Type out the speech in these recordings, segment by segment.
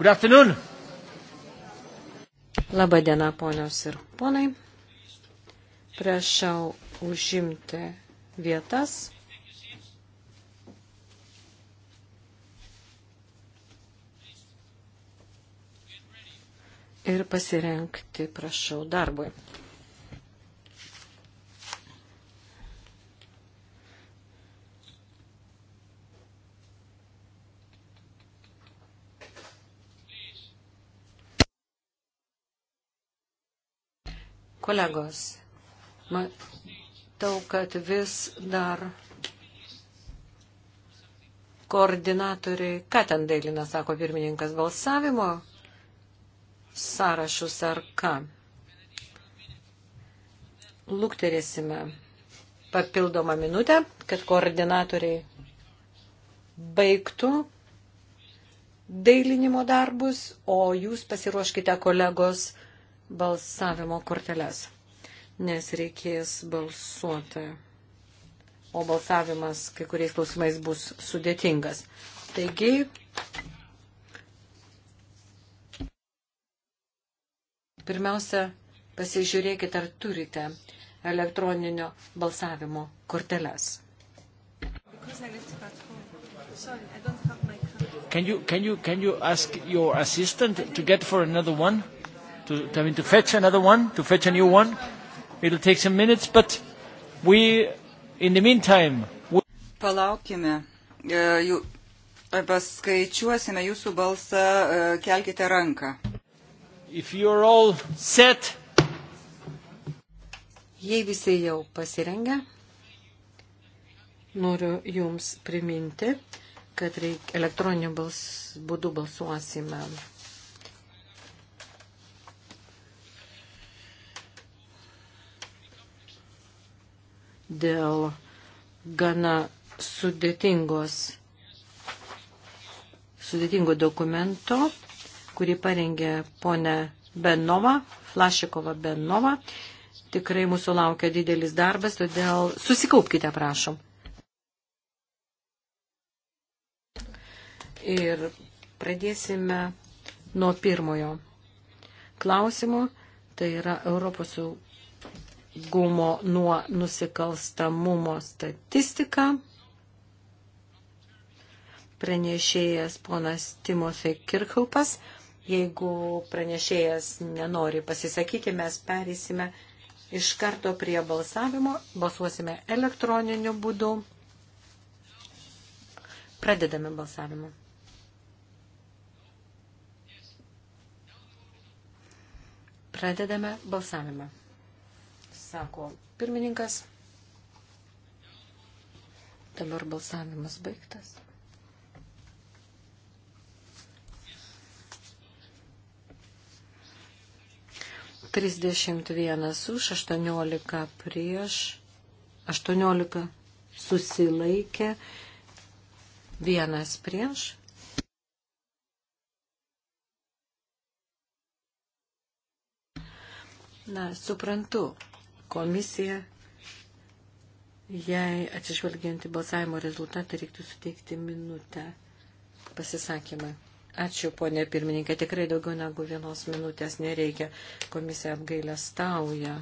Good afternoon. Labą dieną, ponios ir ponai. Prašau užimti vietas. Ir pasirenkti, prašau, darbui. Kolegos, matau, kad vis dar koordinatoriai, ką ten dailina, sako pirmininkas, balsavimo sąrašus ar ką. Lukterėsime papildomą minutę, kad koordinatoriai baigtų dailinimo darbus, o jūs pasiruoškite kolegos balsavimo korteles, nes reikės balsuoti. O balsavimas kai kuriais klausimais bus sudėtingas. Taigi, pirmiausia, pasižiūrėkite, ar turite elektroninio balsavimo korteles. Can you, can you, can you ask your assistant to get for another one? to, I mean, to fetch another one, to fetch a new one. It'll take some minutes, but we, in the meantime... We... Palaukime. Uh, e, you... Paskaičiuosime jūsų balsą, uh, kelkite ranką. If you're all set. Jei visi jau pasirengę, noriu jums priminti, kad reik, elektroniniu bals, būdu balsuosime dėl gana sudėtingos, sudėtingo dokumento, kurį parengė ponė Benova, Flašikova Benova. Tikrai mūsų laukia didelis darbas, todėl susikaupkite, prašom. Ir pradėsime nuo pirmojo klausimo, tai yra Europos gumo nuo nusikalstamumo statistiką. Pranešėjas ponas Timofei Kirkhaupas. Jeigu pranešėjas nenori pasisakyti, mes perėsime iš karto prie balsavimo. Balsuosime elektroniniu būdu. Pradedame balsavimą. Pradedame balsavimą sako pirmininkas. Dabar balsavimas baigtas. Trisdešimt vienas už, aštuoniolika prieš, aštuoniolika susilaikė, vienas prieš. Na, suprantu, komisija, jei atsižvelgiant į balsavimo rezultatą, reiktų suteikti minutę pasisakymą. Ačiū, ponė pirmininkė, tikrai daugiau negu vienos minutės nereikia. Komisija apgailę stauja,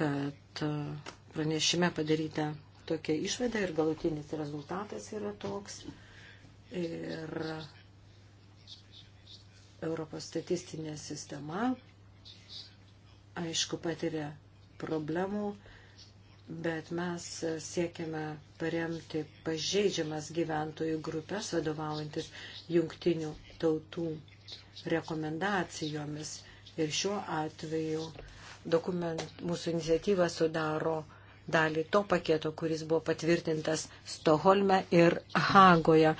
kad e, pranešime padaryta tokia išvada ir galutinis rezultatas yra toks. Ir Europos statistinė sistema aišku, patiria problemų, bet mes siekiame paremti pažeidžiamas gyventojų grupės, vadovaujantis jungtinių tautų rekomendacijomis. Ir šiuo atveju dokument, mūsų iniciatyva sudaro dalį to paketo, kuris buvo patvirtintas Stoholme ir Hagoje.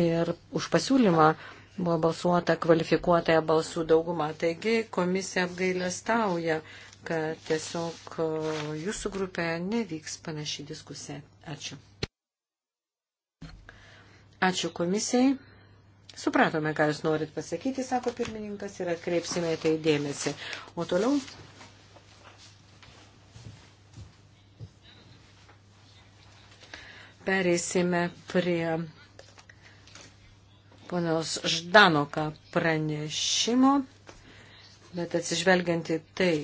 Ir už pasiūlymą buvo balsuota kvalifikuotąją balsų daugumą. Taigi komisija apgailę stauja, kad tiesiog e, jūsų grupėje nevyks panaši diskusija. Ačiū. Ačiū komisijai. Supratome, ką jūs norit pasakyti, sako pirmininkas, ir atkreipsime tai dėmesį. O toliau. Pereisime prie ponios Ždanoka pranešimo, bet atsižvelgianti tai,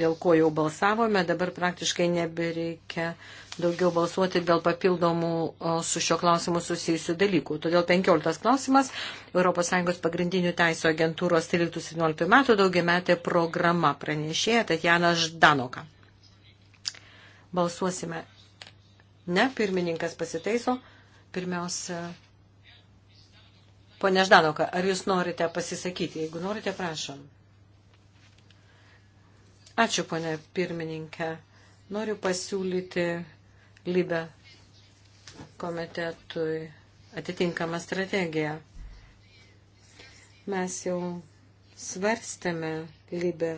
dėl ko jau balsavome, dabar praktiškai nebereikia daugiau balsuoti dėl papildomų su šio klausimu susijusių dalykų. Todėl 15 klausimas ES pagrindinių teisų agentūros 13-17 metų daugiametė programa pranešėja Tatjana Ždanoka. Balsuosime. Ne, pirmininkas pasitaiso. Pirmiausia, Pone Ždanoka, ar jūs norite pasisakyti? Jeigu norite, prašom. Ačiū, ponė pirmininkė. Noriu pasiūlyti Libe komitetui atitinkamą strategiją. Mes jau svarstėme Libe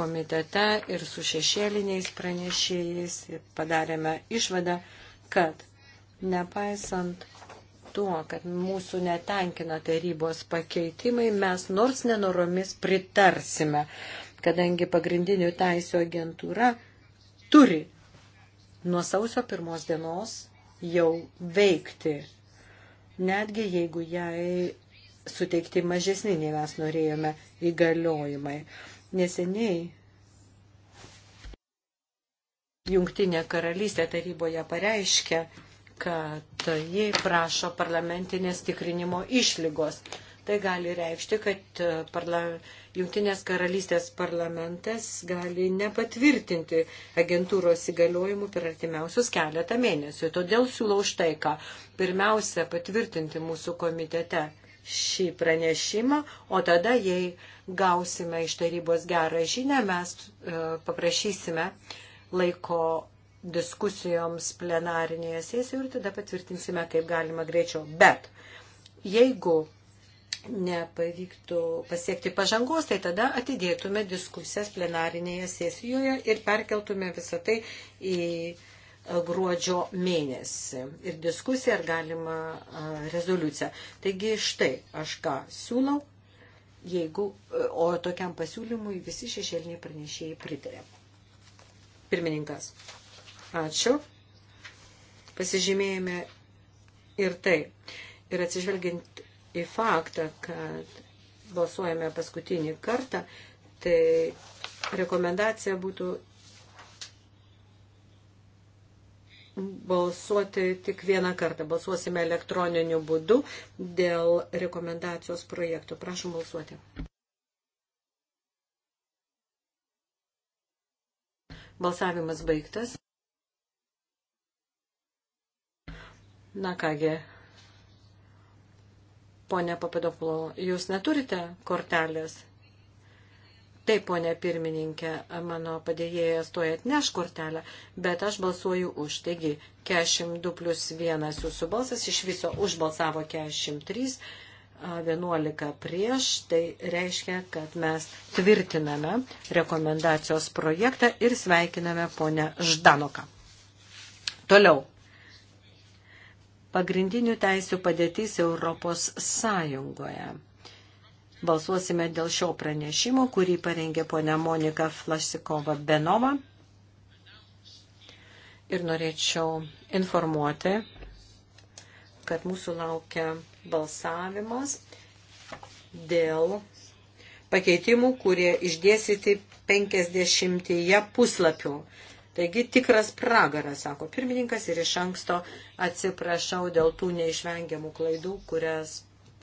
komitete ir su šešėliniais pranešėjais ir padarėme išvadą, kad nepaisant tuo, kad mūsų netenkina tarybos pakeitimai, mes nors nenoromis pritarsime, kadangi pagrindinių teisų agentūra turi nuo sausio pirmos dienos jau veikti, netgi jeigu jai suteikti mažesni, nei mes norėjome įgaliojimai. Neseniai Jungtinė karalystė taryboje pareiškė, kad jie prašo parlamentinės tikrinimo išlygos. Tai gali reikšti, kad e, parla... Jungtinės karalystės parlamentas gali nepatvirtinti agentūros įgaliojimų per artimiausius keletą mėnesių. Todėl siūlau štai ką. Pirmiausia, patvirtinti mūsų komitete šį pranešimą, o tada, jei gausime iš tarybos gerą žinę, mes e, paprašysime laiko diskusijoms plenarinėje sesijoje ir tada patvirtinsime, kaip galima greičiau. Bet jeigu nepavyktų pasiekti pažangos, tai tada atidėtume diskusijas plenarinėje sesijoje ir perkeltume visą tai į e, gruodžio mėnesį ir diskusiją, ar galima e, rezoliuciją. Taigi štai aš ką siūlau, jeigu, e, o tokiam pasiūlymui visi šešėliniai pranešėjai pritarė. Pirmininkas. Ačiū. Pasižymėjome ir tai. Ir atsižvelgiant į faktą, kad balsuojame paskutinį kartą, tai rekomendacija būtų balsuoti tik vieną kartą. Balsuosime elektroniniu būdu dėl rekomendacijos projektų. Prašom balsuoti. Balsavimas baigtas. Na kągi, ponė Papadopulo, jūs neturite kortelės? Taip, ponė pirmininkė, mano padėjėjas tuoj atneš kortelę, bet aš balsuoju už. Taigi, 42 plus 1 jūsų balsas, iš viso užbalsavo 43, 11 prieš, tai reiškia, kad mes tvirtiname rekomendacijos projektą ir sveikiname ponę Ždanoką. Toliau. Pagrindinių teisių padėtis Europos Sąjungoje. Balsuosime dėl šio pranešimo, kurį parengė ponia Monika Flasikova Benova. Ir norėčiau informuoti, kad mūsų laukia balsavimas dėl pakeitimų, kurie išdėsyti 50 puslapių. Taigi tikras pragaras, sako pirmininkas, ir iš anksto atsiprašau dėl tų neišvengiamų klaidų, kurias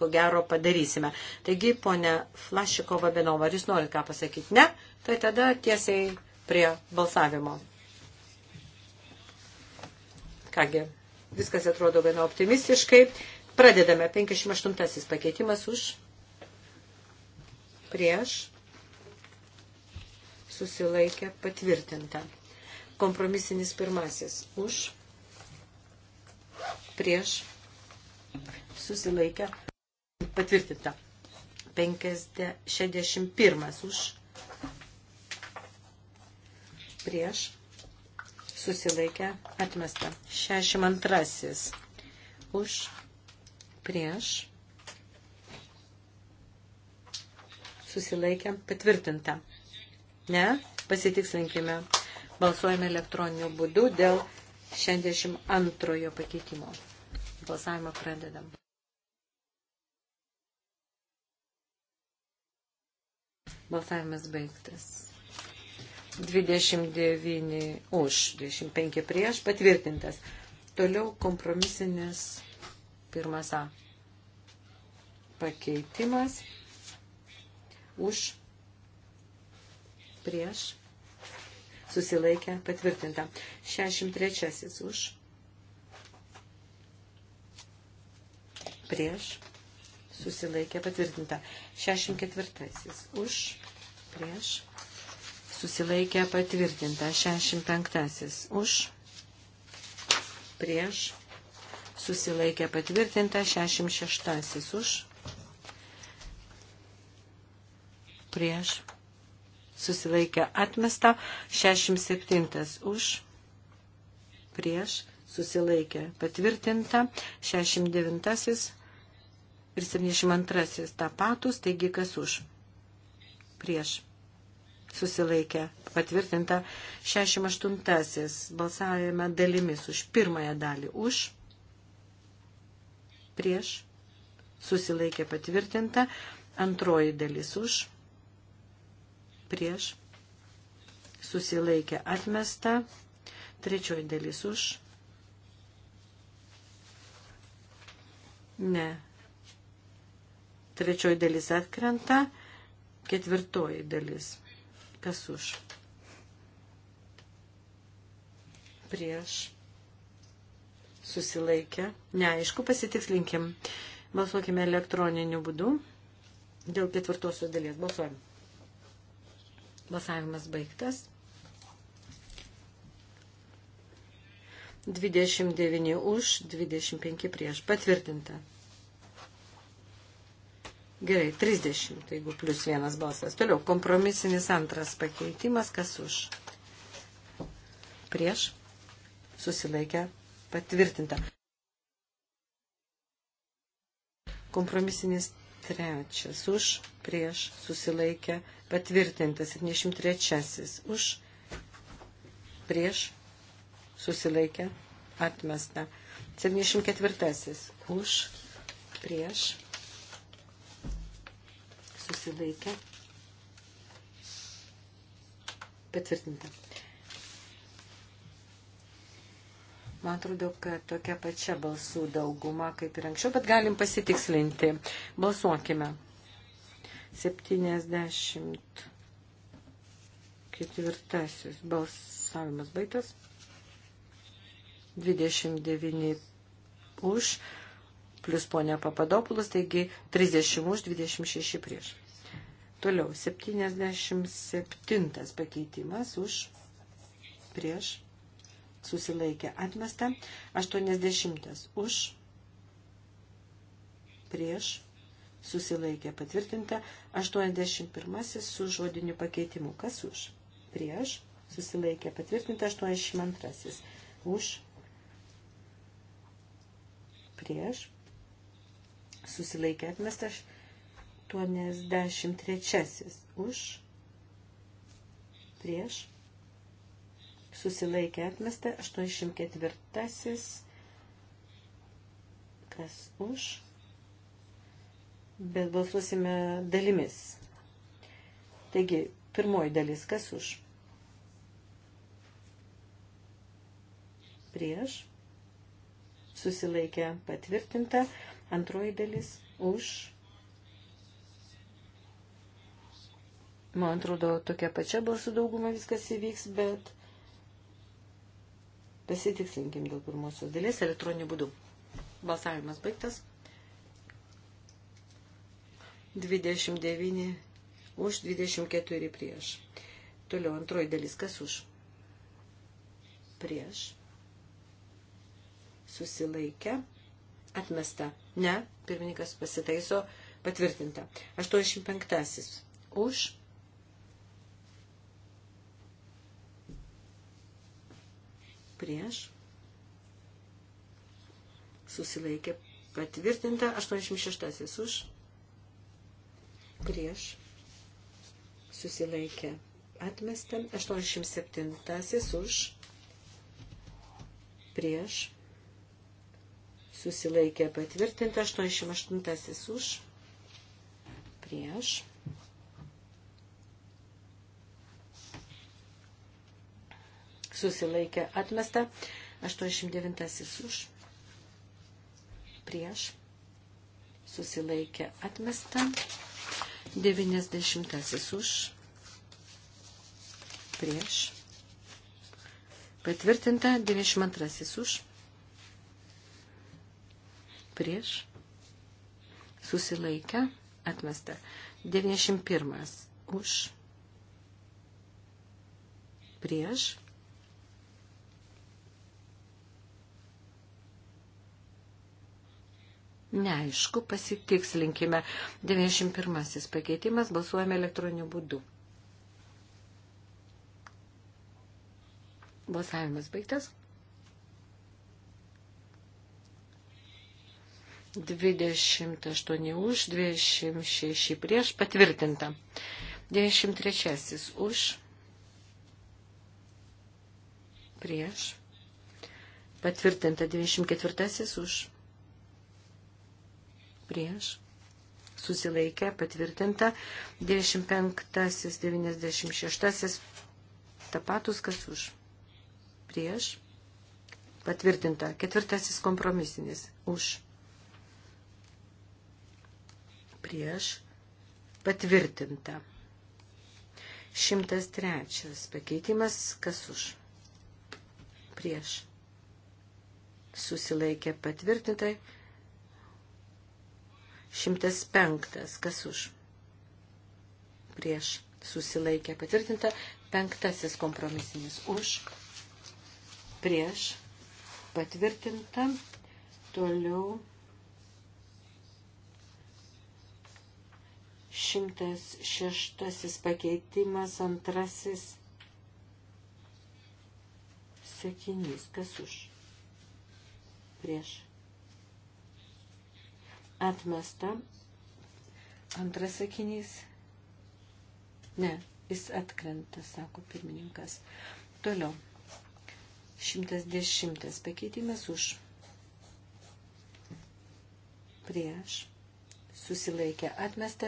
po gero padarysime. Taigi, ponia Flašikova Benova, ar jūs norit ką pasakyti? Ne? Tai tada tiesiai prie balsavimo. Kągi, viskas atrodo gana optimistiškai. Pradedame 58 pakeitimas už prieš susilaikę patvirtintą. Kompromisinis pirmasis už, prieš, susilaikę, patvirtinta. 61 už, prieš, susilaikę, atmesta. 62 už, prieš, susilaikę, patvirtinta. Ne? Pasitikslinkime. Balsuojame elektroniniu būdu dėl 62 pakeitimo. Balsavimą pradedam. Balsavimas baigtas. 29 už, 25 prieš, patvirtintas. Toliau kompromisinis pirmas A. Pakeitimas už prieš susilaikę patvirtinta. 63 už prieš susilaikė patvirtinta. 64 už prieš susilaikė patvirtinta. 65 už prieš susilaikė patvirtinta. 66 už prieš susilaikė atmesta, 67 už, prieš, susilaikė patvirtinta, 69 ir 72 tapatus, taigi kas už, prieš, susilaikė patvirtinta, 68 balsavime dalimis už pirmąją dalį už, prieš, susilaikė patvirtinta, antroji dalis už, prieš, susilaikė atmesta, trečioji dalis už, ne, trečioji dalis atkrenta, ketvirtoji dalis, kas už, prieš, susilaikė, neaišku, pasitikslinkim, balsuokime elektroniniu būdu, dėl ketvirtosios dalies balsuojame. Balsavimas baigtas. 29 už, 25 prieš. Patvirtinta. Gerai, 30, jeigu plus vienas balsas. Toliau, kompromisinis antras pakeitimas, kas už. Prieš. Susilaikę. Patvirtinta. Kompromisinis trečias už, prieš, susilaikę, patvirtintas 73 už prieš susilaikę atmesta. 74 už prieš susilaikę patvirtinta. Man atrodo, kad tokia pačia balsų dauguma kaip ir anksčiau, bet galim pasitikslinti. Balsuokime. 74 balsavimas baigtas. 29 už, plus ponia Papadopoulos, taigi 30 už, 26 prieš. Toliau, 77 pakeitimas už, prieš, susilaikė atmesta, 80 už, prieš, susilaikė patvirtinta, 81 su žodiniu pakeitimu, kas už, prieš, susilaikė patvirtinta, 82 už, prieš, susilaikė atmestas, 83 už, prieš, susilaikė atmestas, 84 kas už, bet balsuosime dalimis. Taigi, pirmoji dalis, kas už? Prieš. Susilaikė patvirtinta. Antroji dalis už. Man atrodo, tokia pačia balsų dauguma viskas įvyks, bet pasitikslinkim dėl pirmosios dalies elektroniniu būdu. Balsavimas baigtas. 29 už, 24 prieš. Toliau antroji dalis, kas už? Prieš. Susilaikę. Atmesta. Ne, pirmininkas pasitaiso, patvirtinta. 85. Už. Prieš. Susilaikė. Patvirtinta. 86. Už prieš susilaikė atmesta, 87 už prieš susilaikė patvirtinta, 88 už prieš susilaikė atmesta, 89 už prieš susilaikė atmesta. 90 už, prieš, patvirtinta 92 už, prieš, susilaikę, atmesta 91 už, prieš, Neaišku, pasitikslinkime. 91 pakeitimas balsuojame elektroniniu būdu. Balsavimas baigtas. 28 už, 26 prieš, patvirtinta. 93 už, prieš, patvirtinta. 94 už, prieš susilaikė patvirtinta 95-96 tapatus kas už prieš patvirtinta ketvirtasis kompromisinis už prieš patvirtinta 103 pakeitimas kas už prieš susilaikė patvirtintai 105. Kas už? Prieš susilaikė patvirtinta. Penktasis kompromisinis už. Prieš patvirtinta. Toliau 106 pakeitimas antrasis sakinys. Kas už? Prieš atmesta. Antras sakinys. Ne, jis atkrenta, sako pirmininkas. Toliau. 110 pakeitimas už. Prieš. Susilaikė atmesta.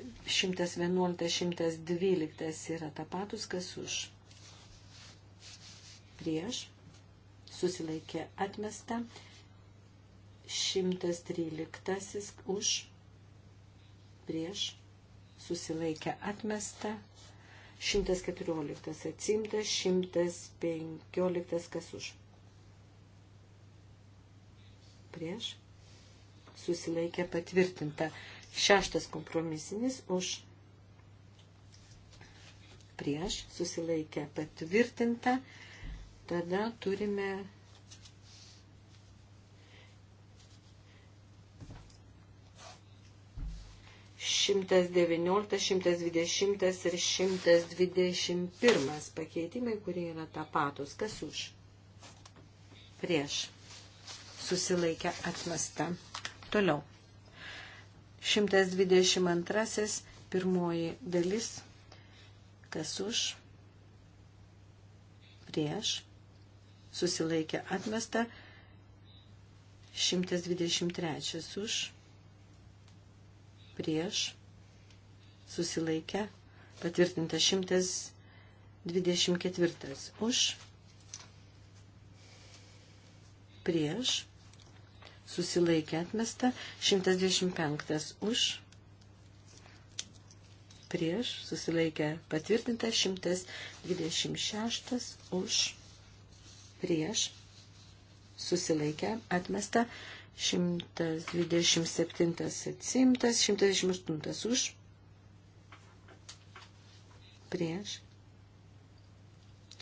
111-112 yra tapatus, kas už. Prieš. Susilaikė atmesta. 111-112 113 už prieš susilaikę atmestą. 114 atsimta, 115 kas už. Prieš susilaikė patvirtinta. Šeštas kompromisinis už prieš susilaikė patvirtinta. Tada turime 119, 120 ir 121 pakeitimai, kurie yra tapatus. Kas už? Prieš. Susilaikę atmesta. Toliau. 122 pirmoji dalis. Kas už? Prieš. Susilaikę atmesta. 123 už prieš susilaikę, patvirtinta 124 už, prieš, susilaikę atmesta, 125 už, prieš, susilaikę patvirtinta, 126 už, prieš, susilaikę atmesta, 127 atsimtas, 128 už, prieš,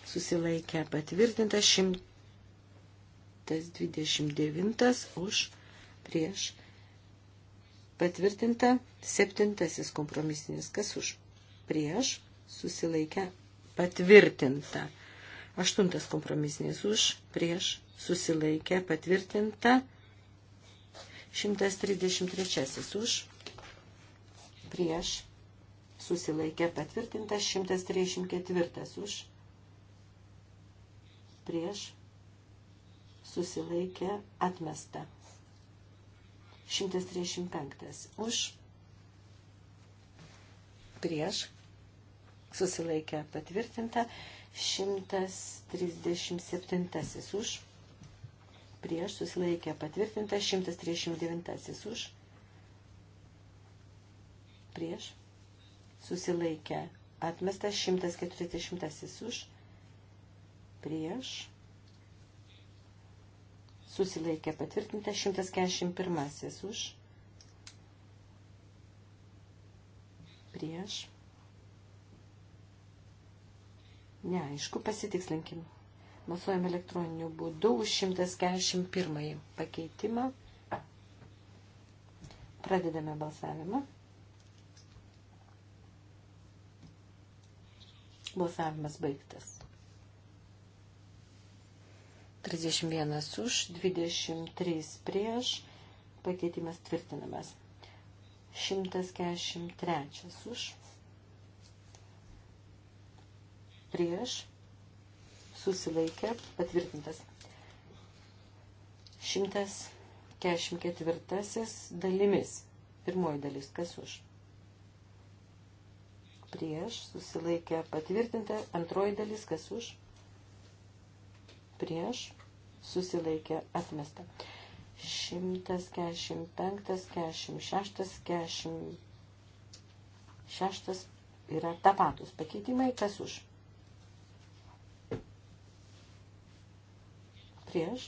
susilaikę patvirtinta 129 už, prieš, patvirtinta 7 kompromisinis, kas už, prieš, susilaikę patvirtinta. Aštuntas kompromisinis už, prieš, susilaikė, patvirtinta. 133 už, prieš, susilaikė patvirtintas 134 už, prieš, susilaikė atmesta 135 už, prieš, susilaikė patvirtinta 137 už, prieš, susilaikė patvirtinta 139 už, prieš, susilaikė atmestas 140 už, prieš, susilaikė patvirtintas 141 už, prieš, neaišku, pasitikslinkim. Balsuojam elektroniniu būdu už 141 pakeitimą. Pradedame balsavimą. Balsavimas baigtas. 31 už, 23 prieš, pakeitimas tvirtinamas. 143 už, prieš, susilaikė, patvirtintas. 144 dalimis, pirmoji dalis, kas už prieš, susilaikė patvirtinta, antroji dalis, kas už, prieš, susilaikė atmesta. 145, 46, 46 yra tapatus pakeitimai, kas už. Prieš.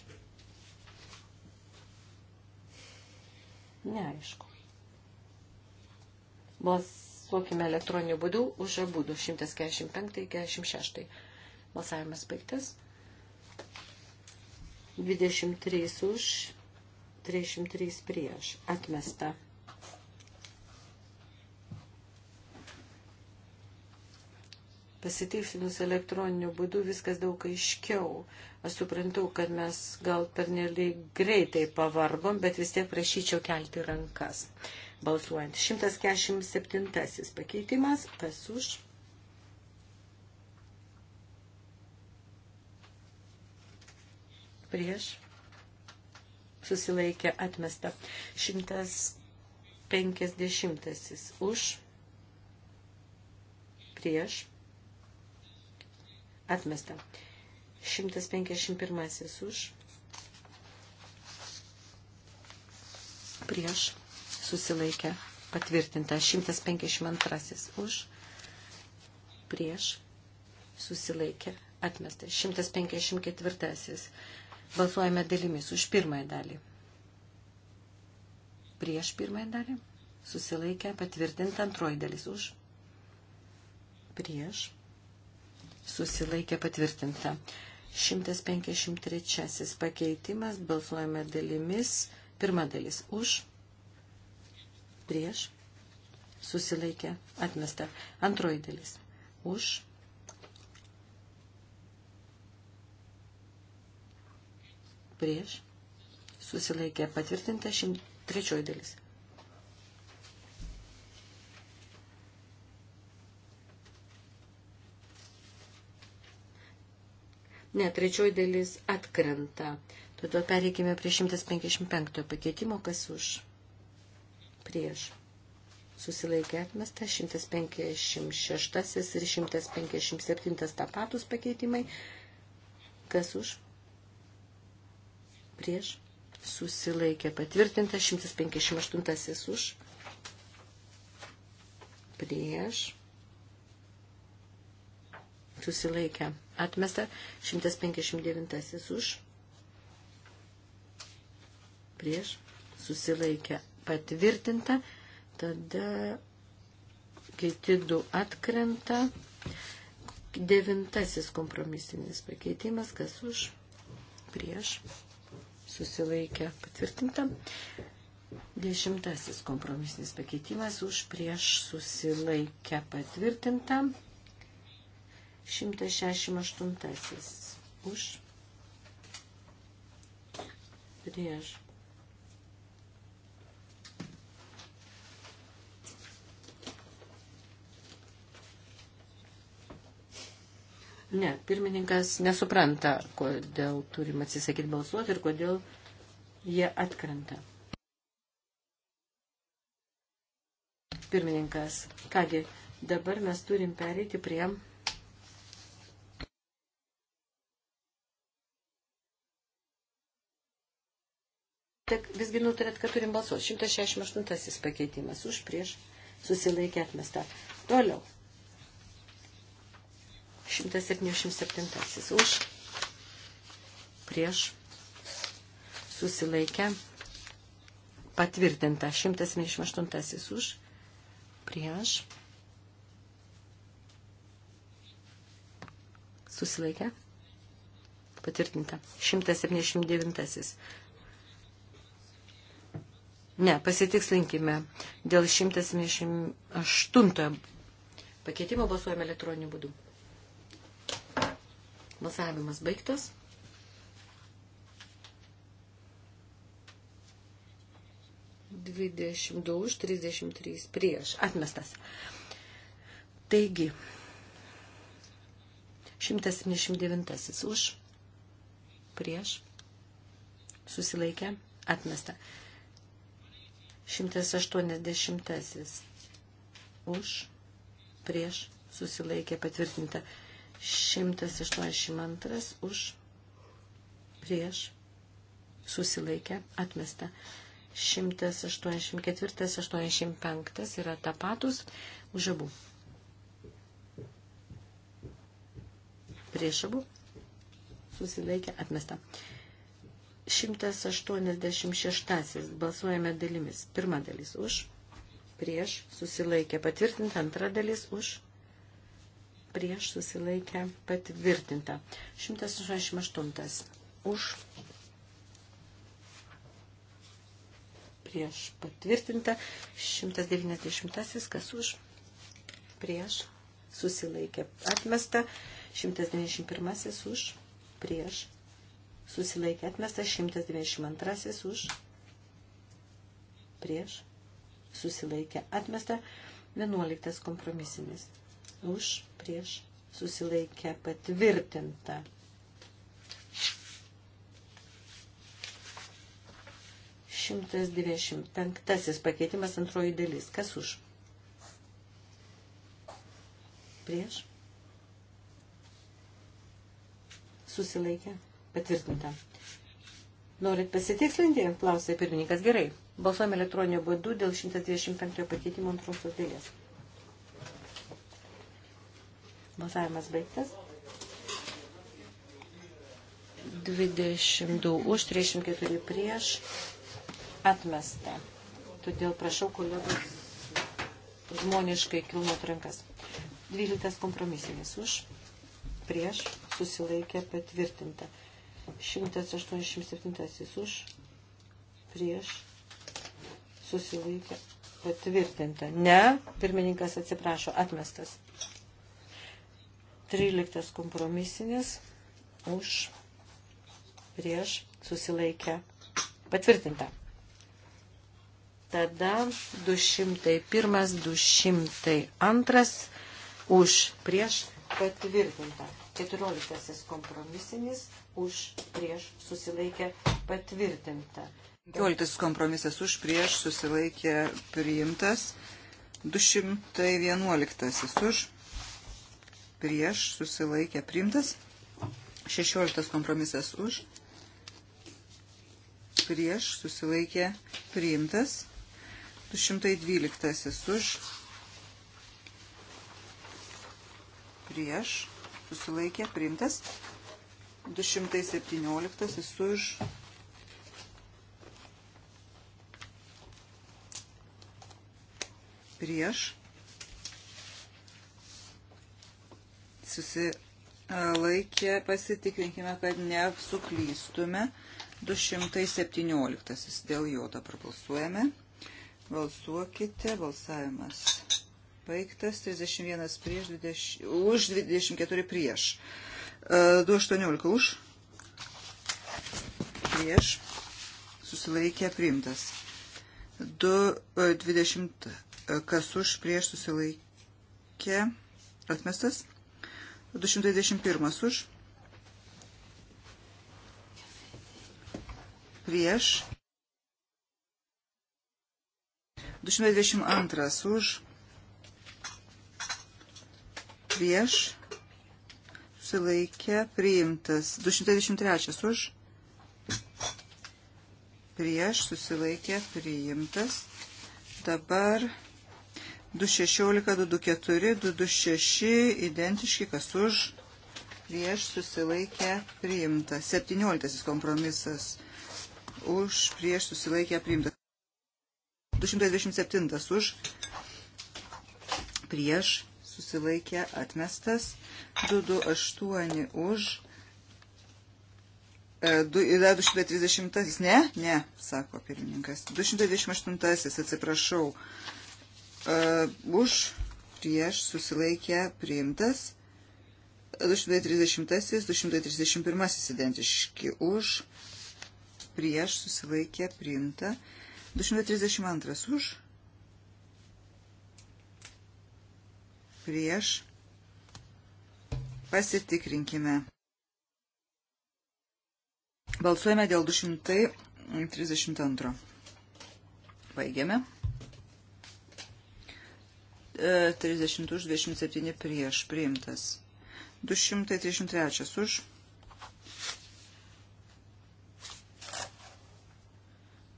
Neaišku. Bos balsuokime elektroniniu būdu už abu 145-46. Balsavimas baigtas. 23 už, 33 prieš. Atmesta. pasitikslinus elektroniniu būdu viskas daug aiškiau. Aš suprantu, kad mes gal pernelyg greitai pavargom, bet vis tiek prašyčiau kelti rankas balsuojant. 147 pakeitimas, kas už. Prieš susilaikė atmesta. 150 už. Prieš atmesta. 151 už prieš susilaikė patvirtinta. 152 už, prieš, susilaikė atmesta. 154 balsuojame dalimis už pirmąją dalį. Prieš pirmąją dalį susilaikė patvirtinta antroji dalis už. Prieš susilaikė patvirtinta. 153 pakeitimas balsuojame dalimis. Pirma dalis už prieš, susilaikė, atmesta. Antroji dalis, už, prieš, susilaikė, patvirtinta, šimt, trečioji dalis. Ne, trečioji dalis atkrenta. Todėl pereikime prie 155 pakeitimo, kas už prieš susilaikė atmesta 156 ir 157 tapatus pakeitimai. Kas už? Prieš susilaikė patvirtinta 158 už. Prieš susilaikė atmesta 159 už. Prieš susilaikė patvirtinta, tada kiti du atkrenta. Devintasis kompromisinis pakeitimas, kas už, prieš, susilaikė patvirtinta. Dešimtasis kompromisinis pakeitimas už prieš susilaikę patvirtinta. 168 už prieš Ne, pirmininkas nesupranta, kodėl turim atsisakyti balsuoti ir kodėl jie atkrenta. Pirmininkas, kągi, dabar mes turim pereiti prie Tik visgi nutarėt, kad turim balsuoti. 168 pakeitimas už prieš susilaikę atmestą. Toliau. 177 už, prieš, susilaikę, patvirtinta 178 už, prieš, susilaikę, patvirtinta 179 Ne, pasitikslinkime. Dėl 178 pakeitimo balsuojame elektroniniu būdu. Balsavimas baigtas. Dvidešimt du už, trisdešimt trys prieš. Atmestas. Taigi, 179 už, prieš, susilaikė, atmesta. 180 už, prieš, susilaikė, patvirtinta. 182 už prieš susilaikę atmesta. 184-85 yra tapatus už abu. Prieš abu susilaikė atmesta. 186 balsuojame dalimis. Pirma dalis už, prieš susilaikė patvirtinta, antra dalis už, prieš susilaikę patvirtinta. 188 už prieš patvirtinta. 190 kas už prieš susilaikė atmesta. 191 už prieš susilaikė atmesta. 192 už prieš susilaikė atmesta. 11 kompromisinis už prieš susilaikę patvirtinta. Šimtas dvidešimt penktasis pakeitimas antroji dalis. Kas už? Prieš? Susilaikė? Patvirtinta. Norit pasitikslinti? Klausė pirmininkas. Gerai. Balsuojame elektroniniu būdu dėl 125 pakeitimo antrosios dalies. Balsavimas baigtas. 22 už, 34 prieš atmesta. Todėl prašau kolegos žmoniškai kilnot rankas. 12 kompromisinis už, prieš, susilaikė patvirtinta. 187 už, prieš, susilaikė patvirtinta. Ne, pirmininkas atsiprašo, atmestas. 13 kompromisinis už prieš susilaikę patvirtinta. Tada 201, 202 už prieš patvirtinta. 14 kompromisinis už prieš susilaikę patvirtinta. 15 kompromisas už prieš susilaikė priimtas. 211 už prieš susilaikė priimtas. 16 kompromisas už prieš susilaikė priimtas. 212 už prieš susilaikė priimtas. 217 už prieš susilaikė, pasitikrinkime, kad neapsuklystume. 217 dėl jo dabar balsuojame. Balsuokite, balsavimas baigtas, 31 prieš, 20, už 24 prieš. 218 e, už, prieš, susilaikė priimtas. 220 e, e, kas už prieš susilaikė atmestas. 221 už. Prieš. 222 už. Prieš. Susilaikė. Priimtas. 223 už. Prieš. Susilaikė. Priimtas. Dabar. 216, 224, 226 identiški, kas už, prieš susilaikę priimta. 17 kompromisas už, prieš susilaikę priimta. 227 už, prieš susilaikę atmestas. 228 už. 230, e, ne, ne, sako pirmininkas. 228, atsiprašau. E, už, prieš, susilaikę, priimtas. 230, 231 identiški už, prieš, susilaikė, priimta. 232 už, prieš, pasitikrinkime. Balsuojame dėl 232. Baigiame. 30 už 27 prieš priimtas. 233 už.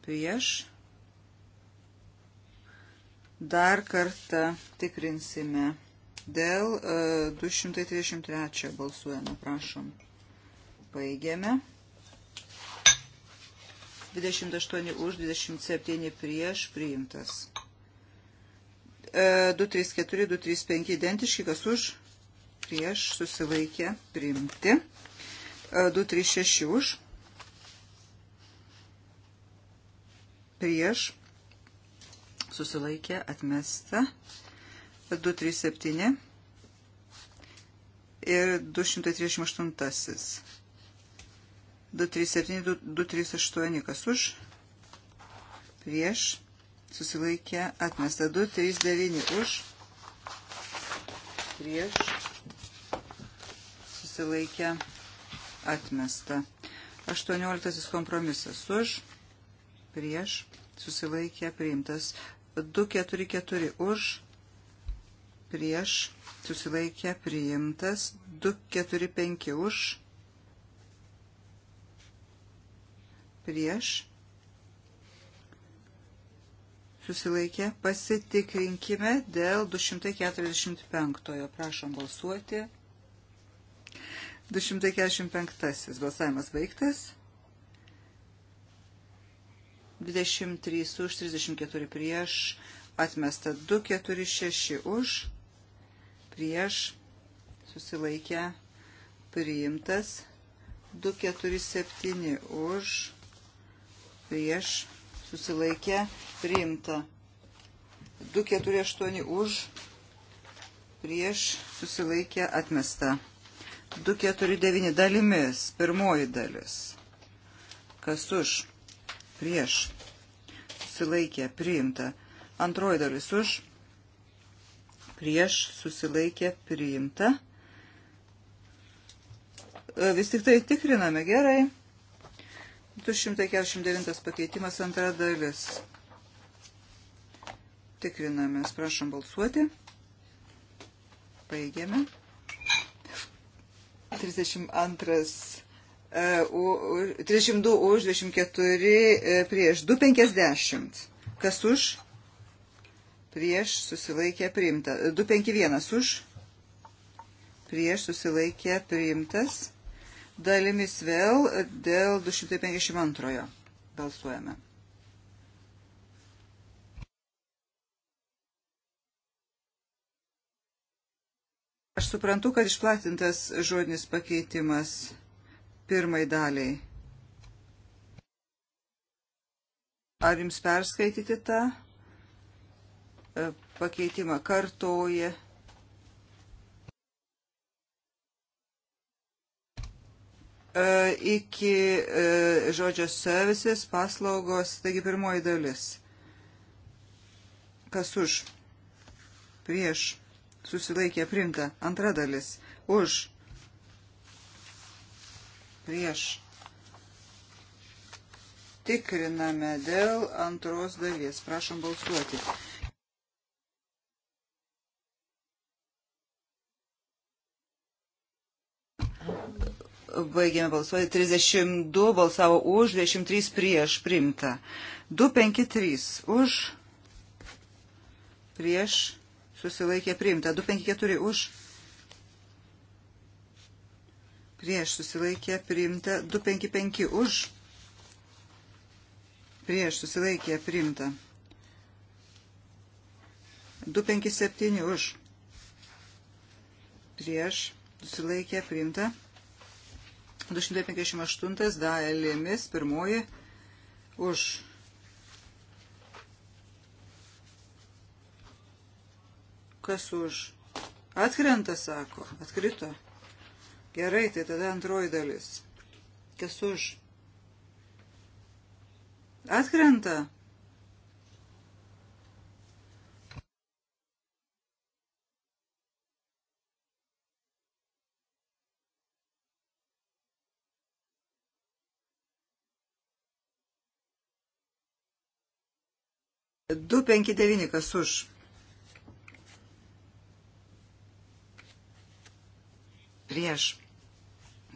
Prieš. Dar kartą tikrinsime. Dėl 233 e, balsuojame, prašom. Baigiame. 28 už 27 prieš priimtas. 234, e, 235 identiški, kas už, prieš, susilaikė, priimti. 236 e, už, prieš, susilaikė, atmesta. 237 e, ir 238. 237, 238, kas už, prieš, susilaikė atmesta 2, 3, 9 už, prieš, susilaikė atmesta. 18 kompromisas už, prieš, susilaikė priimtas. 2, 4, 4 už, prieš, susilaikė priimtas. 2, 4, 5 už, prieš, susilaikė. Pasitikrinkime dėl 245. Prašom balsuoti. 245. Balsavimas baigtas. 23 už, 34 prieš, atmesta 246 už, prieš, susilaikę, priimtas 247 už, prieš, susilaikę, priimtas priimta. 248 už, prieš susilaikė atmesta. 249 dalimis, pirmoji dalis. Kas už, prieš susilaikė priimta. Antroji dalis už, prieš susilaikė priimta. E, vis tik tai tikriname gerai. 249 pakeitimas antra dalis. Tikrinamės, prašom balsuoti. Baigiame. 32 32 e, už, 24 e, prieš, 250. Kas už? Prieš susilaikė priimta. 251 už. Prieš susilaikė priimtas. Dalimis vėl dėl 252 balsuojame. Aš suprantu, kad išplatintas žodinis pakeitimas pirmai daliai. Ar jums perskaityti tą e, pakeitimą kartoja? E, iki e, žodžio services, paslaugos, taigi pirmoji dalis. Kas už? Prieš susilaikė primta. Antra dalis už prieš. Tikriname dėl antros dalies. Prašom balsuoti. Baigėme balsuoti. 32 balsavo už, 23 prieš primta. 253 už prieš susilaikė priimta. 254 už, prieš susilaikė priimta. 255 už, prieš susilaikė priimta. 257 už, prieš susilaikė priimta. 258 dalimis pirmoji už Kas už? Atkrenta, sako. Atkrito. Gerai, tai tada antroji dalis. Kas už? Atkrenta. Du penki devyni kas už. prieš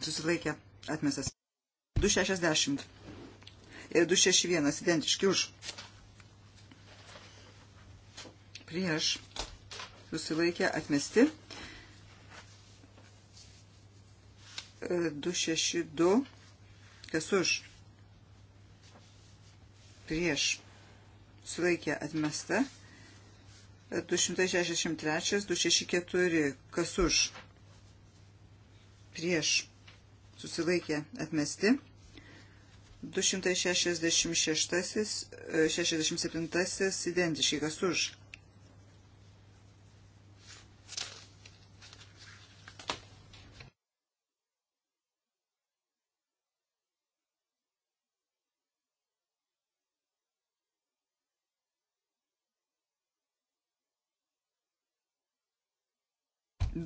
susilaikė atmestas. 260 ir 261 identiški už prieš susilaikė atmesti. 262 kas už prieš sulaikė atmesta 263, 264, kas už prieš susilaikė atmesti. 266, 67 identiškai kas už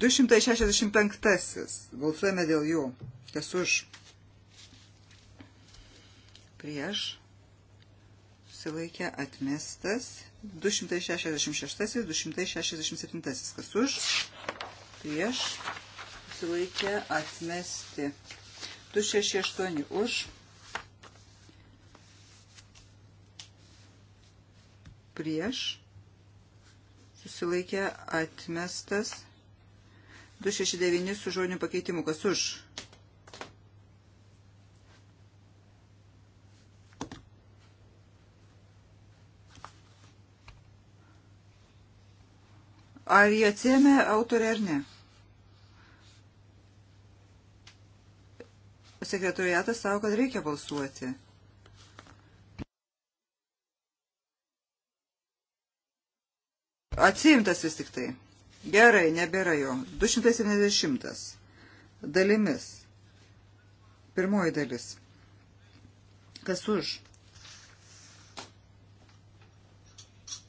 265. Balsuojame dėl jų. Kas už? Prieš. Silaikė atmestas. 266, 267. Kas už? Prieš. Silaikė atmesti. 268 už. Prieš. Susilaikė atmestas. 269. 269 su žodiniu pakeitimu. Kas už? Ar jie atsėmė autorę ar ne? Sekretoriatas savo, kad reikia balsuoti. Atsiimtas vis tik tai. Gerai, nebėra jo. 270. Dalimis. Pirmoji dalis. Kas už?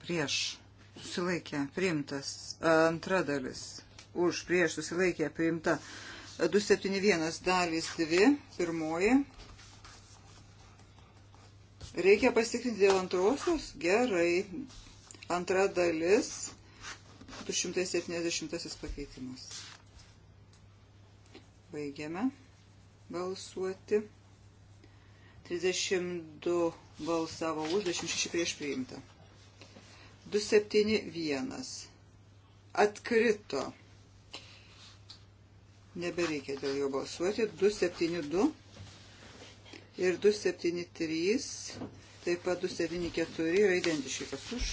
Prieš. Susilaikė. Priimtas. Antra dalis. Už. Prieš. Susilaikė. Priimta. 271 dalys 2. Pirmoji. Reikia pasitikrinti dėl antrosios. Gerai. Antra dalis. 270 pakeitimas. Baigiame balsuoti. 32 balsavo už, 26 prieš priimta. 271. Atkrito. Nebereikia dėl jo balsuoti. 272 ir 273, taip pat 274 yra identiški. Kas už?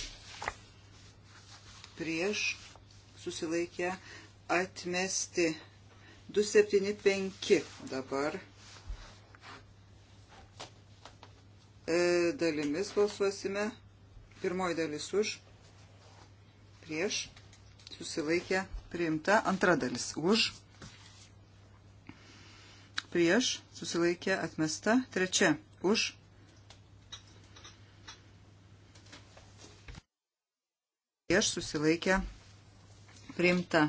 Prieš susilaikė atmesti. 275 dabar e, dalimis balsuosime. Pirmoji dalis už, prieš, susilaikė, priimta. Antra dalis už, prieš, susilaikė, atmesta. Trečia už. Prieš susilaikė priimta.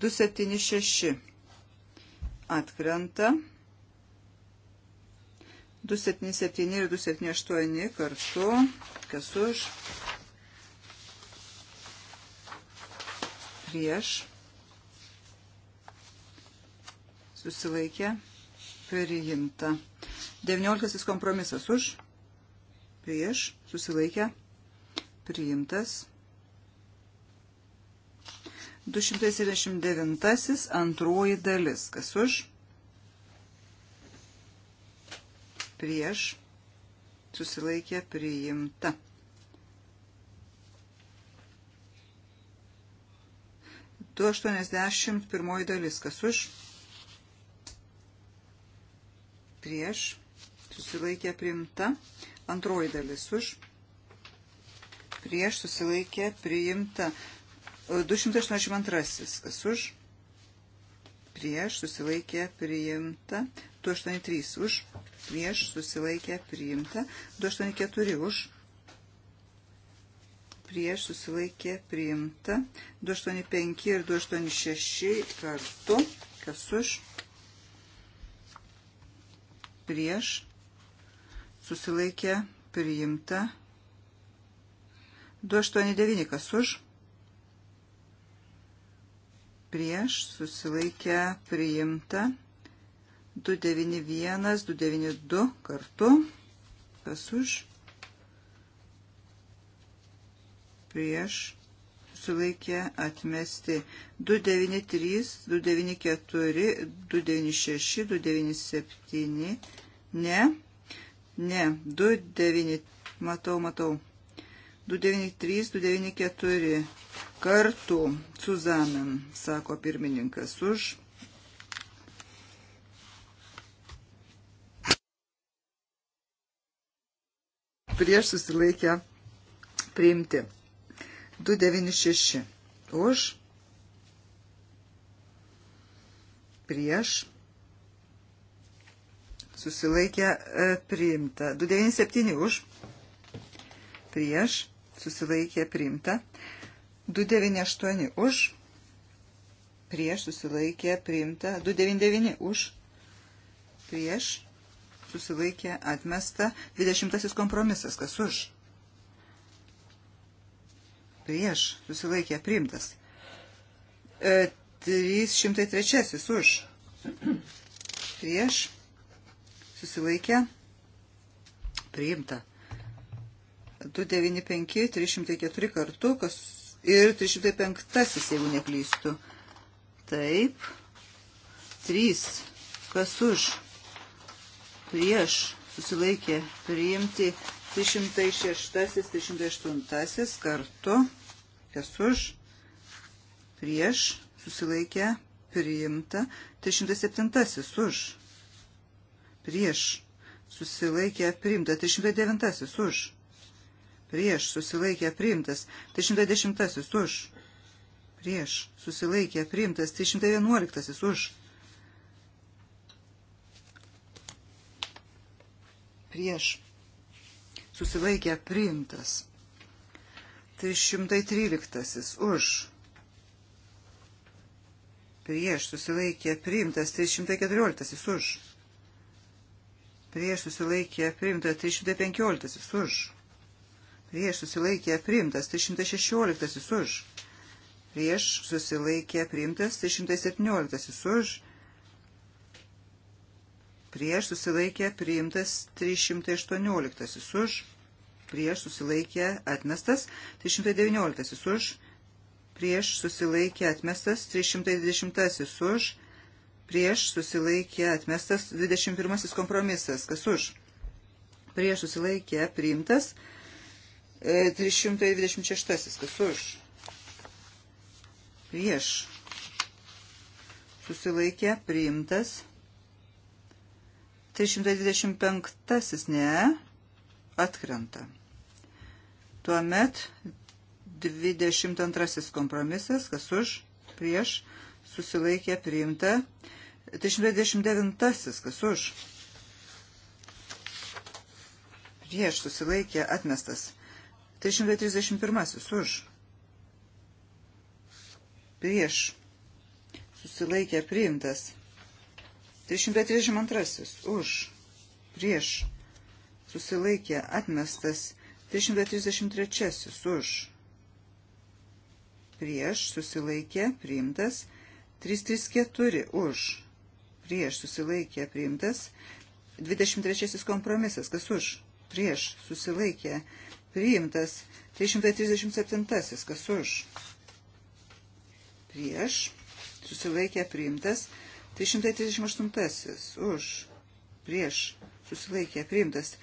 276 atkrenta. 277 ir 278 kartu. Kas už? Prieš. Susilaikė. Priimta. 19 kompromisas už. Prieš. Susilaikė. Priimtas. 279 antroji dalis. Kas už? Prieš susilaikė priimta. Du aštuoniasdešimt pirmoji dalis. Kas už? Prieš susilaikė priimta. Antroji dalis už. Prieš susilaikė priimta. 282. Kas už? Prieš susilaikė priimta. 283 už. Prieš susilaikė priimta. 284 už. Prieš susilaikė priimta. 285 ir 286 kartu. Kas už? Prieš susilaikė priimta. 289 kas už prieš, susilaikę priimta. 291, 292 kartu, kas už, prieš, susilaikė atmesti 293, 294, 296, 297, ne, ne, 29, matau, matau, 293, 294 kartų Suzamen, sako pirmininkas, už. Prieš susilaikę priimti. 296 už. Prieš susilaikę e, priimta. 297 už. Prieš susilaikė priimta. 298 už, prieš susilaikė priimta. 299 už, prieš susilaikė atmesta. 20 kompromisas, kas už. Prieš susilaikė priimtas. E, 303 už. Prieš susilaikė priimta. 295, 304 kartu kas, ir 305, jeigu neklystu. Taip. 3. Kas už? Prieš susilaikė priimti 306, 308 kartu. Kas už? Prieš susilaikė priimta 307 už. Prieš susilaikė priimta 309 už prieš susilaikė priimtas 310 už, prieš susilaikė priimtas 311 už, prieš susilaikė priimtas 313 už, prieš susilaikė priimtas 314 už prieš susilaikė priimta 315 už prieš susilaikė priimtas 316 už, prieš susilaikė priimtas 317 už, prieš susilaikė priimtas 318 už, prieš susilaikė atmestas 319 už, prieš susilaikė atmestas 320 už, prieš susilaikė atmestas 21 kompromisas, kas už, prieš susilaikė priimtas 320 326. E, kas už? Prieš. Susilaikė. Priimtas. 325. Ne. Atkrenta. Tuomet 22 kompromisas, kas už, prieš, susilaikė, priimta. 329 kas už, prieš, susilaikė, atmestas. 331 už. Prieš. Susilaikė priimtas. 332 už. Prieš. Susilaikė atmestas. 333 už. Prieš. Susilaikė priimtas. 334 už. Prieš. Susilaikė priimtas. 23 kompromisas. Kas už? Prieš. Susilaikė priimtas priimtas. 337. Kas už? Prieš. Susilaikė priimtas. 338. Už. Prieš. Susilaikė priimtas.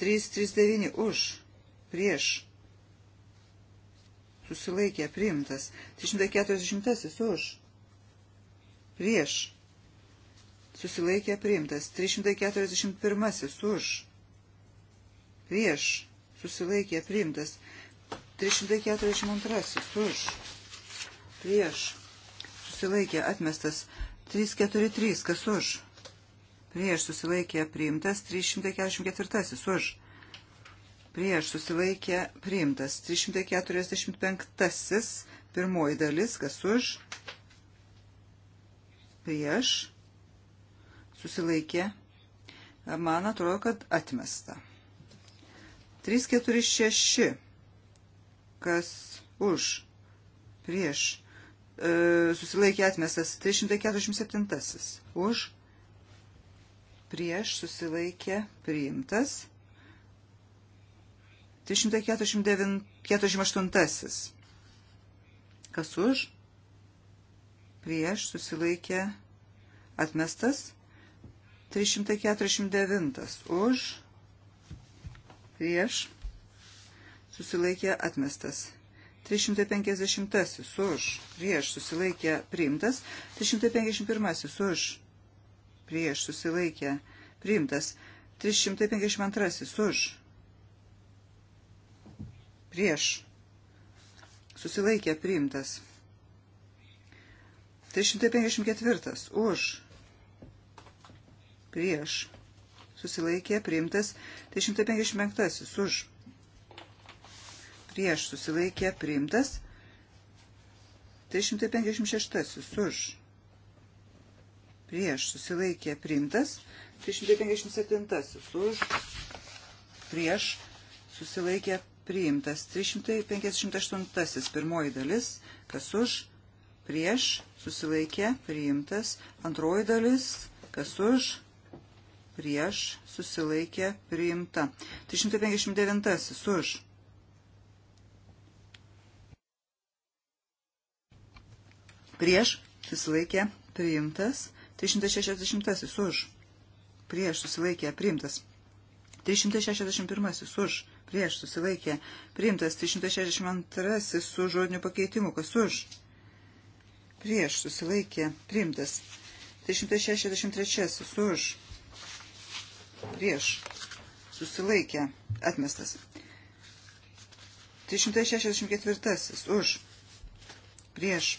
339. Už. Prieš. Susilaikė priimtas. 340. Už. Prieš. Susilaikė priimtas. 341. Už. Prieš susilaikė priimtas. 342 už, prieš, susilaikė atmestas. 343 kas už, prieš susilaikė priimtas. 344 už, prieš susilaikė priimtas. 345 pirmoji dalis kas už, prieš susilaikė priimtas susilaikė, man atrodo, kad atmesta. 346. Kas už? Prieš. E, susilaikė atmestas 347. Už. Prieš susilaikė priimtas. 348. Kas už? Prieš susilaikė atmestas. 349. Už prieš, susilaikė atmestas. 350 už, prieš, susilaikė priimtas. 351 už, prieš, susilaikė priimtas. 352 už, prieš, susilaikė priimtas. 354 už, prieš, susilaikė priimtas 355 tai už prieš susilaikė priimtas 356 tai už prieš susilaikė priimtas 357 tai už prieš susilaikė priimtas 358 pirmoji dalis kas už prieš susilaikė priimtas antroji dalis kas už prieš susilaikė priimta. 359 už. Prieš susilaikė priimtas. 360 už. Prieš susilaikė priimtas. 361 už. Prieš susilaikė priimtas. 362 su žodiniu pakeitimu. Kas už? Prieš susilaikė priimtas. 363 už prieš susilaikė atmestas. 364 už prieš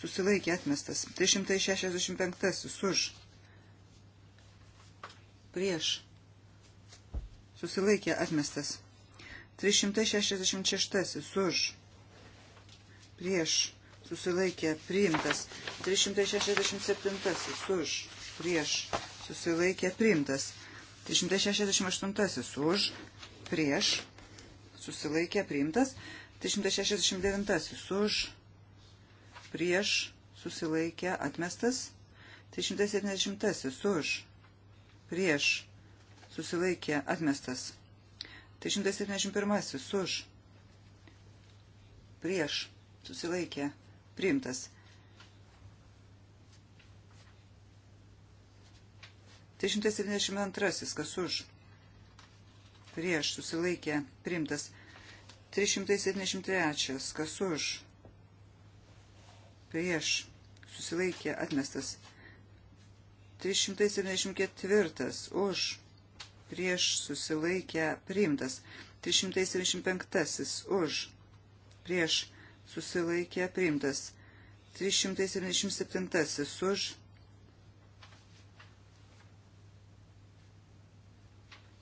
susilaikė atmestas. 365 už prieš susilaikė atmestas. 366 už prieš susilaikė priimtas. 367 už prieš susilaikė priimtas. 368 už, prieš, susilaikė priimtas. 369 už, prieš, susilaikė atmestas. 370 už, prieš, susilaikė atmestas. 371 už, prieš, susilaikė priimtas. 372. Kas už? Prieš susilaikė priimtas. 373. Kas už? Prieš susilaikė atmestas. 374. Už. Prieš susilaikė priimtas. 375. Už. Prieš susilaikė priimtas. 377. Už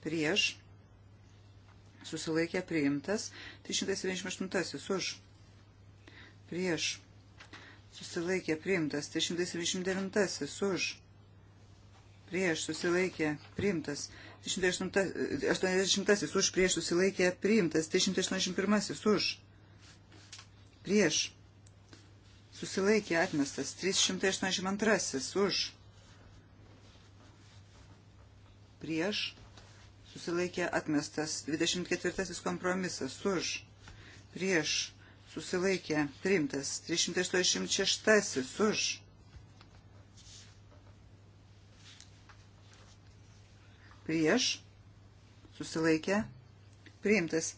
prieš, susilaikė priimtas, 378 už, prieš, susilaikė priimtas, 379 už, prieš, susilaikė priimtas, 380 už, prieš, susilaikė priimtas, 381 už, prieš, susilaikė atmestas, 382 už, prieš, susilaikė atmestas. 24 kompromisas už, prieš, susilaikė priimtas. 386 už. Prieš, susilaikė priimtas.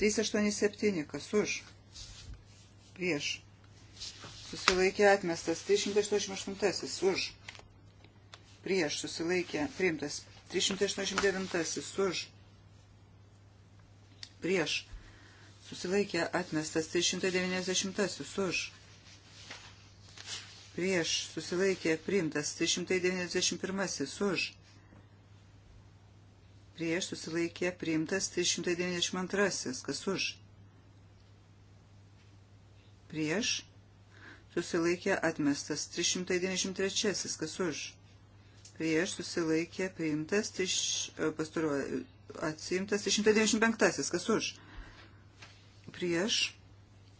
387 kas už, prieš, susilaikė atmestas 388 už, prieš susilaikė priimtas 389 už prieš susilaikė atmestas 390 už prieš susilaikė priimtas 391 už prieš susilaikė priimtas 392 kas už prieš susilaikė atmestas 393 kas už prieš susilaikė priimtas, iš, tai e, pastaruoju, atsiimtas, 195, tai kas už, prieš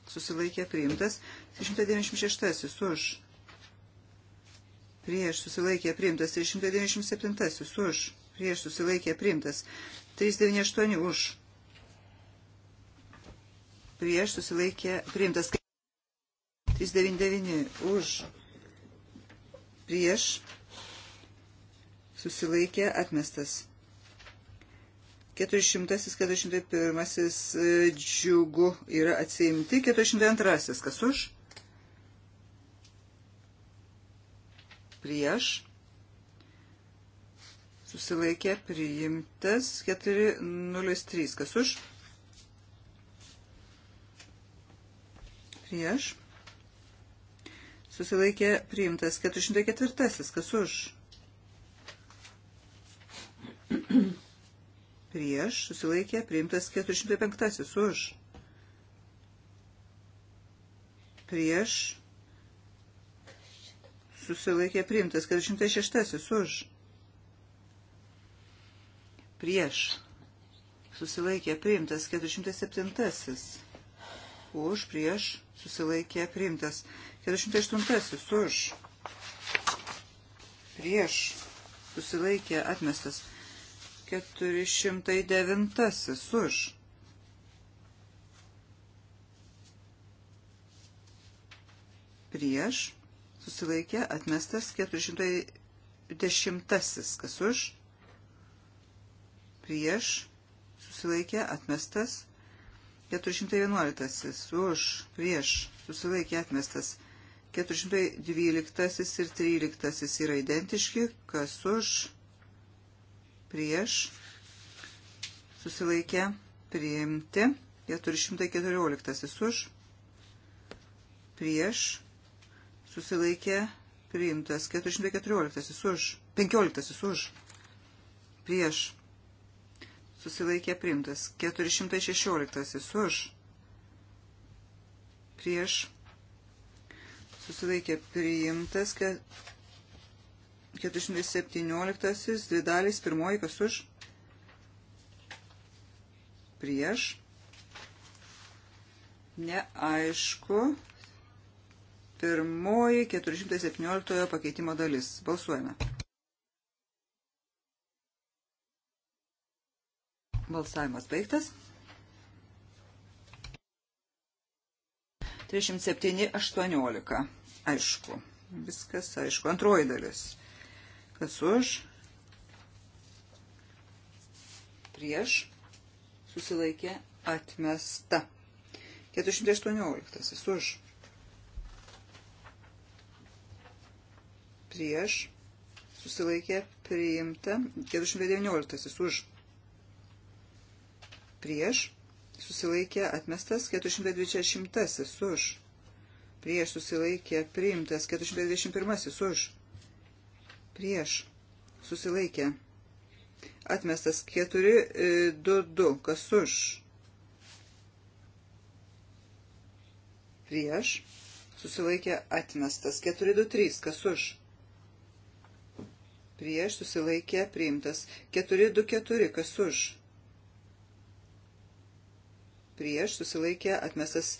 susilaikė priimtas, 196 tai už, prieš susilaikė priimtas, 197 už, prieš susilaikė priimtas, 398 už, prieš susilaikė priimtas, 399 už, prieš susilaikė atmestas. 400-401 e, džiugu yra atsiimti, 402 kas už, prieš, susilaikė priimtas, 403 kas už, prieš, susilaikė priimtas, 404 kas už prieš, susilaikė, priimtas 405 už, prieš, susilaikė, priimtas 406 už, prieš, susilaikė, priimtas 407 už, prieš, susilaikė, priimtas 408 už, prieš, susilaikė, atmestas 409 už. Prieš susilaikė atmestas 410 kas už. Prieš susilaikė atmestas 411 už. Prieš susilaikė atmestas 412 ir 13 yra identiški kas už prieš susilaikę priimti. 414 už prieš susilaikė priimtas 414 už 15 už prieš susilaikė priimtas 416 už prieš susilaikė priimtas 417, dvi dalys, pirmoji, kas už, prieš, neaišku, pirmoji 417 pakeitimo dalis. Balsuojame. Balsavimas baigtas. 37.18. Aišku. Viskas aišku. Antroji dalis. Kas už? Prieš susilaikė atmesta. 418 už. Prieš susilaikė priimta. 419 už. Prieš susilaikė atmestas 420 už. Prieš susilaikė priimtas 421 už prieš susilaikė. Atmestas 4, 2, 2, kas už. Prieš susilaikė atmestas 4, 2, 3, kas už. Prieš susilaikė priimtas 4, 2, 4, kas už. Prieš susilaikė atmestas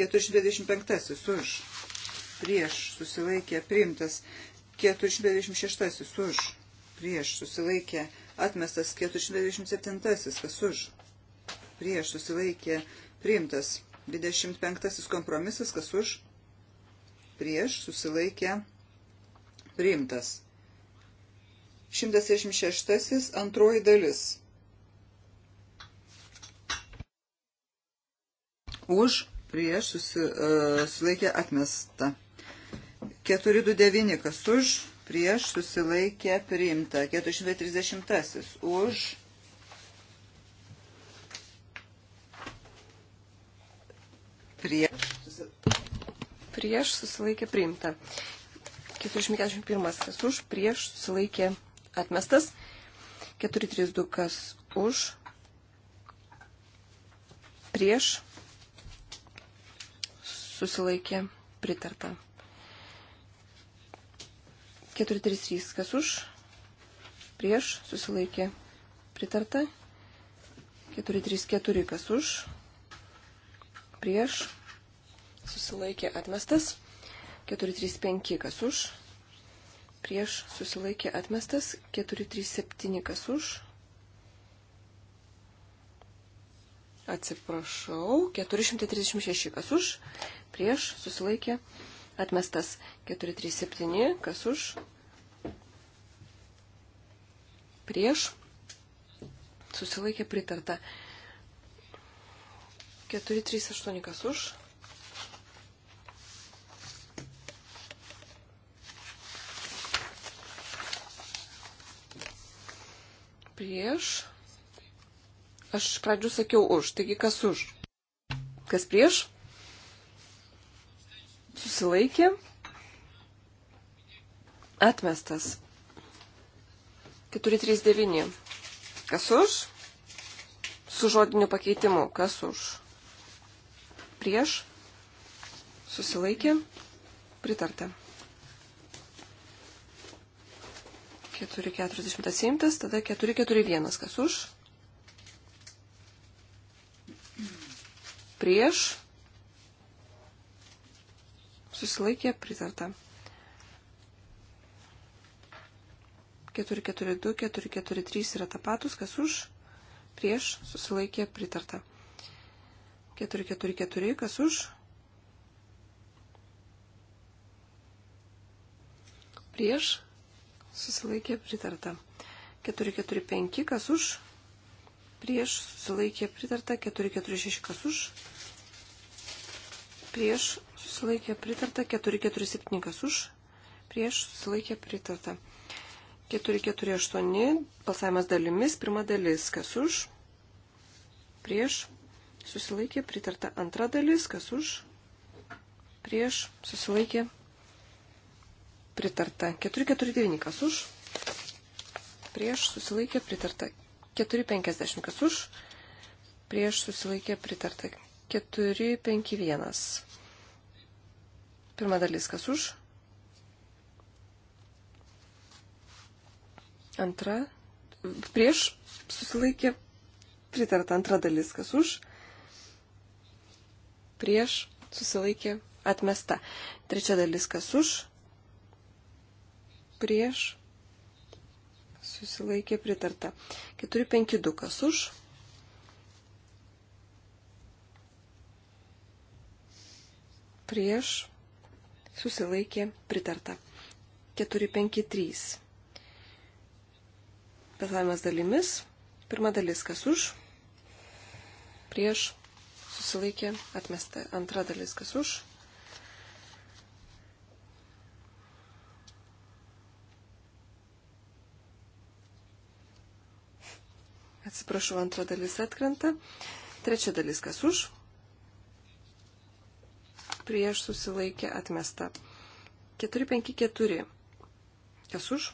425 už. Prieš susilaikė priimtas 426 už, prieš susilaikė atmestas 427, kas už, prieš susilaikė priimtas 25 kompromisas, kas už, prieš susilaikė priimtas. 166 antroji dalis. Už prieš e, susilaikė atmesta. 429 kas už, prieš susilaikė priimta. 430 už. Prieš, prieš susilaikė priimta. 441 kas už, prieš susilaikė atmestas. 432 kas už, prieš susilaikė pritarta. 433, kas už, prieš, susilaikė, pritarta. 434, kas už, prieš, susilaikė, atmestas. 435, kas už, prieš, susilaikė, atmestas. 437, kas už. Atsiprašau, 436, kas už, prieš, susilaikė, atmestas. Atmestas 437, kas už, prieš, susilaikė pritarta. 438, kas už. Prieš. Aš pradžių sakiau už, taigi kas už? Kas prieš? susilaikė, atmestas. 439. Kas už? Su žodiniu pakeitimu. Kas už? Prieš? Susilaikė, pritarta. 440 atsimtas, tada 441. Kas už? Prieš? susilaikė pritarta. 442, 443 yra tapatus, kas už, prieš susilaikė pritarta. 444, kas už, prieš susilaikė pritarta. 445, kas už, prieš susilaikė pritarta. 446, kas už, prieš susilaikė pritarta, 447 kas už, prieš susilaikė pritarta. 448 balsavimas dalimis, pirma dalis kas už, prieš susilaikė pritarta, antra dalis kas už, prieš susilaikė pritarta. 449 kas už, prieš susilaikė pritarta. 450 kas už, prieš susilaikė pritarta. 451 Pirma dalis, kas už. Antra. Prieš susilaikė pritarta antra dalis, kas už. Prieš susilaikė atmesta. Trečia dalis, kas už. Prieš susilaikė pritarta. 4-5-2, kas už. prieš susilaikė, pritarta. 453. Balsavimas dalimis. Pirma dalis, kas už, prieš, susilaikė, atmesta. Antra dalis, kas už, Atsiprašau, antra dalis atkrenta. Trečia dalis kas už, prieš susilaikė atmesta. 454. Kas už?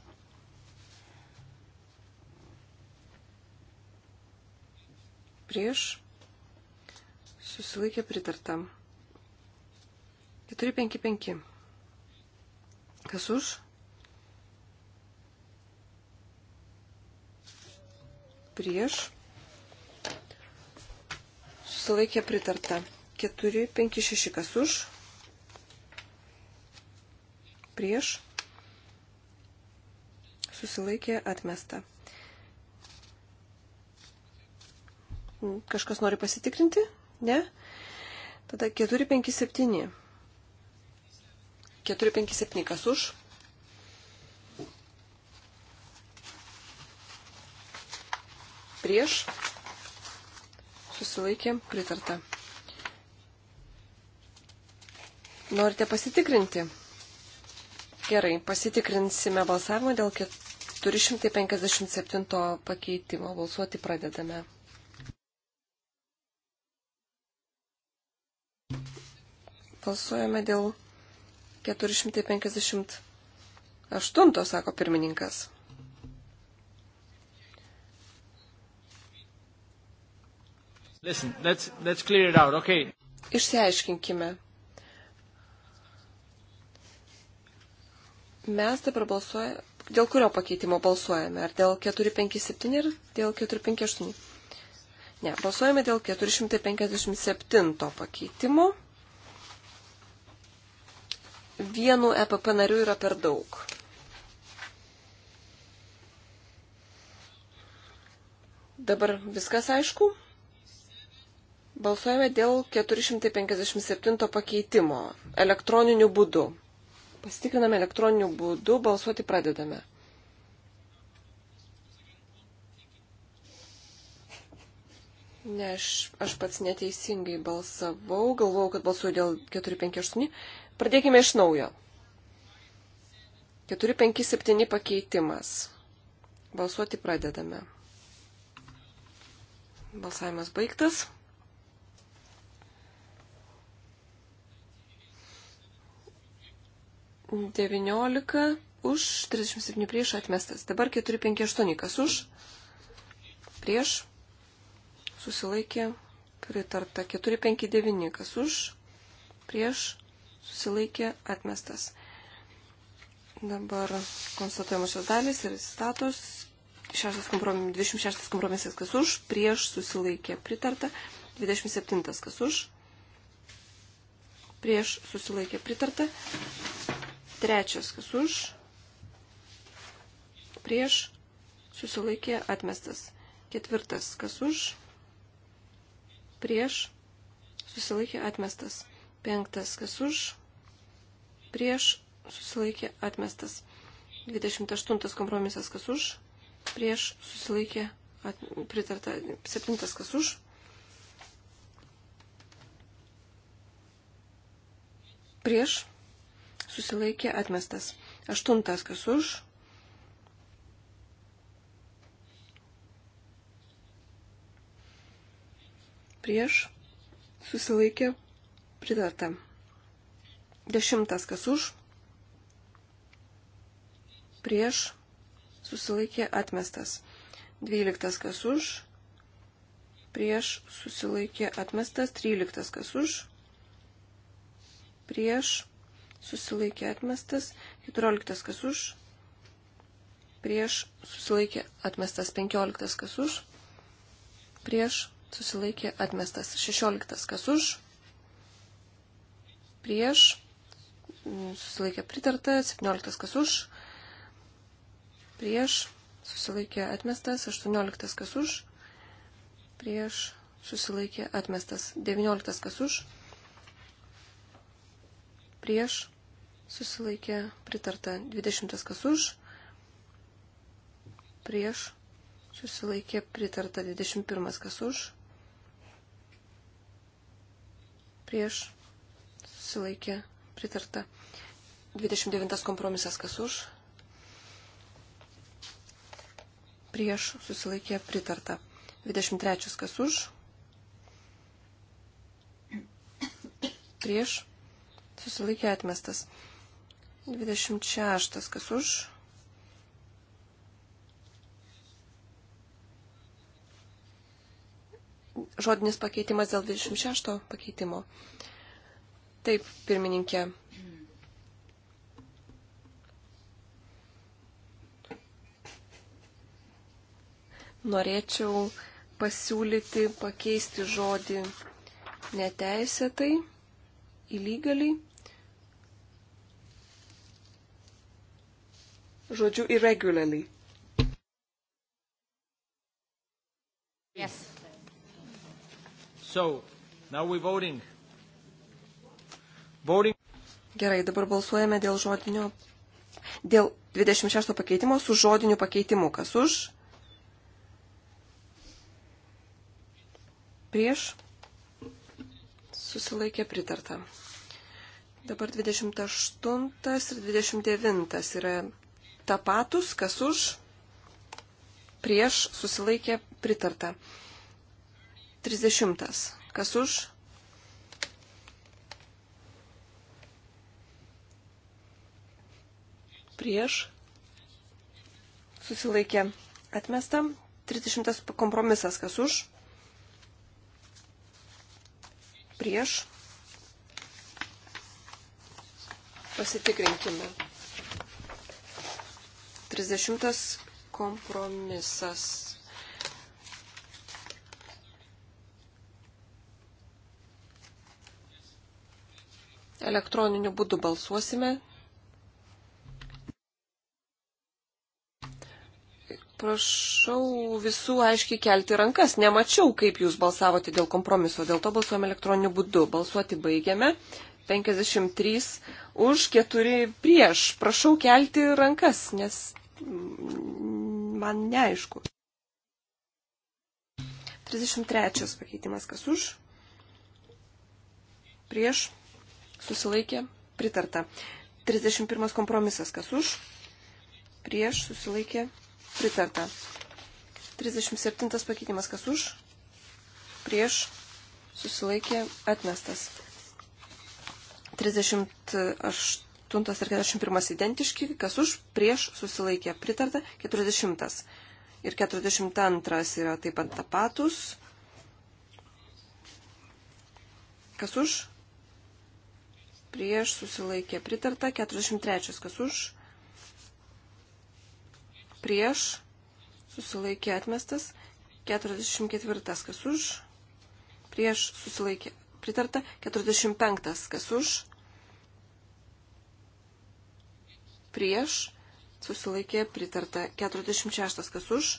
Prieš susilaikė pritarta. 455. Kas už? Prieš. Susilaikė pritarta. 4, 5, 6, kas už, prieš, susilaikė atmesta. Mm, kažkas nori pasitikrinti? Ne? Tada 4, 5, 7. 4, 5, 7, kas už? Prieš susilaikė pritarta. Norite pasitikrinti? Gerai, pasitikrinsime balsavimą dėl 457 pakeitimo. Balsuoti pradedame. Balsuojame dėl 458, sako pirmininkas. Listen, let's, let's clear it out, okay. Išsiaiškinkime. Mes dabar balsuojame, dėl kurio pakeitimo balsuojame? Ar dėl 457 ir dėl 458? Ne, balsuojame dėl 457 pakeitimo. Vienu EPP nariu yra per daug. Dabar viskas aišku? Balsuojame dėl 457 pakeitimo elektroniniu būdu. Pasitikriname elektroniniu būdu, balsuoti pradedame. Ne, aš, aš pats neteisingai balsavau, galvojau, kad balsuoju dėl 458. Pradėkime iš naujo. 457 pakeitimas. Balsuoti pradedame. Balsavimas baigtas. 19 už, 37 prieš atmestas. Dabar 458 kas už, prieš, susilaikė, pritarta. 459 kas už, prieš, susilaikė, atmestas. Dabar konstatuojamosios dalys ir status. 26 kompromis, 26 kompromisas kas už, prieš susilaikė pritarta, 27 kas už, prieš susilaikė pritarta, trečias, kas už, prieš, susilaikė, atmestas. Ketvirtas, kas už, prieš, susilaikė, atmestas. Penktas, kas už, prieš, susilaikė, atmestas. 28 kompromisas, kas už, prieš, susilaikė, at, pritarta. Septintas, kas už, prieš, susilaikė atmestas. Aštuntas, kas už. Prieš susilaikė pritarta. Dešimtas, kas už. Prieš susilaikė atmestas. Dvyliktas, kas už. Prieš susilaikė atmestas. Tryliktas, kas už prieš susilaikė atmestas, 14 kas už, prieš susilaikė atmestas, 15 kas už, prieš susilaikė atmestas, 16 kas už, prieš susilaikė pritarta, 17 kas už, prieš susilaikė atmestas, 18 kas už, prieš susilaikė atmestas, 19 kas už, prieš prieš, susilaikė pritarta 20 kas už, prieš, susilaikė pritarta 21 kas už, prieš, susilaikė pritarta 29 kompromisas kas už, prieš, susilaikė pritarta 23 kas už, prieš, susilaikė atmestas. 26. Kas už? Žodinis pakeitimas dėl 26 pakeitimo. Taip, pirmininkė. Norėčiau pasiūlyti pakeisti žodį neteisėtai, įlygaliai žodžiu irregularly. Yes. So, now we're voting. Voting. Gerai, dabar balsuojame dėl žodinio. Dėl 26 pakeitimo su žodiniu pakeitimu. Kas už? Prieš? Susilaikė pritarta. Dabar 28 ir 29 yra tapatus, kas už, prieš, susilaikė, pritarta. 30. Kas už? Prieš, susilaikė, atmesta. 30. kompromisas, kas už? Prieš, pasitikrinkime. 30 kompromisas. Elektroniniu būdu balsuosime. Prašau visų aiškiai kelti rankas. Nemačiau, kaip jūs balsavote dėl kompromiso, dėl to balsuojame elektroniniu būdu. Balsuoti baigiame. 53 už 4 prieš. Prašau kelti rankas, nes man neaišku. 33 pakeitimas kas už, prieš, susilaikė, pritarta. 31 kompromisas kas už, prieš, susilaikė, pritarta. 37 pakeitimas kas už, prieš, susilaikė, atmestas. 38 48 ir 41 identiški, kas už, prieš susilaikė pritarta, 40. Ir 42 yra taip pat tapatus. Kas už, prieš susilaikė pritarta, 43. Kas už, prieš susilaikė atmestas, 44. Kas už, prieš susilaikė pritarta, 45. Kas už, prieš, susilaikė pritarta. 46 kas už,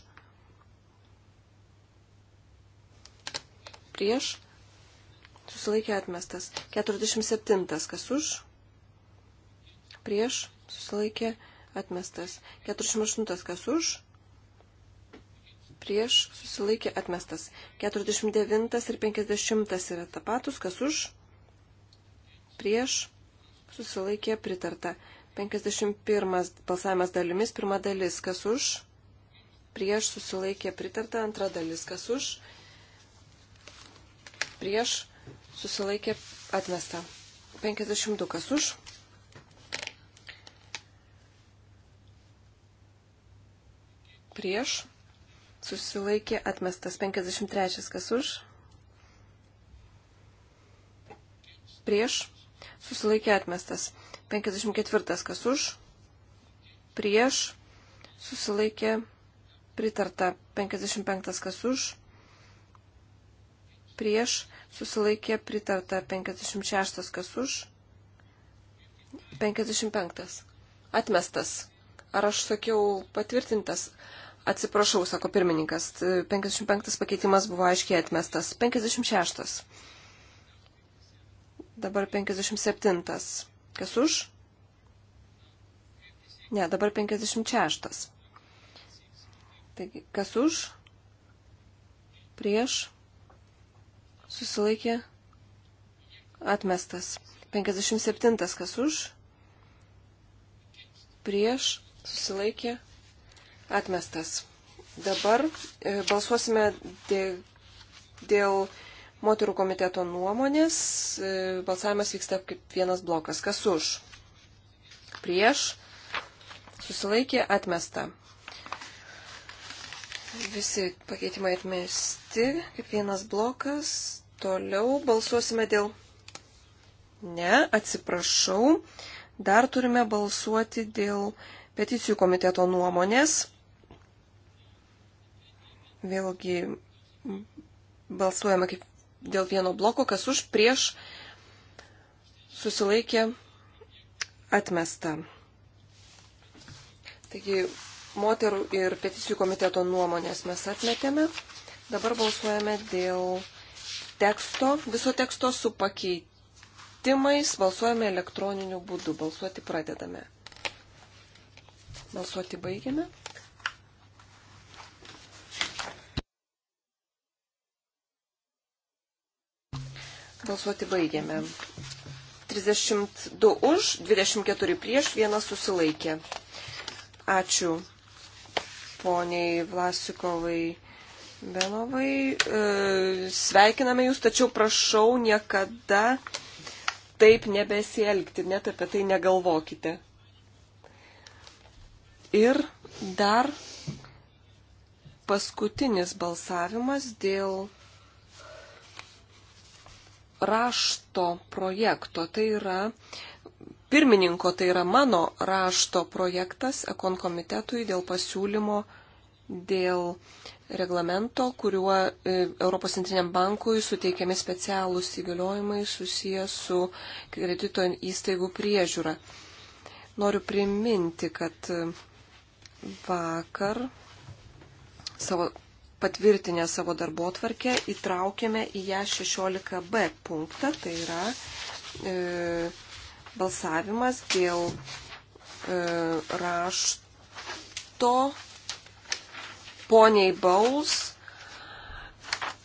prieš, susilaikė atmestas. 47 kas už, prieš, susilaikė atmestas. 48 kas už, prieš, susilaikė atmestas. 49 ir 50 yra tapatus, kas už, prieš, susilaikė pritarta. 51 balsavimas dalimis, pirma dalis, kas už, prieš susilaikė pritarta, antra dalis, kas už, prieš susilaikė atmesta. 52 kas už. Prieš susilaikė atmestas 53 kas už. Prieš susilaikė atmestas 54. Kas už? Prieš. Susilaikė. Pritarta. 55. Kas už? Prieš. Susilaikė. Pritarta. 56. Kas už? 55. Atmestas. Ar aš sakiau patvirtintas? Atsiprašau, sako pirmininkas. 55 pakeitimas buvo aiškiai atmestas. 56. Dabar 57. Kas už? Ne, dabar 56. Taigi, kas už? Prieš? Susilaikė? Atmestas. 57. Kas už? Prieš? Susilaikė? Atmestas. Dabar e, balsuosime dėl. dėl moterų komiteto nuomonės. E, balsavimas vyksta kaip vienas blokas. Kas už? Prieš. Susilaikė atmesta. Visi pakeitimai atmesti kaip vienas blokas. Toliau balsuosime dėl. Ne, atsiprašau. Dar turime balsuoti dėl peticijų komiteto nuomonės. Vėlgi balsuojama kaip dėl vieno bloko, kas už prieš susilaikė atmesta. Taigi moterų ir peticijų komiteto nuomonės mes atmetėme. Dabar balsuojame dėl teksto, viso teksto su pakeitimais. Balsuojame elektroniniu būdu. Balsuoti pradedame. Balsuoti baigiame. Balsuoti baigiame. 32 už, 24 prieš, vienas susilaikė. Ačiū poniai Vlasikovai Benovai. E, sveikiname jūs, tačiau prašau niekada taip nebesielgti, net apie tai negalvokite. Ir dar paskutinis balsavimas dėl rašto projekto. Tai yra pirmininko, tai yra mano rašto projektas Ekon komitetui dėl pasiūlymo dėl reglamento, kuriuo e, Europos centriniam bankui suteikiami specialūs įgaliojimai susijęs su kredito įstaigų priežiūra. Noriu priminti, kad e, vakar savo patvirtinę savo darbo tvarkę, įtraukėme į ją 16b punktą, tai yra e, balsavimas dėl e, rašto poniai Baus.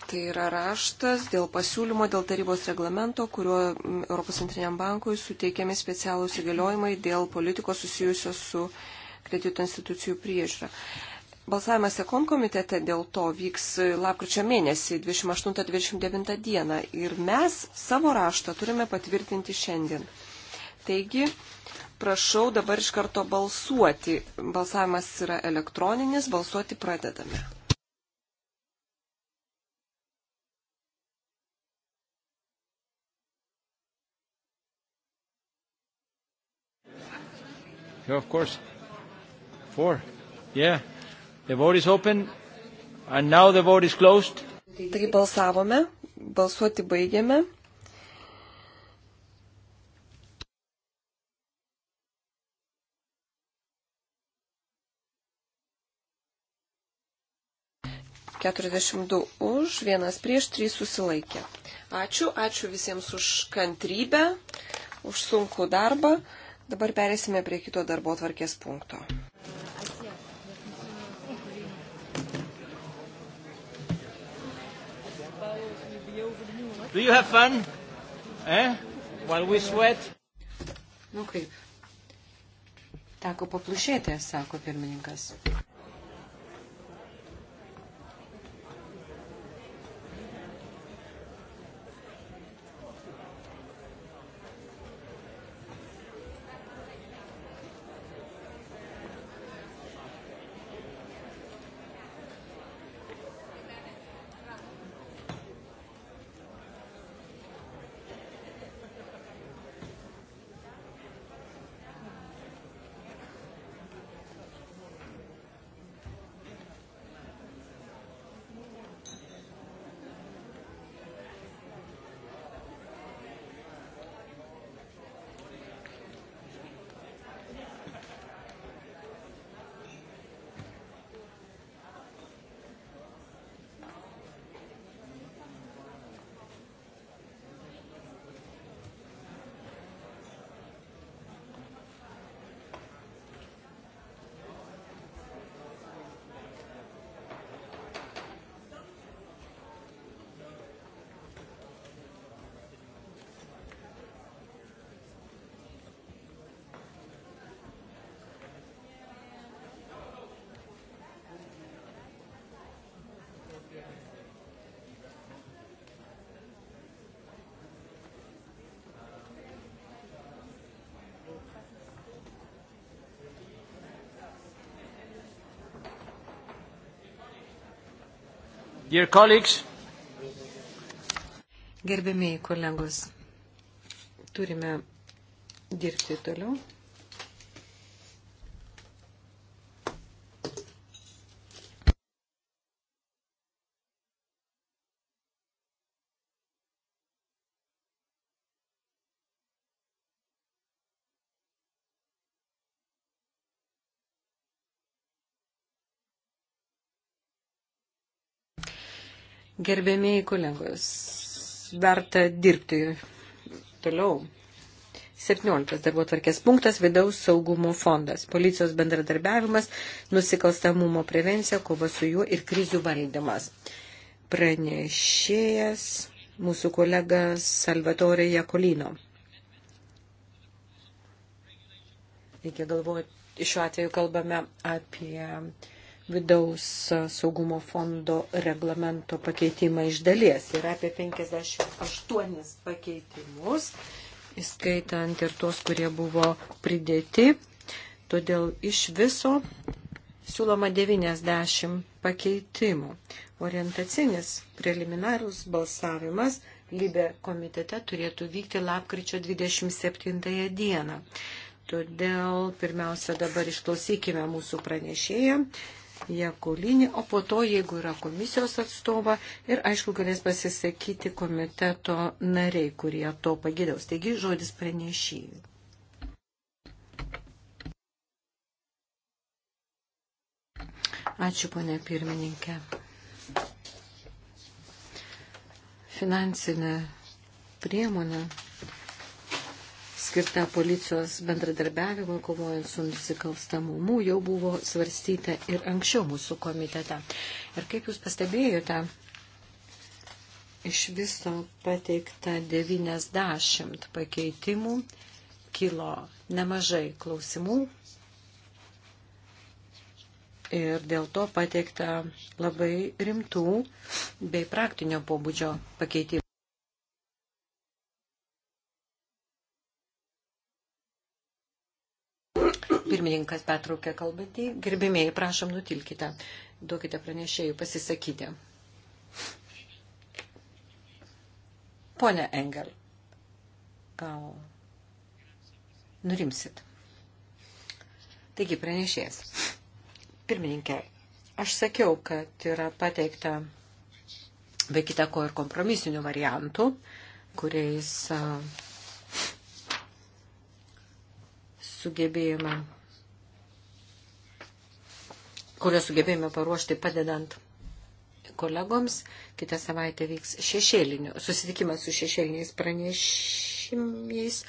Tai yra raštas dėl pasiūlymo dėl tarybos reglamento, kuriuo Europos centriniam bankui suteikiami specialūs įgaliojimai dėl politikos susijusios su kredito institucijų priežiūra. E, Balsavimas Ekon komitete dėl to vyks lapkričio mėnesį 28-29 dieną ir mes savo raštą turime patvirtinti šiandien. Taigi, prašau dabar iš karto balsuoti. Balsavimas yra elektroninis, balsuoti pradedame. Yeah, of course. Four. Yeah. The vote is open. And now the vote is closed. Taigi balsavome, balsuoti baigėme. Keturiasdešimt du už, vienas prieš, trys susilaikė. Ačiū, ačiū visiems už kantrybę, už sunkų darbą. Dabar perėsime prie kito darbo tvarkės punkto. Do you have fun? Eh? While we sweat? Nu kaip? Teko paplušėti, sako pirmininkas. Dear colleagues. Gerbėmiai kolegos, turime dirbti toliau. Gerbėmiai kolegos, verta dirbti toliau. 17 darbo tvarkės punktas - vidaus saugumo fondas, policijos bendradarbiavimas, nusikalstamumo prevencija, kova su juo ir krizių valdymas. Pranešėjas mūsų kolega Salvatore Jakolino. Reikia galvoti, šiuo atveju kalbame apie vidaus saugumo fondo reglamento pakeitimą iš dalies. Yra apie 58 pakeitimus, įskaitant ir tuos, kurie buvo pridėti. Todėl iš viso siūloma 90 pakeitimų. Orientacinis preliminarus balsavimas Libė komitete turėtų vykti lapkričio 27 dieną. Todėl pirmiausia dabar išklausykime mūsų pranešėją Jekolinį, o po to, jeigu yra komisijos atstova ir, aišku, galės pasisakyti komiteto nariai, kurie to pagėdaus. Taigi, žodis pranešėjai. Ačiū, ponė pirmininkė. Finansinė priemonė skirta policijos bendradarbiavimui, kovojant su nusikalstamumu, jau buvo svarstyta ir anksčiau mūsų komitete. Ir kaip jūs pastebėjote, iš viso pateikta 90 pakeitimų, kilo nemažai klausimų ir dėl to pateikta labai rimtų bei praktinio pobūdžio pakeitimų. Pirmininkas petraukė kalbantį. Gerbimieji, prašom, nutilkite. Duokite pranešėjų pasisakyti. Pone Engel, gal nurimsit. Taigi, pranešėjas. Pirmininkė, aš sakiau, kad yra pateikta be kitako ir kompromisinių variantų, kuriais sugebėjome kurias sugebėjome paruošti padedant kolegoms. Kitą savaitę vyks šešėlinių, susitikimas su šešėliniais pranešimais.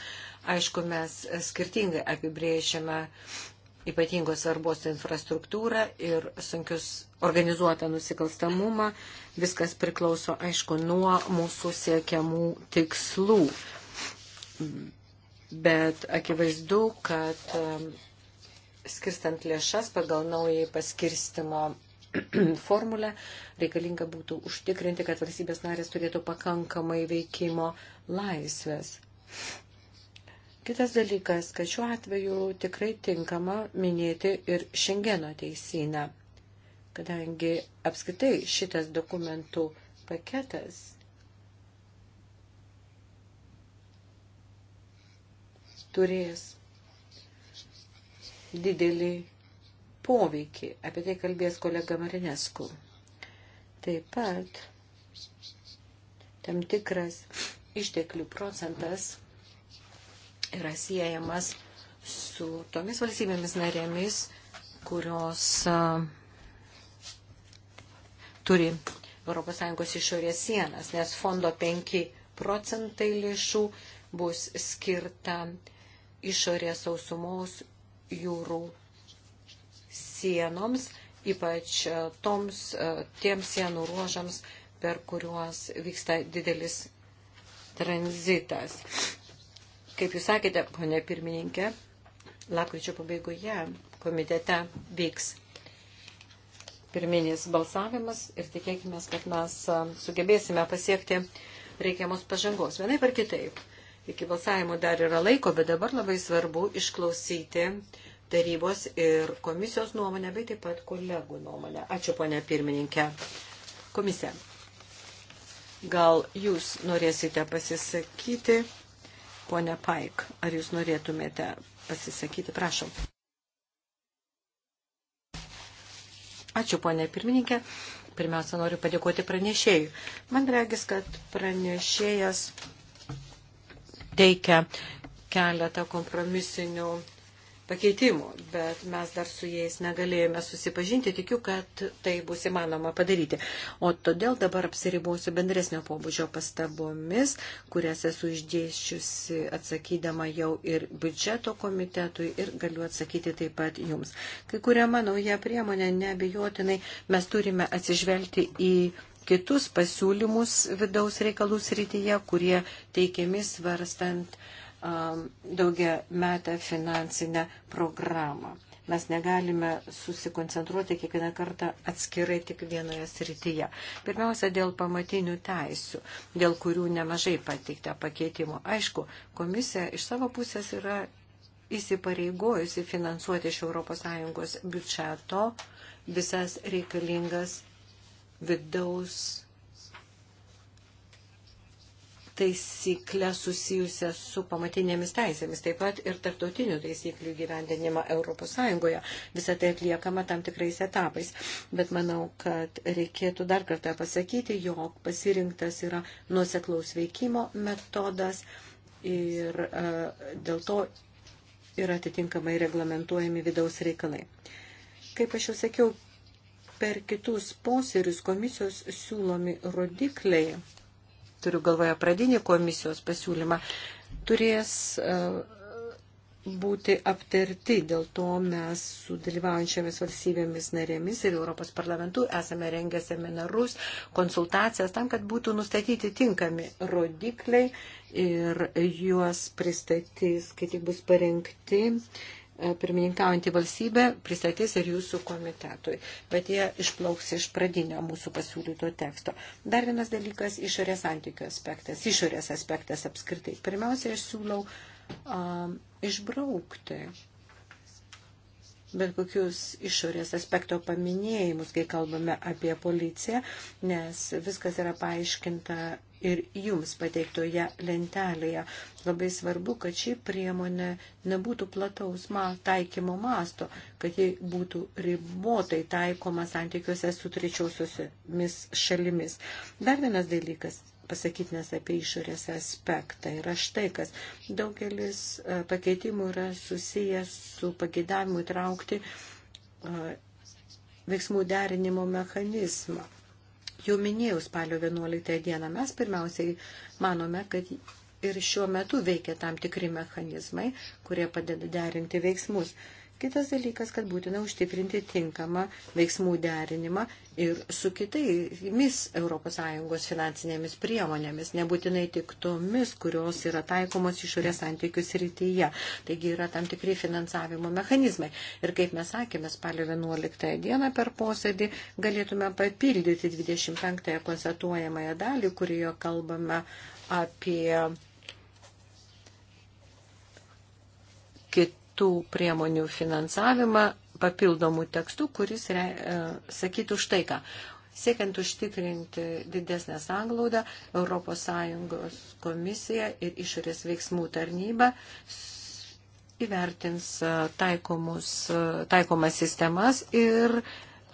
Aišku, mes skirtingai apibrėžiame ypatingos svarbos infrastruktūrą ir sunkius organizuotą nusikalstamumą. Viskas priklauso, aišku, nuo mūsų siekiamų tikslų. Bet akivaizdu, kad skirstant lėšas pagal naujai paskirstimo formulę, reikalinga būtų užtikrinti, kad valstybės narės turėtų pakankamai veikimo laisvės. Kitas dalykas, kad šiuo atveju tikrai tinkama minėti ir Šengeno teisyną, kadangi apskritai šitas dokumentų paketas turės didelį poveikį. Apie tai kalbės kolega Marinesku. Taip pat tam tikras išteklių procentas yra siejamas su tomis valstybėmis narėmis, kurios turi ES išorės sienas, nes fondo 5 procentai lėšų bus skirta išorės sausumos jūrų sienoms, ypač e, toms, e, tiems sienų ruožams, per kuriuos vyksta didelis tranzitas. Kaip jūs sakėte, ponė pirmininkė, lapkričio pabaigoje komitete vyks pirminis balsavimas ir tikėkime, kad mes e, sugebėsime pasiekti reikiamos pažangos. Vienaip ar kitaip, Iki balsavimo dar yra laiko, bet dabar labai svarbu išklausyti tarybos ir komisijos nuomonę, bei taip pat kolegų nuomonę. Ačiū, ponė pirmininkė. Komisija. Gal jūs norėsite pasisakyti, ponė Paik, ar jūs norėtumėte pasisakyti, prašom. Ačiū, ponė pirmininkė. Pirmiausia, noriu padėkoti pranešėjui. Man regis, kad pranešėjas teikia keletą kompromisinių pakeitimų, bet mes dar su jais negalėjome susipažinti, tikiu, kad tai bus įmanoma padaryti. O todėl dabar apsiribosiu bendresnio pobūdžio pastabomis, kurias esu išdėščiusi atsakydama jau ir biudžeto komitetui ir galiu atsakyti taip pat jums. Kai kuriama nauja priemonė, neabijotinai mes turime atsižvelgti į kitus pasiūlymus vidaus reikalų srityje, kurie teikiami svarstant um, daugia metą finansinę programą. Mes negalime susikoncentruoti kiekvieną kartą atskirai tik vienoje srityje. Pirmiausia, dėl pamatinių teisių, dėl kurių nemažai pateikta pakeitimo. Aišku, komisija iš savo pusės yra įsipareigojusi finansuoti iš ES biudžeto visas reikalingas vidaus taisyklę susijusią su pamatinėmis teisėmis, taip pat ir tarptautinių taisyklių gyvendinimą Europos Sąjungoje. Visą tai atliekama tam tikrais etapais. Bet manau, kad reikėtų dar kartą pasakyti, jog pasirinktas yra nuoseklaus veikimo metodas ir e, dėl to yra atitinkamai reglamentuojami vidaus reikalai. Kaip aš jau sakiau, per kitus posėrius komisijos siūlomi rodikliai, turiu galvoje pradinį komisijos pasiūlymą, turės e, būti aptarti. Dėl to mes su dalyvaujančiamis valstybėmis narėmis ir Europos parlamentu esame rengę seminarus, konsultacijas tam, kad būtų nustatyti tinkami rodikliai ir juos pristatys, kai tik bus parengti E, pirmininkaujantį valstybę pristatys ir jūsų komitetui, bet jie išplauks iš pradinio mūsų pasiūlyto teksto. Dar vienas dalykas - išorės santykių aspektas, išorės aspektas apskritai. Pirmiausia, aš siūlau um, išbraukti bet kokius išorės aspekto paminėjimus, kai kalbame apie policiją, nes viskas yra paaiškinta ir jums pateiktoje lentelėje. Labai svarbu, kad ši priemonė nebūtų plataus ma, taikymo masto, kad ji būtų ribotai taikoma santykiuose su trečiosiomis šalimis. Dar vienas dalykas pasakytinės apie išorės aspektą. Ir aš tai, kas daugelis e, pakeitimų yra susijęs su pagidavimu įtraukti e, veiksmų derinimo mechanizmą Jau minėjau spalio 11 dieną, mes pirmiausiai manome, kad ir šiuo metu veikia tam tikri mechanizmai, kurie padeda derinti veiksmus. Kitas dalykas, kad būtina užtikrinti tinkamą veiksmų derinimą ir su kitamis ES finansinėmis priemonėmis, nebūtinai tik tomis, kurios yra taikomos išorės santykių srityje. Taigi yra tam tikri finansavimo mechanizmai. Ir kaip mes sakėme, spalio 11 dieną per posėdį galėtume papildyti 25 konstatuojamąją dalį, kurioje kalbame apie kitų tų priemonių finansavimą papildomų tekstų, kuris re, e, sakytų štai ką. Siekiant užtikrinti didesnę sanglaudą, ES komisija ir išorės veiksmų tarnyba įvertins e, taikomus, e, taikomas sistemas ir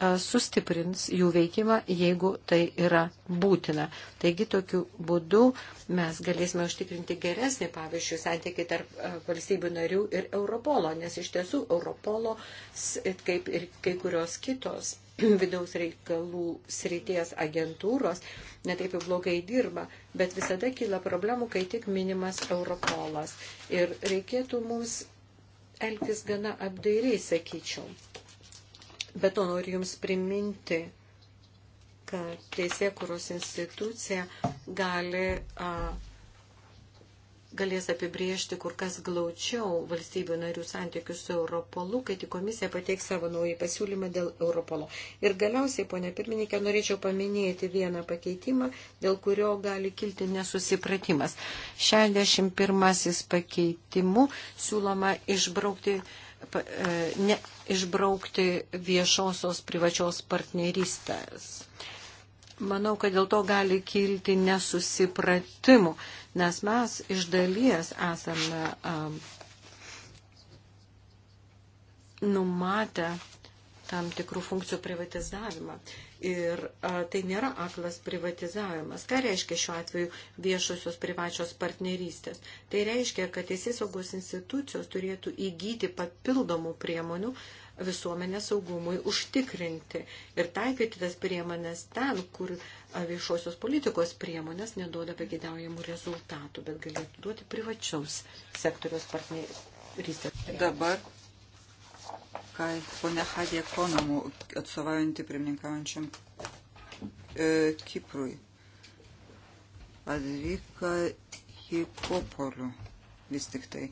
E, sustiprins jų veikimą, jeigu tai yra būtina. Taigi tokiu būdu mes galėsime užtikrinti geresnį, pavyzdžiui, santykį tarp e, valstybių narių ir Europolo, nes iš tiesų Europolo, kaip ir kai kurios kitos vidaus reikalų srities agentūros, netaip jau blogai dirba, bet visada kyla problemų, kai tik minimas Europolas. Ir reikėtų mums elgtis gana apdairiai, sakyčiau. Bet to noriu Jums priminti, kad Teisėkuros institucija gali, a, galės apibriežti kur kas glaučiau valstybių narių santykius su Europolu, kai tik komisija pateiks savo naują pasiūlymą dėl Europolo. Ir galiausiai, ponia pirmininkė, norėčiau paminėti vieną pakeitimą, dėl kurio gali kilti nesusipratimas. 61 pakeitimu siūloma išbraukti E, ne, išbraukti viešosios privačios partnerystės. Manau, kad dėl to gali kilti nesusipratimų, nes mes iš dalies esame um, numatę tam tikrų funkcijų privatizavimą. Ir a, tai nėra aklas privatizavimas. Ką reiškia šiuo atveju viešosios privačios partnerystės? Tai reiškia, kad teisėsaugos institucijos turėtų įgyti papildomų priemonių visuomenės saugumui užtikrinti ir taikyti tas priemonės ten, kur viešosios politikos priemonės neduoda pagėdaujamų rezultatų, bet galėtų duoti privačiaus sektoriaus partnerystės. Dabar ponia Hadė Konomų, atstovaujanti pirmininkaujančiam e, Kiprui. Adrika Hipopoliu vis tik tai.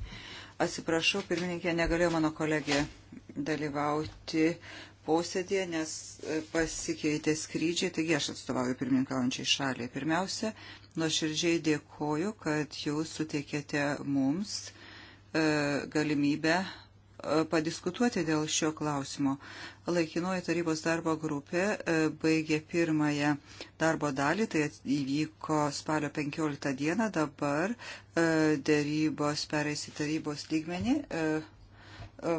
Atsiprašau, pirmininkė, negalėjo mano kolegė dalyvauti posėdėje, nes e, pasikeitė skrydžiai, taigi aš atstovauju pirmininkaujančiai šaliai. Pirmiausia, nuoširdžiai dėkoju, kad jūs suteikėte mums e, galimybę padiskutuoti dėl šio klausimo. Laikinoji tarybos darbo grupė e, baigė pirmąją darbo dalį, tai įvyko spalio 15 dieną, dabar e, dėrybos pereis į tarybos lygmenį. E,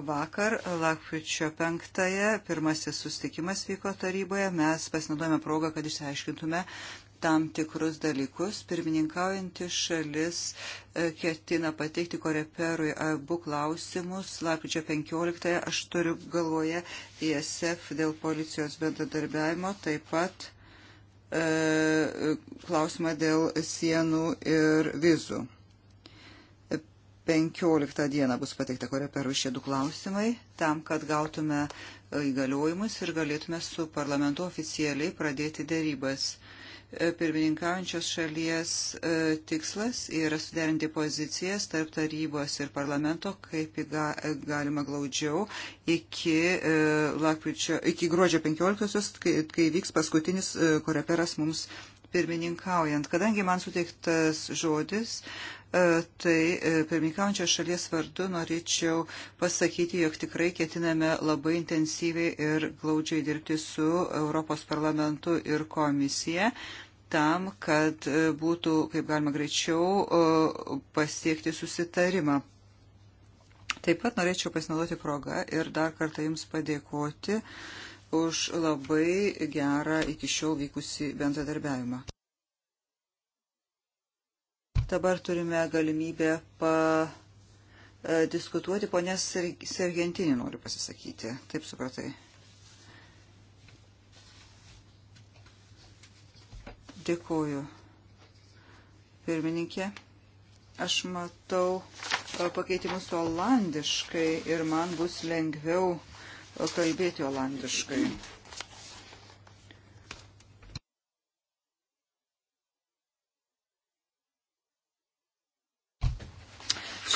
vakar, lakryčio penktąją, pirmasis sustikimas vyko taryboje, mes pasinaudojame progą, kad išsiaiškintume tam tikrus dalykus. Pirmininkaujanti šalis e, ketina pateikti koreperui abu klausimus. Lapkričio 15 aš turiu galvoje ISF dėl policijos bendradarbiavimo, taip pat e, klausimą dėl sienų ir vizų. 15 e, dieną bus pateikta koreperui šie du klausimai, tam, kad gautume įgaliojimus ir galėtume su parlamentu oficialiai pradėti dėrybas pirmininkaujančios šalies e, tikslas yra suderinti pozicijas tarp tarybos ir parlamento, kaip e, galima glaudžiau, iki, e, lakvičio, iki gruodžio 15-osios, kai, kai vyks paskutinis koreperas mums pirmininkaujant. Kadangi man suteiktas žodis, E, tai e, pirmininkančios šalies vardu norėčiau pasakyti, jog tikrai ketiname labai intensyviai ir glaudžiai dirbti su Europos parlamentu ir komisija tam, kad e, būtų, kaip galima greičiau, pasiekti susitarimą. Taip pat norėčiau pasinaudoti progą ir dar kartą Jums padėkoti už labai gerą iki šiol vykusi bendradarbiavimą. Dabar turime galimybę padiskutuoti. E, Pone Sergentinį noriu pasisakyti. Taip supratai. Dėkuoju. Pirmininkė, aš matau e, pakeitimus olandiškai ir man bus lengviau e, kalbėti olandiškai. Mm.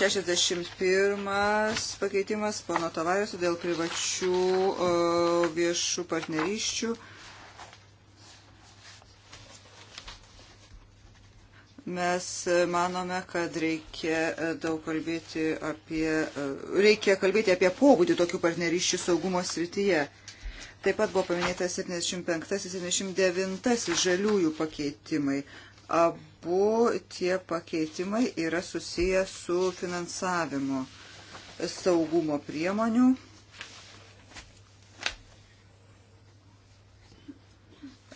61 pakeitimas pono Tavareso dėl privačių viešų partnerysčių. Mes e, manome, kad reikia e, daug kalbėti apie, e, reikia kalbėti apie pobūdį tokių partnerysčių saugumo srityje. Taip pat buvo paminėtas 75-79 žaliųjų pakeitimai. Abu tie pakeitimai yra susiję su finansavimu saugumo priemonių.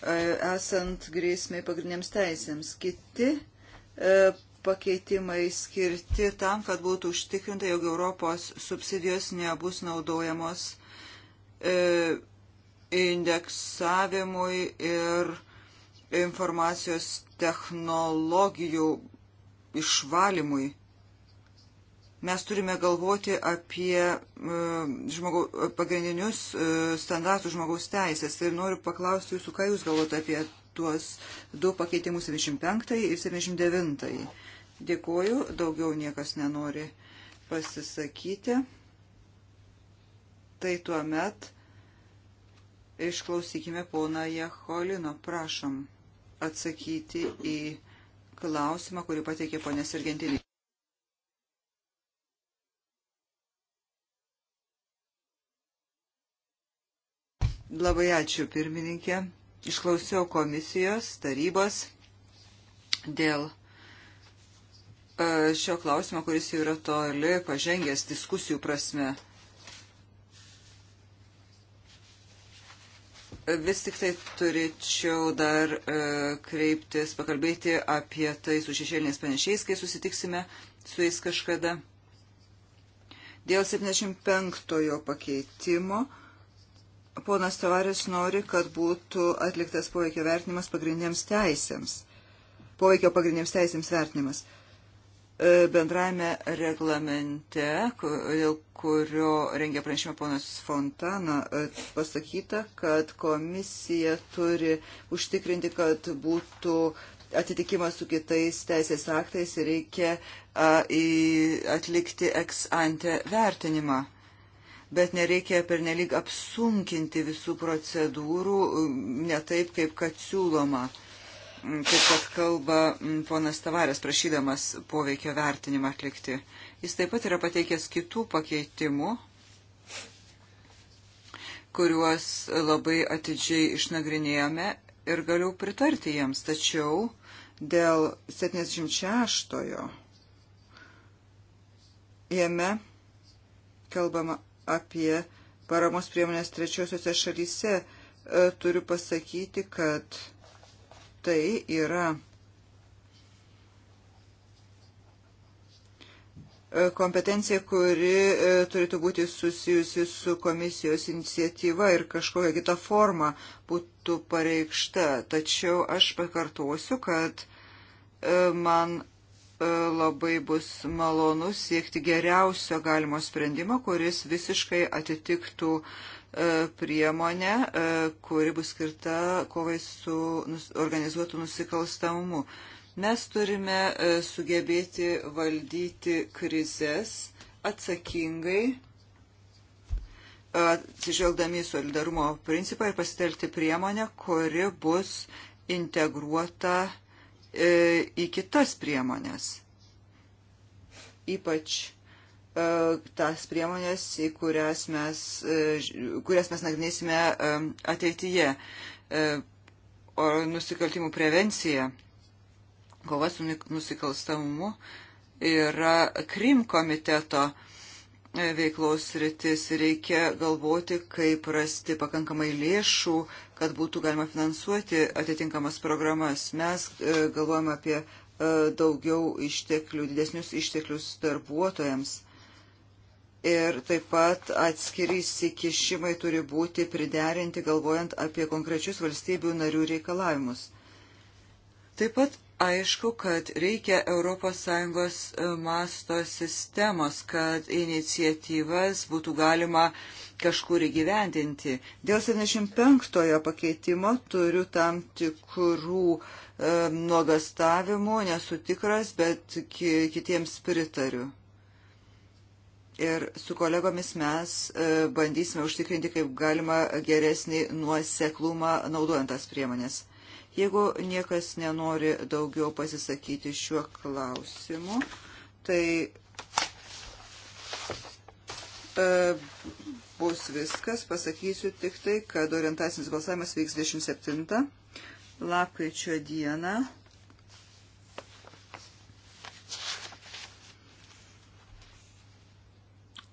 E, esant grėsmiai pagrindiniams teisėms. Kiti e, pakeitimai skirti tam, kad būtų užtikrinta, jog Europos subsidijos nebus naudojamos e, indeksavimui ir informacijos technologijų išvalymui. Mes turime galvoti apie e, žmogau, pagrindinius e, standartus žmogaus teisės ir noriu paklausti jūsų, ką jūs galvote apie tuos du pakeitimus 75 ir 79. Dėkuoju, daugiau niekas nenori pasisakyti. Tai tuo met išklausykime poną Jeholino, prašom atsakyti į klausimą, kurį pateikė ponė Sergentinė. Labai ačiū pirmininkė. Išklausiau komisijos tarybos dėl e, šio klausimo, kuris jau yra toli pažengęs diskusijų prasme. Vis tik tai turėčiau dar e, kreiptis, pakalbėti apie tai su šešėliniais panešiais, kai susitiksime su jais kažkada. Dėl 75-ojo pakeitimo ponas Tavaris nori, kad būtų atliktas poveikio vertinimas pagrindiniams teisėms. Poveikio pagrindiniams teisėms vertinimas. E, bendrajame reglamente, dėl kurio rengia pranešimą ponas Fontana, e, pasakyta, kad komisija turi užtikrinti, kad būtų atitikimas su kitais teisės aktais ir reikia a, į, atlikti ex ante vertinimą. Bet nereikia pernelyg apsunkinti visų procedūrų, ne taip, kaip kad siūloma kaip kad kalba ponas Tavarės prašydamas poveikio vertinimą atlikti. Jis taip pat yra pateikęs kitų pakeitimų, kuriuos labai atidžiai išnagrinėjome ir galiu pritarti jiems. Tačiau dėl 76-ojo jame kalbama apie paramos priemonės trečiosiuose šalyse. E, turiu pasakyti, kad tai yra E, kompetencija, kuri e, turėtų būti susijusi su komisijos iniciatyva ir kažkokia kita forma būtų pareikšta. Tačiau aš pakartosiu, kad e, man labai bus malonu siekti geriausio galimo sprendimo, kuris visiškai atitiktų priemonę, kuri bus skirta kovai su organizuotų nusikalstamumu. Mes turime e, sugebėti valdyti krizės atsakingai e, atsižvelgdami į solidarumo principą ir pasitelkti priemonę, kuri bus integruota e, į kitas priemonės. Ypač tas priemonės, į kurias mes, kurias mes nagrinėsime ateityje. O nusikaltimų prevencija kova su nusikalstamumu yra Krim komiteto e, veiklos rytis. Reikia galvoti, kaip rasti pakankamai lėšų, kad būtų galima finansuoti atitinkamas programas. Mes e, galvojame apie e, daugiau išteklių, didesnius išteklius darbuotojams. Ir taip pat atskiri įsikišimai turi būti priderinti, galvojant apie konkrečius valstybių narių reikalavimus. Taip pat aišku, kad reikia ES e, masto sistemos, kad iniciatyvas būtų galima kažkur įgyvendinti. Dėl 75-ojo pakeitimo turiu tam tikrų e, nuogastavimų, nesu tikras, bet ki, kitiems pritariu. Ir su kolegomis mes e, bandysime užtikrinti, kaip galima geresnį nuoseklumą naudojant tas priemonės. Jeigu niekas nenori daugiau pasisakyti šiuo klausimu, tai e, bus viskas. Pasakysiu tik tai, kad orientacinis balsavimas vyks 27 lapkričio dieną.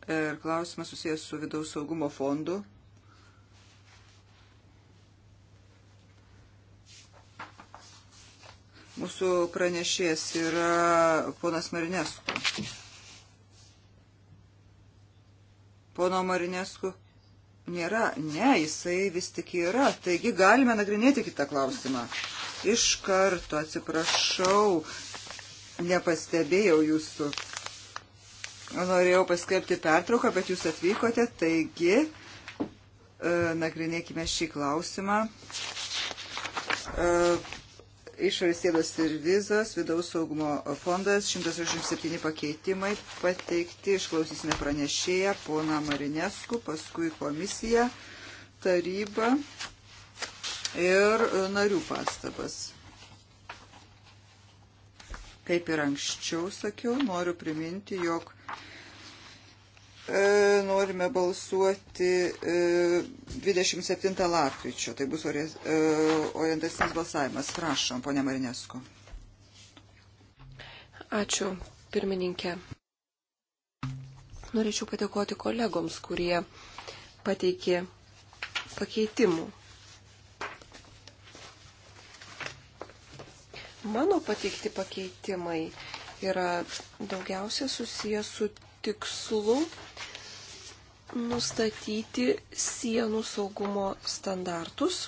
Ir e, klausimas susijęs su vidaus saugumo fondu Mūsų pranešėjas yra ponas Marinesku. Pono Marinesku nėra. Ne, jisai vis tik yra. Taigi galime nagrinėti kitą klausimą. Iš karto atsiprašau, nepastebėjau jūsų. Norėjau paskelbti pertrauką, bet jūs atvykote, taigi e, nagrinėkime šį klausimą e, Išorės sienos ir vizos, vidaus saugumo fondas, 187 pakeitimai pateikti, išklausysime pranešėją, pona Marinesku, paskui komisiją, tarybą ir narių pastabas. Kaip ir anksčiau sakiau, noriu priminti, jog E, norime balsuoti 27 e, lapkričio. Tai bus e, orientacinis balsavimas. Prašom, ponė Marinesko. Ačiū, pirmininkė. Norėčiau padėkoti kolegoms, kurie pateikė pakeitimų. Mano pateikti pakeitimai yra daugiausia susijęs su tikslu nustatyti sienų saugumo standartus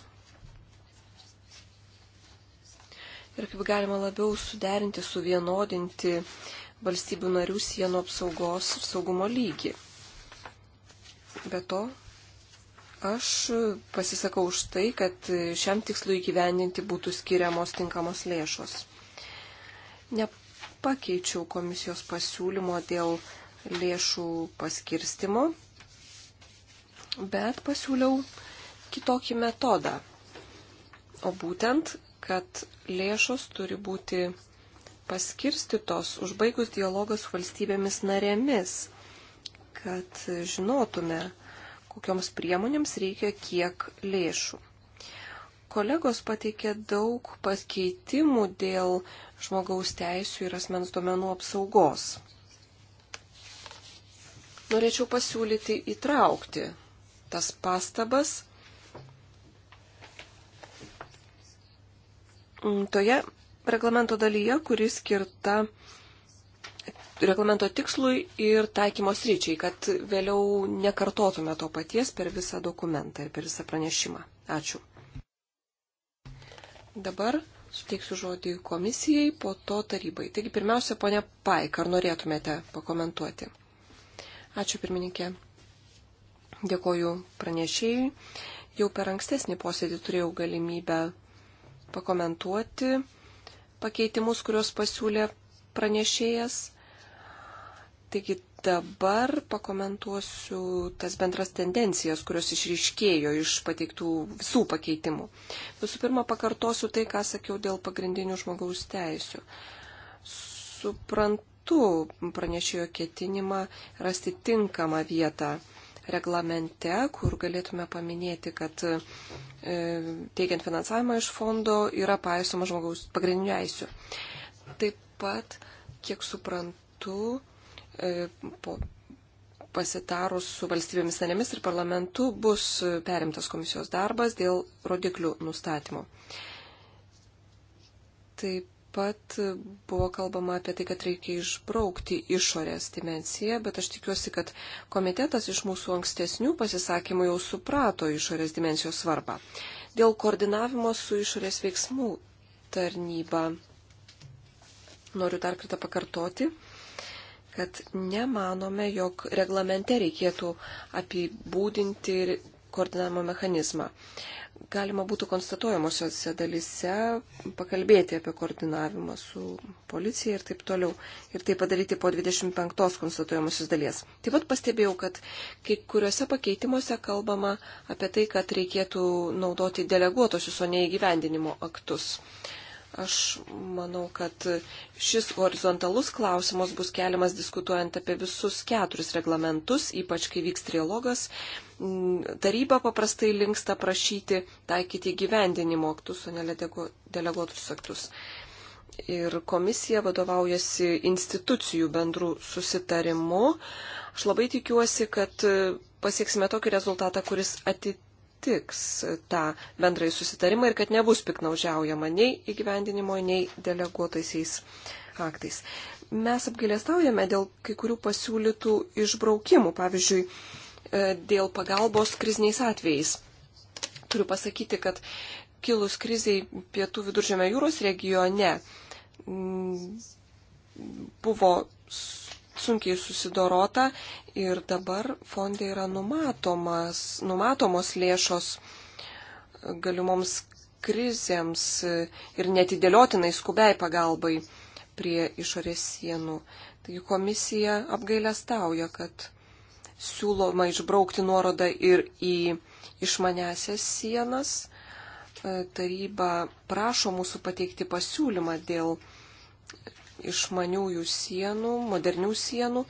ir kaip galima labiau suderinti, suvienodinti valstybių narių sienų apsaugos ir saugumo lygį. Be to, aš pasisakau už tai, kad šiam tikslui įgyvendinti būtų skiriamos tinkamos lėšos. Nepakeičiau komisijos pasiūlymo dėl lėšų paskirstimo, bet pasiūliau kitokį metodą. O būtent, kad lėšos turi būti paskirstytos užbaigus dialogą su valstybėmis narėmis, kad žinotume, kokioms priemonėms reikia kiek lėšų. Kolegos pateikė daug pakeitimų dėl žmogaus teisų ir asmens duomenų apsaugos norėčiau pasiūlyti įtraukti tas pastabas mm, toje reglamento dalyje, kuri skirta reglamento tikslui ir taikymo sryčiai, kad vėliau nekartotume to paties per visą dokumentą ir per visą pranešimą. Ačiū. Dabar suteiksiu žodį komisijai, po to tarybai. Taigi pirmiausia, ponia Paik, ar norėtumėte pakomentuoti? Ačiū pirmininkė. Dėkoju pranešėjui. Jau per ankstesnį posėdį turėjau galimybę pakomentuoti pakeitimus, kuriuos pasiūlė pranešėjas. Taigi dabar pakomentuosiu tas bendras tendencijas, kurios išryškėjo iš pateiktų visų pakeitimų. Visų pirma, pakartosiu tai, ką sakiau dėl pagrindinių žmogaus teisių. Suprantu suprantu pranešėjo ketinimą rasti tinkamą vietą reglamente, kur galėtume paminėti, kad e, teikiant finansavimą iš fondo yra paėsoma žmogaus pagrindinių teisių. Taip pat, kiek suprantu, e, po, pasitarus su valstybėmis narėmis ir parlamentu bus perimtas komisijos darbas dėl rodiklių nustatymo. Taip pat buvo kalbama apie tai, kad reikia išbraukti išorės dimenciją, bet aš tikiuosi, kad komitetas iš mūsų ankstesnių pasisakymų jau suprato išorės dimensijos svarbą. Dėl koordinavimo su išorės veiksmų tarnyba noriu dar kartą pakartoti, kad nemanome, jog reglamente reikėtų apibūdinti ir koordinavimo mechanizmą. Galima būtų konstatuojamosiose dalise pakalbėti apie koordinavimą su policija ir taip toliau. Ir tai padaryti po 25 konstatuojamosios dalies. Taip pat pastebėjau, kad kai kuriuose pakeitimuose kalbama apie tai, kad reikėtų naudoti deleguotosius, o ne įgyvendinimo aktus. Uh, Aš manau, kad šis horizontalus klausimas bus keliamas diskutuojant apie visus keturis reglamentus, ypač kai vyks trialogas. Taryba paprastai linksta prašyti taikyti gyvendinimo aktus, o ne deleguotus aktus. Ir komisija vadovaujasi institucijų bendrų susitarimu. Aš labai tikiuosi, kad pasieksime tokį rezultatą, kuris atitinka atitiks tą bendrąjį susitarimą ir kad nebus piknaužiaujama nei įgyvendinimo, nei deleguotaisiais aktais. Mes apgailestaujame dėl kai kurių pasiūlytų išbraukimų, pavyzdžiui, e, dėl pagalbos kriziniais atvejais. Turiu pasakyti, kad kilus kriziai pietų viduržėme jūros regione buvo sunkiai susidorota ir dabar fondai yra numatomos lėšos galimoms krizėms ir netidėliotinai skubiai pagalbai prie išorės sienų. Taigi komisija apgailę stauja, kad siūloma išbraukti nuorodą ir į išmanesias sienas. Taryba prašo mūsų pateikti pasiūlymą dėl išmaniųjų sienų, modernių sienų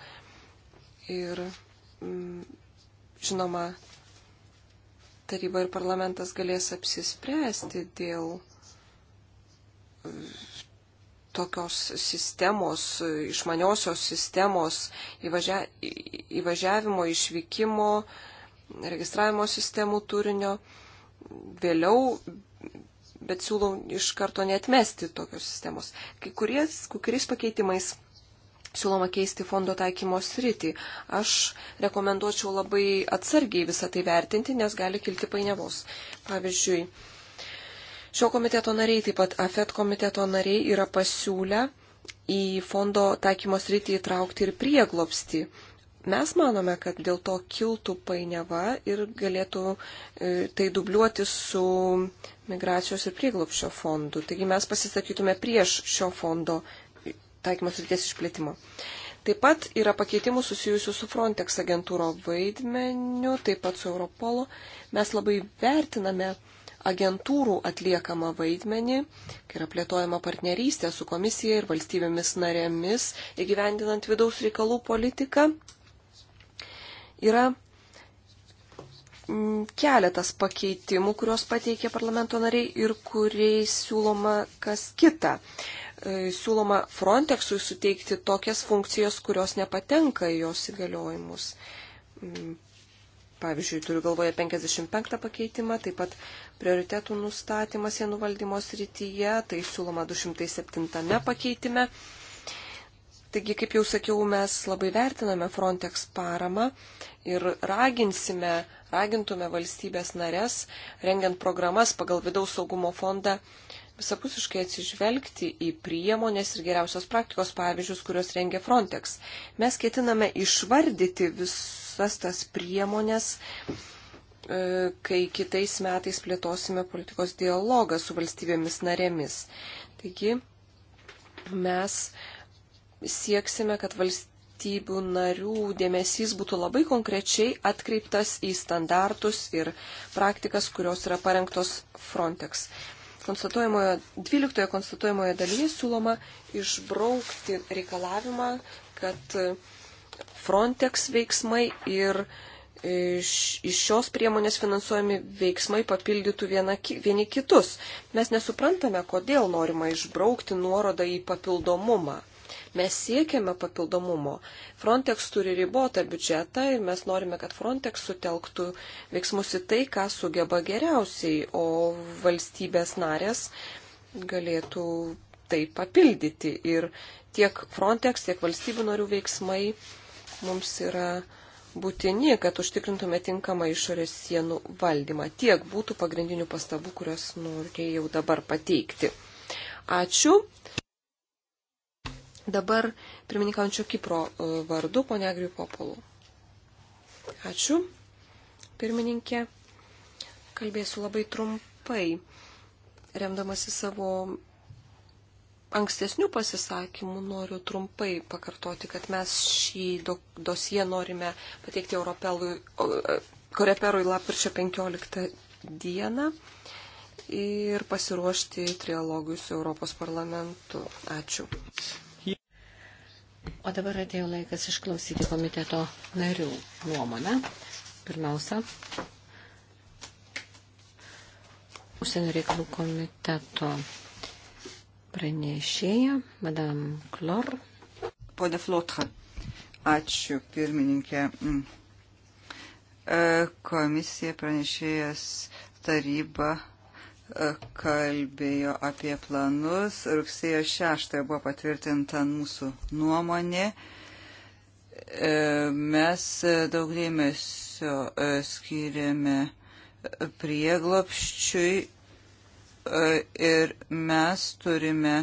ir, mm, žinoma, taryba ir parlamentas galės apsispręsti dėl e, tokios sistemos, išmaniosios sistemos įvažia, įvažiavimo, išvykimo, registravimo sistemų turinio. Vėliau bet siūlau iš karto netmesti tokios sistemos. Kai kuriais, kuriais pakeitimais siūloma keisti fondo taikymo sritį. Aš rekomenduočiau labai atsargiai visą tai vertinti, nes gali kilti painiavos. Pavyzdžiui, šio komiteto nariai, taip pat AFET komiteto nariai yra pasiūlę į fondo taikymo sritį įtraukti ir prieglopsti. Mes manome, kad dėl to kiltų painiava ir galėtų e, tai dubliuoti su migracijos ir prieglopšio fondu. Taigi mes pasisakytume prieš šio fondo taikymas ryties išplėtimo. Taip pat yra pakeitimų susijusių su Frontex agentūro vaidmeniu, taip pat su Europolo. Mes labai vertiname agentūrų atliekamą vaidmenį, kai yra plėtojama partnerystė su komisija ir valstybėmis narėmis, įgyvendinant vidaus reikalų politiką. Yra mm, keletas pakeitimų, kuriuos pateikė parlamento nariai ir kuriais siūloma kas kita. E, siūloma Frontexui suteikti tokias funkcijas, kurios nepatenka į jos įgaliojimus. Mm, pavyzdžiui, turiu galvoje 55 pakeitimą, taip pat prioritetų nustatymas sienų valdymo srityje, tai siūloma 207 pakeitime. Mhm Taigi, kaip jau sakiau, mes labai vertiname Frontex paramą ir raginsime, ragintume valstybės narės, rengiant programas pagal vidaus saugumo fondą, visapusiškai atsižvelgti į priemonės ir geriausios praktikos pavyzdžius, kurios rengia Frontex. Mes ketiname išvardyti visas tas priemonės, e, kai kitais metais plėtosime politikos dialogą su valstybėmis narėmis. Taigi, mes sieksime, kad valstybių narių dėmesys būtų labai konkrečiai atkreiptas į standartus ir praktikas, kurios yra parengtos Frontex. Konstatuojamojo, 12 konstatuojamojo dalyje siūloma išbraukti reikalavimą, kad Frontex veiksmai ir iš, e, iš šios priemonės finansuojami veiksmai papildytų viena, vieni kitus. Mes nesuprantame, kodėl norima išbraukti nuorodą į papildomumą. Mes siekiame papildomumo. Frontex turi ribotą biudžetą ir mes norime, kad Frontex sutelktų veiksmus į tai, ką sugeba geriausiai, o valstybės narės galėtų tai papildyti. Ir tiek Frontex, tiek valstybių norių veiksmai mums yra būtini, kad užtikrintume tinkamą išorės sienų valdymą. Tiek būtų pagrindinių pastabų, kurias norėjau dabar pateikti. Ačiū. Dabar pirmininkaujančio Kipro e, vardu, ponia Gripopolų. Ačiū, pirmininkė. Kalbėsiu labai trumpai, remdamasi savo ankstesnių pasisakymų noriu trumpai pakartoti, kad mes šį dosiją norime pateikti Europelui, e, Koreperui lapkričio 15 dieną ir pasiruošti trialogui su Europos parlamentu. Ačiū. O dabar atėjo laikas išklausyti komiteto narių nuomonę. Pirmiausia, užsienio reikalų komiteto pranešėja, Madame Klor. Pone Flotra, ačiū pirmininkė. Mm. E, komisija pranešėjas taryba kalbėjo apie planus. Rugsėjo 6 buvo patvirtinta mūsų nuomonė. E, mes daug dėmesio e, skiriame prieglopščiui e, ir mes turime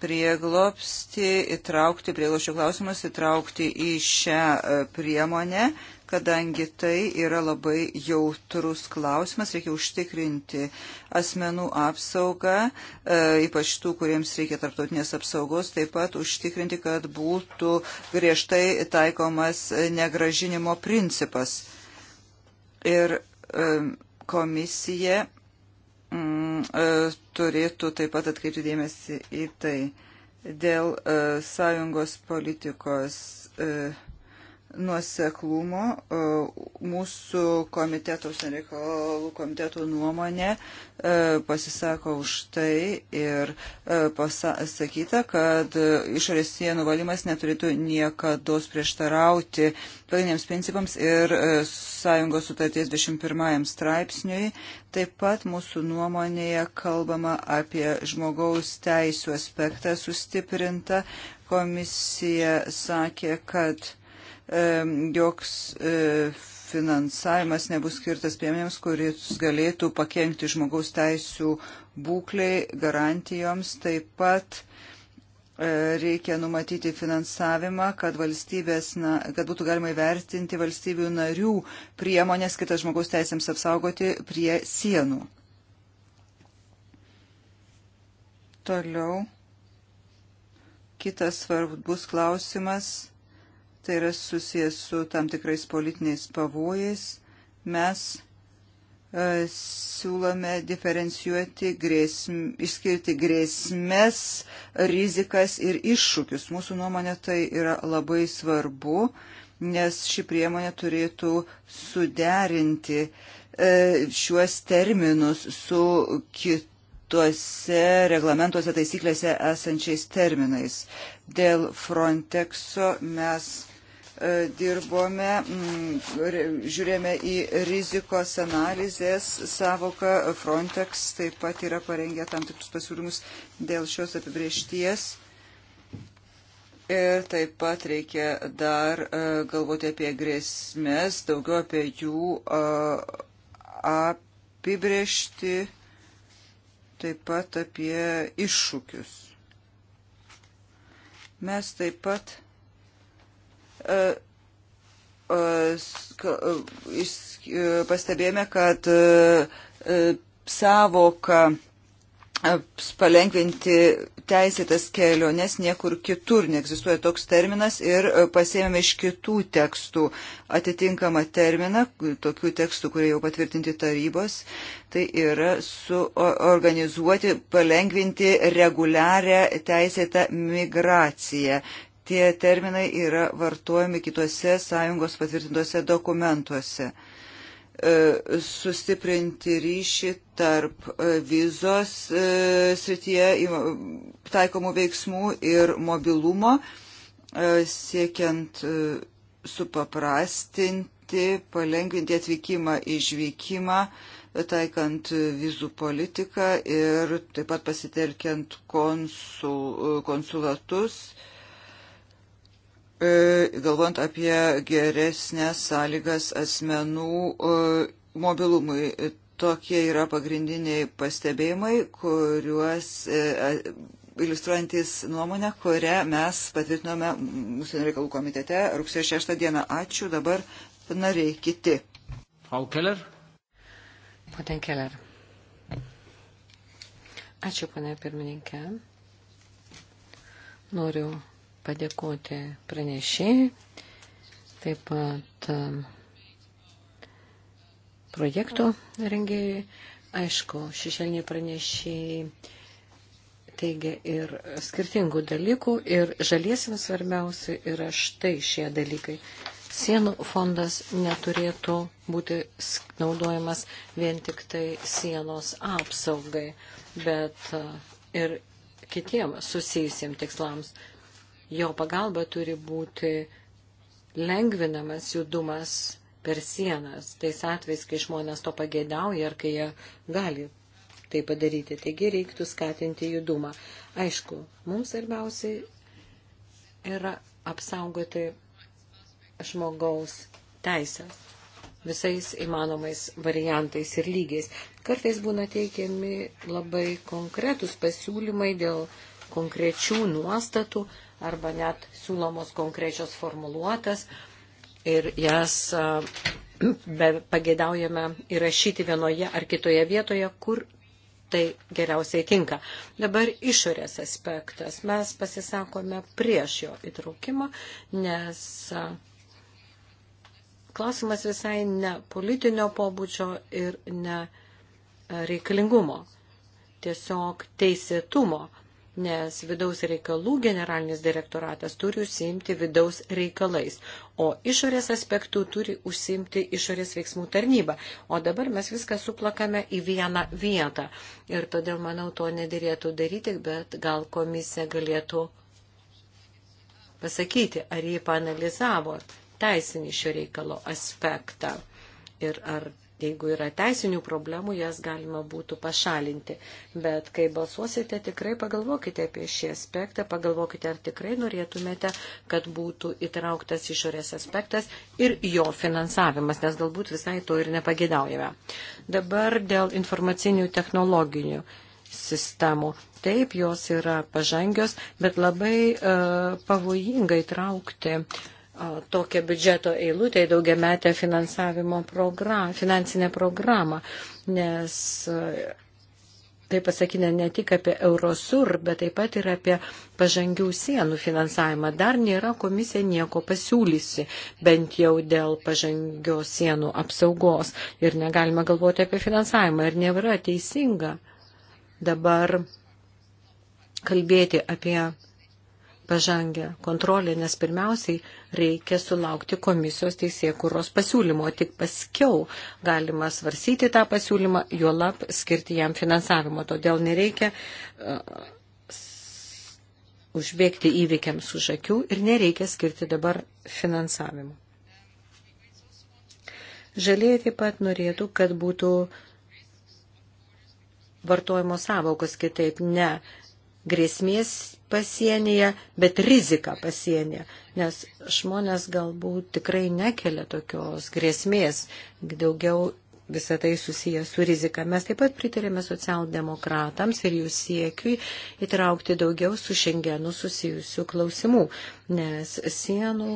prieglopsti, įtraukti prieglopščių klausimus, įtraukti į šią priemonę kadangi tai yra labai jautrus klausimas, reikia užtikrinti asmenų apsaugą, e, ypač tų, kuriems reikia tarptautinės apsaugos, taip pat užtikrinti, kad būtų griežtai taikomas negražinimo principas. Ir e, komisija mm, e, turėtų taip pat atkreipti dėmesį į tai dėl sąjungos politikos nuoseklumo e, mūsų komiteto, užsienio reikalų komiteto nuomonė e, pasisako už tai ir e, pasakyta, kad išorės sienų valymas neturėtų niekada prieštarauti pagrindiniams principams ir sąjungos sutarties 21 straipsniui. Taip pat mūsų nuomonėje kalbama apie žmogaus teisų aspektą sustiprintą. Komisija sakė, kad joks e, finansavimas nebus skirtas priemonėms, kuris galėtų pakengti žmogaus teisų būkliai, garantijoms. Taip pat e, reikia numatyti finansavimą, kad, na, kad būtų galima įvertinti valstybių narių priemonės kitas žmogaus teisėms apsaugoti prie sienų. Toliau. Kitas svarbus klausimas tai yra susijęs su tam tikrais politiniais pavojais, mes e, siūlome diferencijuoti, grėsm, išskirti grėsmės, rizikas ir iššūkius. Mūsų nuomonė tai yra labai svarbu, nes ši priemonė turėtų suderinti e, šiuos terminus su kitais tuose reglamentuose taisyklėse esančiais terminais. Dėl Frontexo mes E, dirbome, mm, žiūrėjome į rizikos analizės savoką. Frontex taip pat yra parengę tam tikrus pasiūlymus dėl šios apibriešties. Ir taip pat reikia dar e, galvoti apie grėsmės, daugiau apie jų e, apibriešti, taip pat apie iššūkius. Mes taip pat E, e, e, pastebėjome, kad savoka palengvinti teisėtas keliones niekur kitur neegzistuoja toks terminas ir pasėmėme iš kitų tekstų atitinkamą terminą, tokių tekstų, kurie jau patvirtinti tarybos, tai yra suorganizuoti, palengvinti reguliarę teisėtą migraciją tie terminai yra vartojami kitose sąjungos patvirtintose dokumentuose. E, sustiprinti ryšį tarp e, vizos e, srityje taikomų veiksmų ir mobilumo, siekiant supaprastinti, palengvinti atvykimą, išvykimą, taikant vizų politiką ir taip pat pasitelkiant konsul, konsulatus E, galvant apie geresnės sąlygas asmenų e, mobilumui. E, tokie yra pagrindiniai pastebėjimai, kuriuos iliustruojantis nuomonę, kurią mes patvirtinome mūsų reikalų komitete rugsėjo 6 dieną. Ačiū dabar nariai kiti. Frau Keller. Poten Keller. Ačiū, ponė pirmininkė. Noriu padėkoti pranešėjai, taip pat um, projekto rengėjai. Aišku, šešėliniai pranešėjai teigia ir skirtingų dalykų ir žaliesiams svarbiausia yra štai šie dalykai. Sienų fondas neturėtų būti naudojamas vien tik tai sienos apsaugai, bet uh, ir kitiem susijusiem tikslams jo pagalba turi būti lengvinamas judumas per sienas, tais atvejais, kai žmonės to pagėdauja ar kai jie gali tai padaryti. Taigi reiktų skatinti judumą. Aišku, mums svarbiausiai yra apsaugoti žmogaus teisės visais įmanomais variantais ir lygiais. Kartais būna teikiami labai konkretus pasiūlymai dėl konkrečių nuostatų, arba net siūlomos konkrečios formuluotės ir jas pageidaujame įrašyti vienoje ar kitoje vietoje, kur tai geriausiai tinka. Dabar išorės aspektas. Mes pasisakome prieš jo įtraukimą, nes klausimas visai ne politinio pobūdžio ir ne reikalingumo, tiesiog teisėtumo nes vidaus reikalų generalinis direktoratas turi užsiimti vidaus reikalais, o išorės aspektų turi užsiimti išorės veiksmų tarnyba. O dabar mes viską suplakame į vieną vietą. Ir todėl, manau, to nedėrėtų daryti, bet gal komisija galėtų pasakyti, ar jį panalizavo teisinį šio reikalo aspektą ir ar Jeigu yra teisinių problemų, jas galima būtų pašalinti. Bet kai balsuosite, tikrai pagalvokite apie šį aspektą, pagalvokite, ar tikrai norėtumėte, kad būtų įtrauktas išorės aspektas ir jo finansavimas, nes galbūt visai to ir nepagėdaujame. Dabar dėl informacinių technologinių sistemų. Taip, jos yra pažangios, bet labai uh, pavojinga įtraukti uh, tokią biudžeto eilutę į daugiametę finansavimo programą, finansinę programą, nes tai pasakinė ne tik apie Eurosur, bet taip pat ir apie pažangių sienų finansavimą. Dar nėra komisija nieko pasiūlysi, bent jau dėl pažangios sienų apsaugos ir negalima galvoti apie finansavimą ir nėra teisinga dabar kalbėti apie pažangę kontrolę, nes pirmiausiai reikia sulaukti komisijos teisėkuros pasiūlymo, tik paskiau galima svarsyti tą pasiūlymą, juolap skirti jam finansavimo. Todėl nereikia uh, užbėgti įvykiams už akių ir nereikia skirti dabar finansavimo. Žalieji taip pat norėtų, kad būtų vartojimo savokos kitaip ne grėsmės pasienyje, bet rizika pasienyje, nes žmonės galbūt tikrai nekelia tokios grėsmės, daugiau visą tai susijęs su rizika. Mes taip pat pritarėme socialdemokratams ir jų siekiui įtraukti daugiau su šengenu susijusių klausimų, nes sienų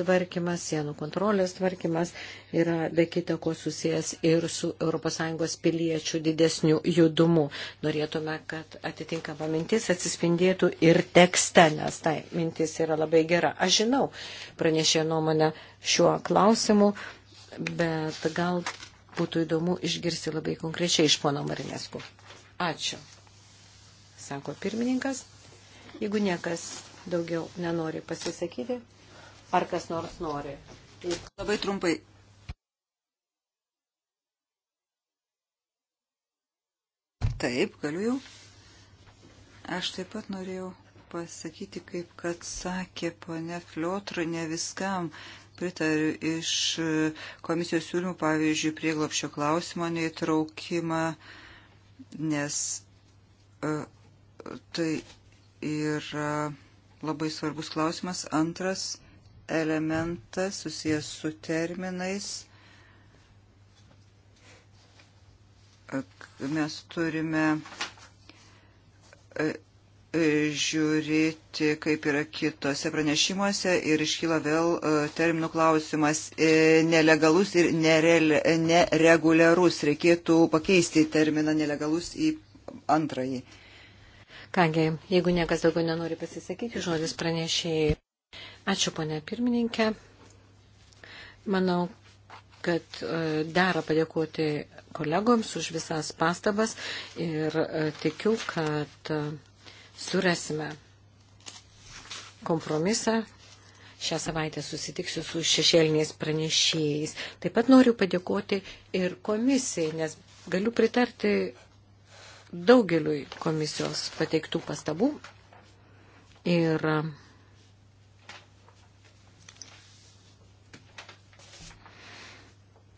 tvarkymas, sienų kontrolės tvarkymas yra be kita ko susijęs ir su ES piliečių didesniu judumu. Norėtume, kad atitinkama mintis atsispindėtų ir tekste, nes tai mintis yra labai gera. Aš žinau pranešė nuomonę šiuo klausimu bet gal būtų įdomu išgirsti labai konkrečiai iš pono Marinesku. Ačiū, sako pirmininkas. Jeigu niekas daugiau nenori pasisakyti, ar kas nors nori. Labai trumpai. Taip, galiu jau. Aš taip pat norėjau pasakyti, kaip kad sakė pone Fliotru, ne viskam pritariu iš komisijos siūlymų, pavyzdžiui, prieglopščio klausimo neįtraukimą, nes e, tai yra labai svarbus klausimas. Antras elementas susijęs su terminais. E, mes turime e, žiūrėti, kaip yra kitose pranešimuose ir iškyla vėl e, terminų klausimas e, nelegalus ir nereguliarus. Reikėtų pakeisti terminą nelegalus į antrąjį. Kągi, jeigu niekas daugiau nenori pasisakyti, žodis pranešėjai. Ačiū, ponė pirmininkė. Manau, kad e, dera padėkoti kolegoms už visas pastabas ir tikiu, kad surasime kompromisą. Šią savaitę susitiksiu su šešėliniais pranešėjais. Taip pat noriu padėkoti ir komisijai, nes galiu pritarti daugeliui komisijos pateiktų pastabų. Ir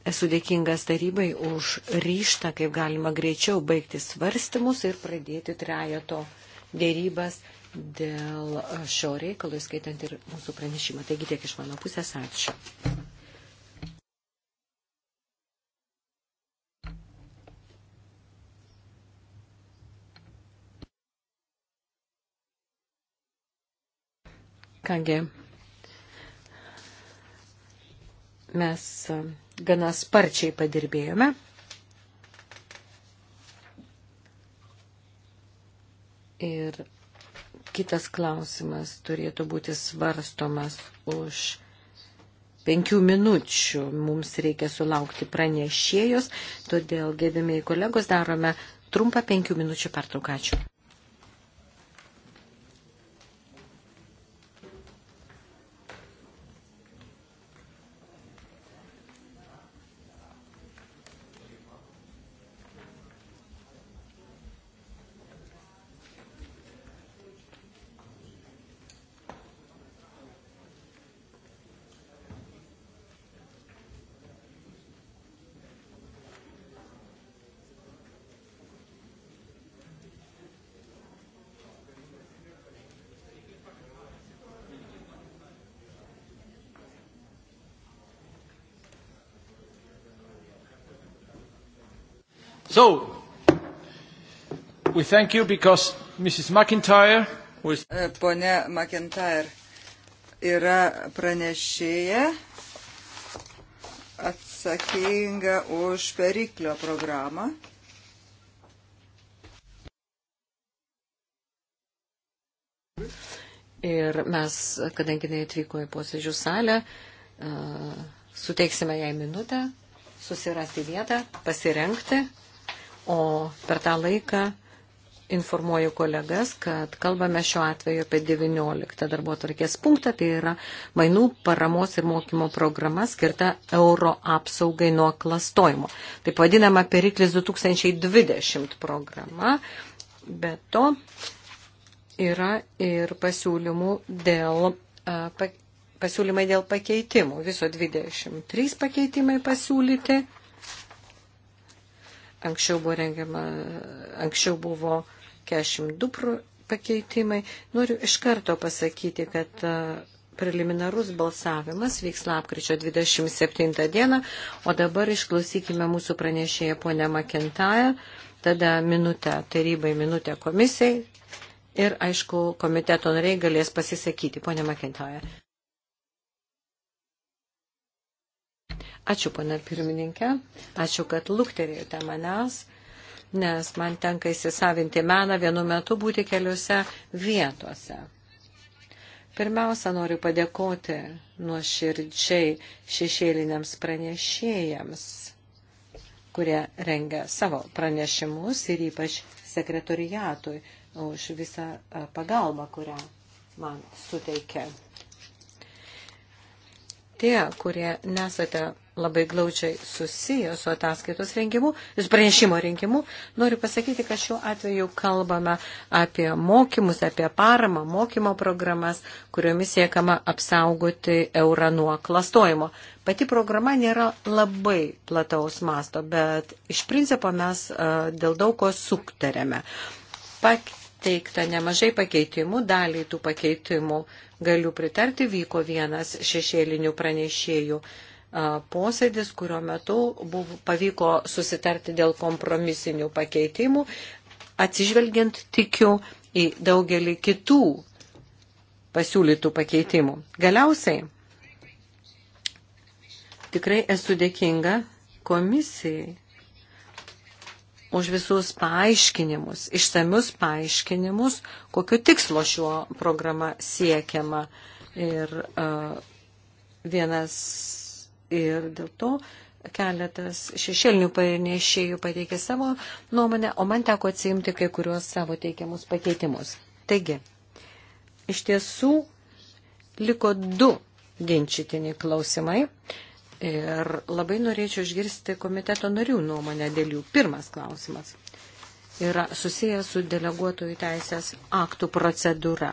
Esu dėkingas tarybai už ryštą, kaip galima greičiau baigti svarstymus ir pradėti trejato dėrybas dėl šio reikalo, skaitant ir mūsų pranešimą. Taigi tiek iš mano pusės ačiū. Kągi, mes gana sparčiai padirbėjome. Ir kitas klausimas turėtų būti svarstomas už penkių minučių. Mums reikia sulaukti pranešėjos, todėl, gerbimiai kolegos, darome trumpą penkių minučių pertrauką. Ačiū. So, we thank you because Mrs. McIntyre was... E, Pone McIntyre yra pranešėja atsakinga už periklio programą. Ir mes, kadangi jinai atvyko į posėdžių salę, e, suteiksime jai minutę susirasti vietą, pasirenkti o per tą laiką informuoju kolegas, kad kalbame šiuo atveju apie 19 darbo tvarkės punktą, tai yra mainų paramos ir mokymo programa skirta euro apsaugai nuo klastojimo. Taip vadinama Periklis 2020 programa, bet to yra ir pasiūlymų dėl, e, pasiūlymai dėl pakeitimų. Viso 23 pakeitimai pasiūlyti Anksčiau buvo rengiama, anksčiau buvo 42 pakeitimai. Noriu iš karto pasakyti, kad e, preliminarus balsavimas vyks lapkričio 27 dieną, o dabar išklausykime mūsų pranešėją ponę Makentają, tada minutę tarybai, minutę komisijai ir, aišku, komiteto nariai galės pasisakyti. Pone Makentaja. Ačiū, pana pirmininkė. Ačiū, kad lukterėjote manęs, nes man tenka įsisavinti meną vienu metu būti keliose vietose. Pirmiausia, noriu padėkoti nuoširdžiai šešėliniams pranešėjams, kurie rengia savo pranešimus ir ypač sekretoriatui už visą e, pagalbą, kurią man suteikė tie, kurie nesate labai glaučiai susiję su ataskaitos rengimu, su pranešimo rengimu, noriu pasakyti, kad šiuo atveju kalbame apie mokymus, apie paramą, mokymo programas, kuriomis siekama apsaugoti eurą nuo klastojimo. Pati programa nėra labai plataus masto, bet iš principo mes e, dėl daug ko suktarėme. Pateikta nemažai pakeitimų, daliai tų pakeitimų galiu pritarti, vyko vienas šešėlinių pranešėjų posėdis, kurio metu buvo, pavyko susitarti dėl kompromisinių pakeitimų, atsižvelgiant tikiu į daugelį kitų pasiūlytų pakeitimų. Galiausiai tikrai esu dėkinga komisijai už visus paaiškinimus, išsamius paaiškinimus, kokiu tikslo šiuo programa siekiama. Ir uh, vienas ir dėl to keletas šešėlinių pranešėjų pateikė savo nuomonę, o man teko atsiimti kai kuriuos savo teikiamus pakeitimus. Taigi, iš tiesų liko du ginčytini klausimai, Ir labai norėčiau išgirsti komiteto narių nuomonę dėl jų. Pirmas klausimas yra susijęs su deleguotojų teisės aktų procedūra.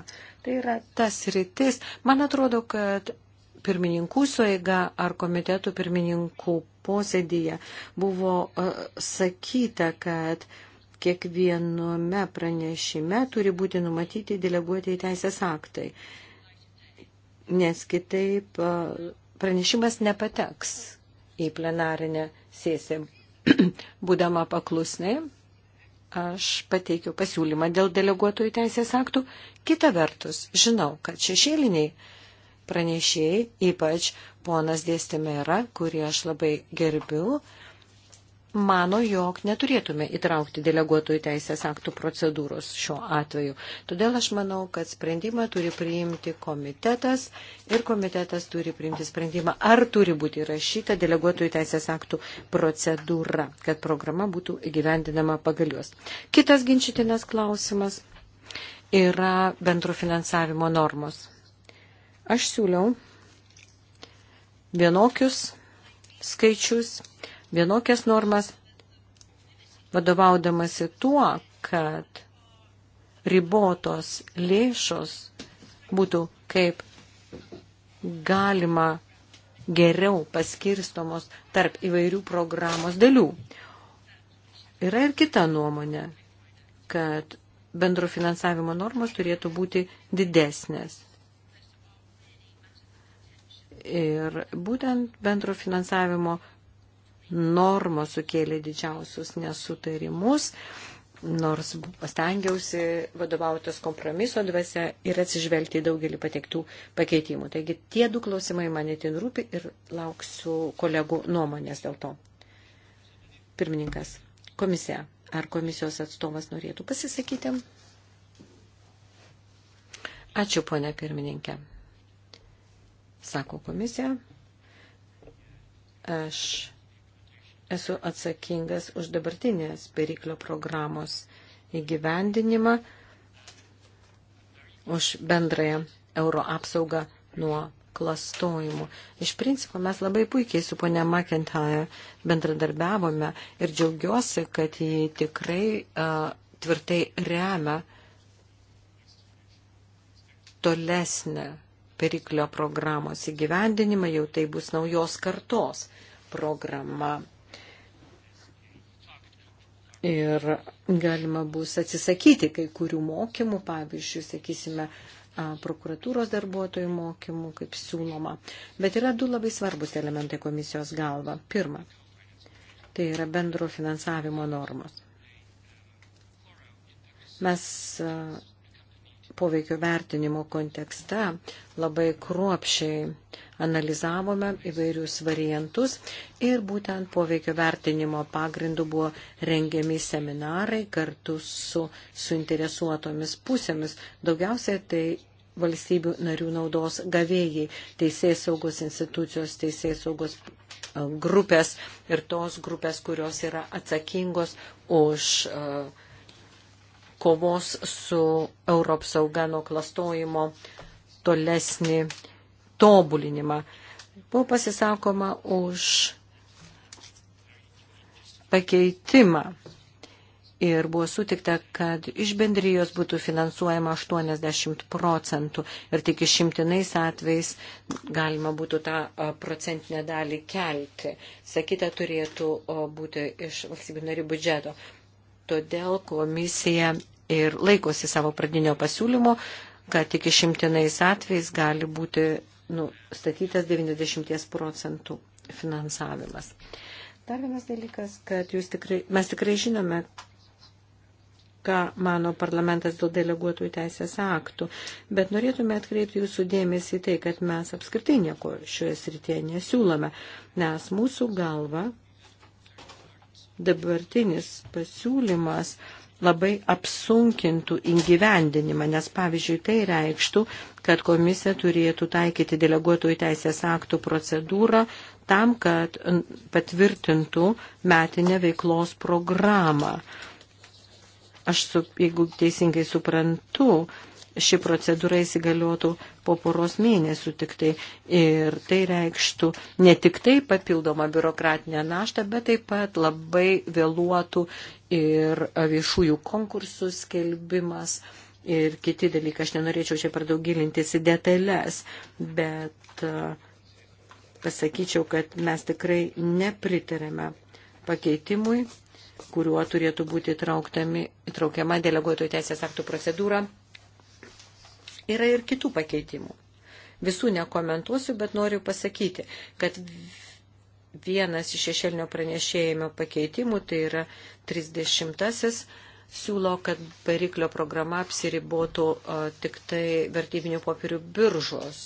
Tai yra tas rytis. Man atrodo, kad pirmininkų sueiga ar komitetų pirmininkų posėdėje buvo uh, sakyta, kad kiekviename pranešime turi būti numatyti deleguotieji teisės aktai, nes kitaip uh, pranešimas nepateks į plenarinę sėsiją. Būdama paklusnai, aš pateikiau pasiūlymą dėl deleguotojų teisės aktų. Kita vertus, žinau, kad šešėliniai pranešėjai, ypač ponas dėstymera, kurį aš labai gerbiu, mano, jog neturėtume įtraukti deleguotojų teisės aktų procedūros šiuo atveju. Todėl aš manau, kad sprendimą turi priimti komitetas ir komitetas turi priimti sprendimą, ar turi būti rašyta deleguotojų teisės aktų procedūra, kad programa būtų įgyvendinama pagal juos. Kitas ginčytinas klausimas yra bendro finansavimo normos. Aš siūliau vienokius skaičius vienokias normas, vadovaudamasi tuo, kad ribotos lėšos būtų kaip galima geriau paskirstomos tarp įvairių programos dalių. Yra ir kita nuomonė, kad bendro finansavimo normos turėtų būti didesnės. Ir būtent bendro finansavimo normos normos sukėlė didžiausius nesutarimus, nors pastengiausi vadovautis kompromiso dvasia ir atsižvelgti į daugelį pateiktų pakeitimų. Taigi tie du klausimai mane tin rūpi ir lauksiu kolegų nuomonės dėl to. Pirmininkas, komisija. Ar komisijos atstovas norėtų pasisakyti? Ačiū, ponia pirmininkė. Sako komisija. Aš esu atsakingas už dabartinės periklio programos įgyvendinimą, už bendrąją euro apsaugą nuo klastojimų. Iš principo mes labai puikiai su ponia McIntyre bendradarbiavome ir džiaugiuosi, kad ji tikrai uh, tvirtai remia tolesnę periklio programos įgyvendinimą, jau tai bus naujos kartos programa ir galima bus atsisakyti kai kurių mokymų, pavyzdžiui, sakysime, prokuratūros darbuotojų mokymų, kaip siūloma. Bet yra du labai svarbus elementai komisijos galva. Pirma, tai yra bendro finansavimo normos. Mes poveikio vertinimo kontekste labai kruopšiai analizavome įvairius variantus ir būtent poveikio vertinimo pagrindu buvo rengiami seminarai kartu su suinteresuotomis pusėmis. Daugiausiai tai valstybių narių naudos gavėjai, teisės saugos institucijos, teisės saugos e, grupės ir tos grupės, kurios yra atsakingos už e, kovos su Europsauga nuo klastojimo tolesnį tobulinimą. Buvo pasisakoma už pakeitimą ir buvo sutikta, kad iš bendrijos būtų finansuojama 80 procentų ir tik išimtinais atvejais galima būtų tą procentinę dalį kelti. Sakyta turėtų būti iš valstybių narių biudžeto. Todėl komisija ir laikosi savo pradinio pasiūlymo, kad tik išimtinais atvejais gali būti nustatytas 90 procentų finansavimas. Dar vienas dalykas, kad jūs tikrai, mes tikrai žinome, ką mano parlamentas dėl deleguotojų teisės aktų, bet norėtume atkreipti jūsų dėmesį į tai, kad mes apskritai nieko šioje srityje nesiūlome, nes mūsų galva dabartinis pasiūlymas uh, labai apsunkintų įgyvendinimą, nes pavyzdžiui tai reikštų, kad komisija turėtų taikyti deleguotojų teisės aktų procedūrą tam, kad patvirtintų metinę veiklos programą. Aš, su, jeigu teisingai suprantu, ši procedūra įsigaliotų po poros mėnesių tik tai. Ir tai reikštų ne tik tai papildomą biurokratinę naštą, bet taip pat labai vėluotų ir viešųjų konkursų skelbimas. Ir kiti dalykai, aš nenorėčiau čia per daug gilintis į detalės, bet e, pasakyčiau, kad mes tikrai nepritarėme pakeitimui kuriuo turėtų būti įtraukiama deleguotojų teisės aktų procedūra Yra ir kitų pakeitimų. Visų nekomentuosiu, bet noriu pasakyti, kad vienas iš šešėlinio pranešėjimo pakeitimų, tai yra 30-asis, siūlo, kad periklio programa apsiribotų o, tik tai vertybinių popierių biržos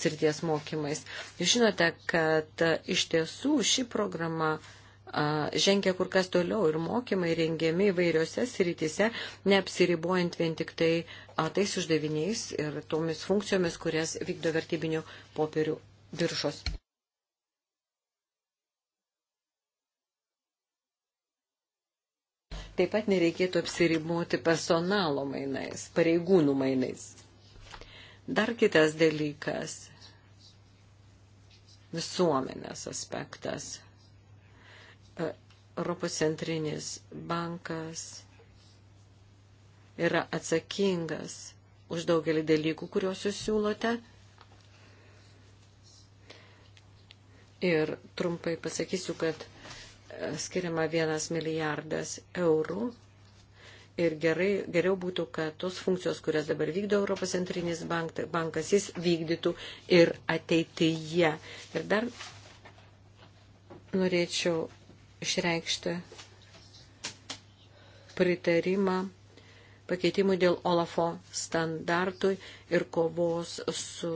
srities mokymais. Jūs žinote, kad e, iš tiesų ši programa žengia kur kas toliau ir mokymai rengiami įvairiose srityse, neapsiribuojant vien tik tai a, tais uždaviniais ir tomis funkcijomis, kurias vykdo vertybinių popierių viršos. Taip pat nereikėtų apsiribuoti personalo mainais, pareigūnų mainais. Dar kitas dalykas - visuomenės aspektas Europos centrinis bankas yra atsakingas už daugelį dalykų, kuriuos jūs siūlote. Ir trumpai pasakysiu, kad e, skiriama vienas milijardas eurų. Ir gerai, geriau būtų, kad tos funkcijos, kurias dabar vykdo Europos centrinis bank, bankas, jis vykdytų ir ateityje. Ir dar norėčiau išreikšti pritarimą pakeitimui dėl Olafo standartui ir kovos su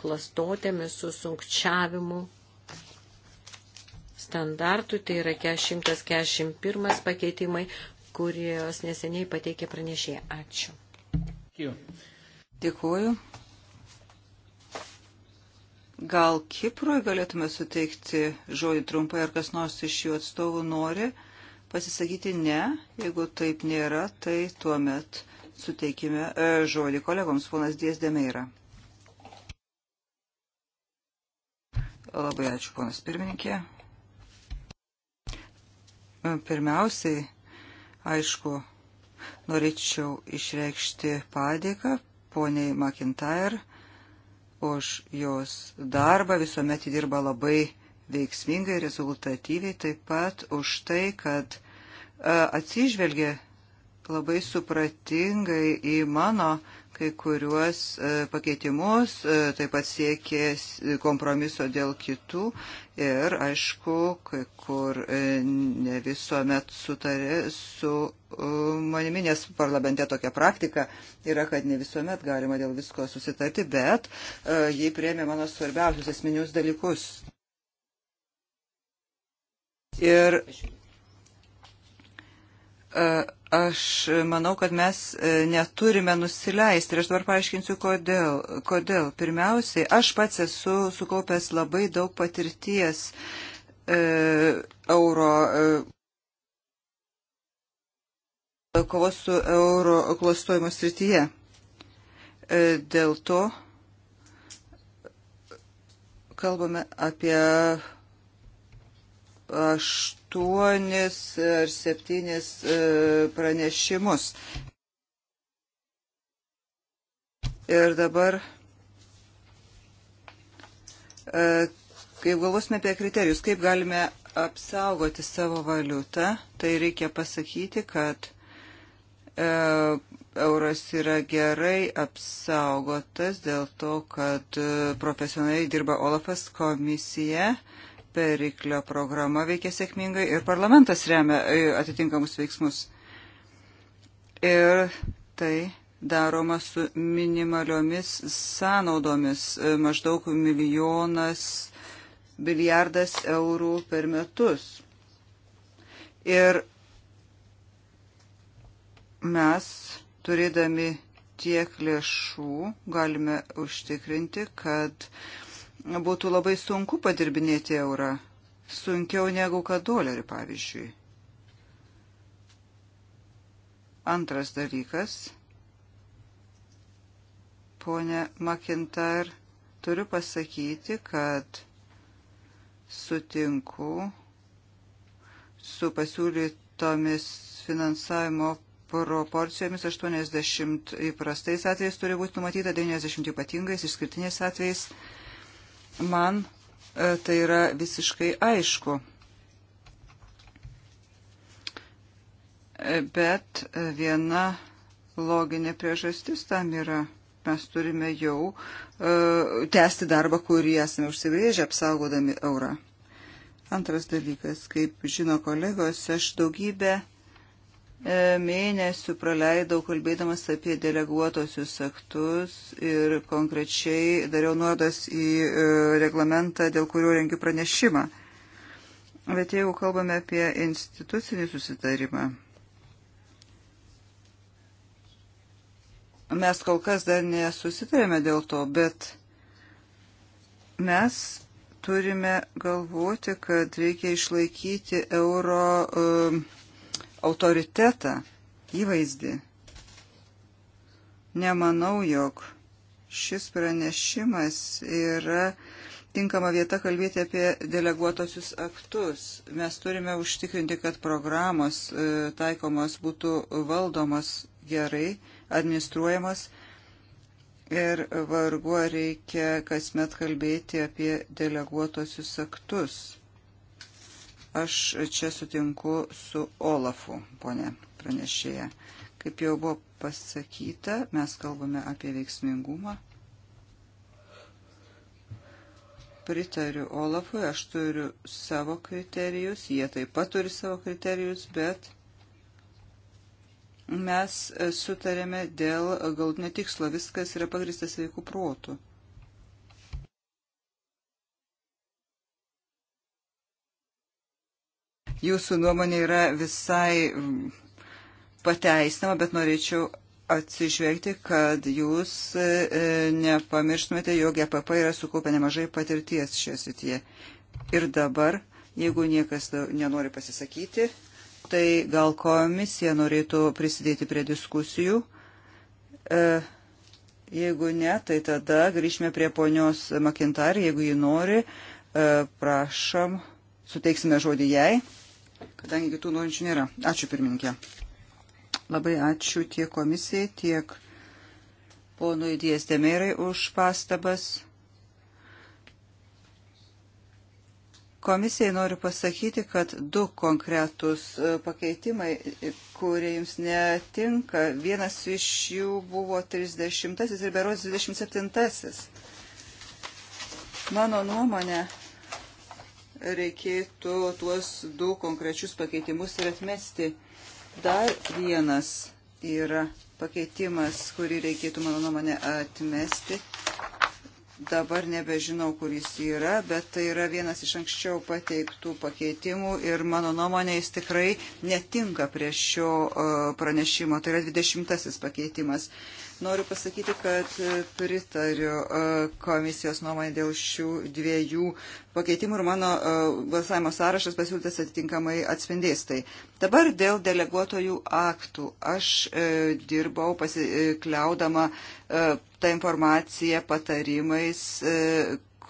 klastotėmis, su sunkčiavimu standartui. Tai yra 141 pakeitimai, kurios neseniai pateikė pranešė. Ačiū. Dėkuoju. Gal Kiprui galėtume suteikti žodį trumpai, ar kas nors iš jų atstovų nori pasisakyti ne. Jeigu taip nėra, tai tuomet suteikime e, žodį kolegoms, ponas Dies Demeira. Labai ačiū, ponas pirmininkė. E, pirmiausiai, aišku, norėčiau išreikšti padėką poniai McIntyre už jos darbą, visuomet ji dirba labai veiksmingai, rezultatyviai, taip pat už tai, kad e, atsižvelgia labai supratingai į mano uh, kai kuriuos e, pakeitimus, e, taip pat siekė kompromiso dėl kitų ir, aišku, kai kur e, ne visuomet sutarė su manimi, nes parlamente tokia praktika yra, kad ne visuomet galima dėl visko susitarti, bet jį priemė mano svarbiausius esminius dalykus. Ir uh, Aš manau, kad mes e, neturime nusileisti ir aš dabar paaiškinsiu, kodėl. kodėl. Pirmiausiai, aš pats esu sukaupęs labai daug patirties e, euro. E, kovos su euro klastojimo srityje. E, dėl to kalbame apie aš aštuonis ar septynis e, pranešimus. Ir dabar, e, kai galvosime apie kriterijus, kaip galime apsaugoti savo valiutą, tai reikia pasakyti, kad e, euras yra gerai apsaugotas dėl to, kad profesionaliai dirba Olafas komisija, Periklio programa veikia sėkmingai ir parlamentas remia e, atitinkamus veiksmus. Ir tai daroma su minimaliomis sąnaudomis, e, maždaug milijonas, milijardas eurų per metus. Ir mes, turėdami tiek lėšų, galime užtikrinti, kad uh, būtų labai sunku padirbinėti eurą, sunkiau negu kad dolerį, pavyzdžiui. Antras dalykas. Pone Makintar, turiu pasakyti, kad sutinku su pasiūlytomis finansavimo proporcijomis 80 įprastais atvejais turi būti numatyta, 90 ypatingais, išskirtiniais atvejais. Man e, tai yra visiškai aišku. E, bet e, viena loginė priežastis tam yra. Mes turime jau uh, tęsti darbą, kurį esame užsibrėžę apsaugodami eurą. Antras dalykas, kaip žino kolegos, aš daugybę uh, E, mėnesių praleidau kalbėdamas apie deleguotosius aktus ir konkrečiai dariau nuodas į e, reglamentą, dėl kurio rengiu pranešimą. Bet jeigu kalbame apie institucinį susitarimą, mes kol kas dar nesusitarėme dėl to, bet mes turime galvoti, kad reikia išlaikyti euro. Uh, autoritetą, įvaizdį. Nemanau, jog šis pranešimas yra tinkama vieta kalbėti apie deleguotosius aktus. Mes turime užtikrinti, kad programos e, taikomos būtų valdomos gerai, administruojamos ir vargu reikia kasmet kalbėti apie deleguotosius aktus. Aš čia sutinku su Olafu, ponė pranešėja. Kaip jau buvo pasakyta, mes kalbame apie veiksmingumą. Pritariu Olafui, aš turiu savo kriterijus, jie taip pat turi savo kriterijus, bet mes sutarėme dėl galutinio tikslo. Viskas yra pagristas veikų protų. jūsų nuomonė yra visai pateisinama, bet norėčiau atsižvelgti, kad jūs e, nepamirštumėte, jog EPP yra sukaupę nemažai patirties šioje srityje. Ir dabar, jeigu niekas nenori pasisakyti, tai gal komisija norėtų prisidėti prie diskusijų. E, jeigu ne, tai tada grįžime prie ponios Makintar, jeigu ji nori, e, prašom, suteiksime žodį jai kadangi kitų norinčių nėra. Ačiū pirmininkė. Labai ačiū tiek komisijai, tiek ponui Dies Demerai už pastabas. Komisijai noriu pasakyti, kad du konkretus e, pakeitimai, e, kurie jums netinka, vienas iš jų buvo 30 ir beros 27. Mano nuomonė, reikėtų tuos du konkrečius pakeitimus ir atmesti. Dar vienas yra pakeitimas, kurį reikėtų, mano nuomonė, atmesti. Dabar nebežinau, kuris yra, bet tai yra vienas iš anksčiau pateiktų pakeitimų ir mano nuomonė jis tikrai netinka prie šio uh, pranešimo. Tai yra 20 pakeitimas. Noriu pasakyti, kad e, pritariu e, komisijos nuomonė dėl šių dviejų pakeitimų ir mano e, balsavimo sąrašas pasiūlytas atitinkamai atspindės tai. Dabar dėl deleguotojų aktų. Aš dirbau pasikliaudama tą informaciją patarimais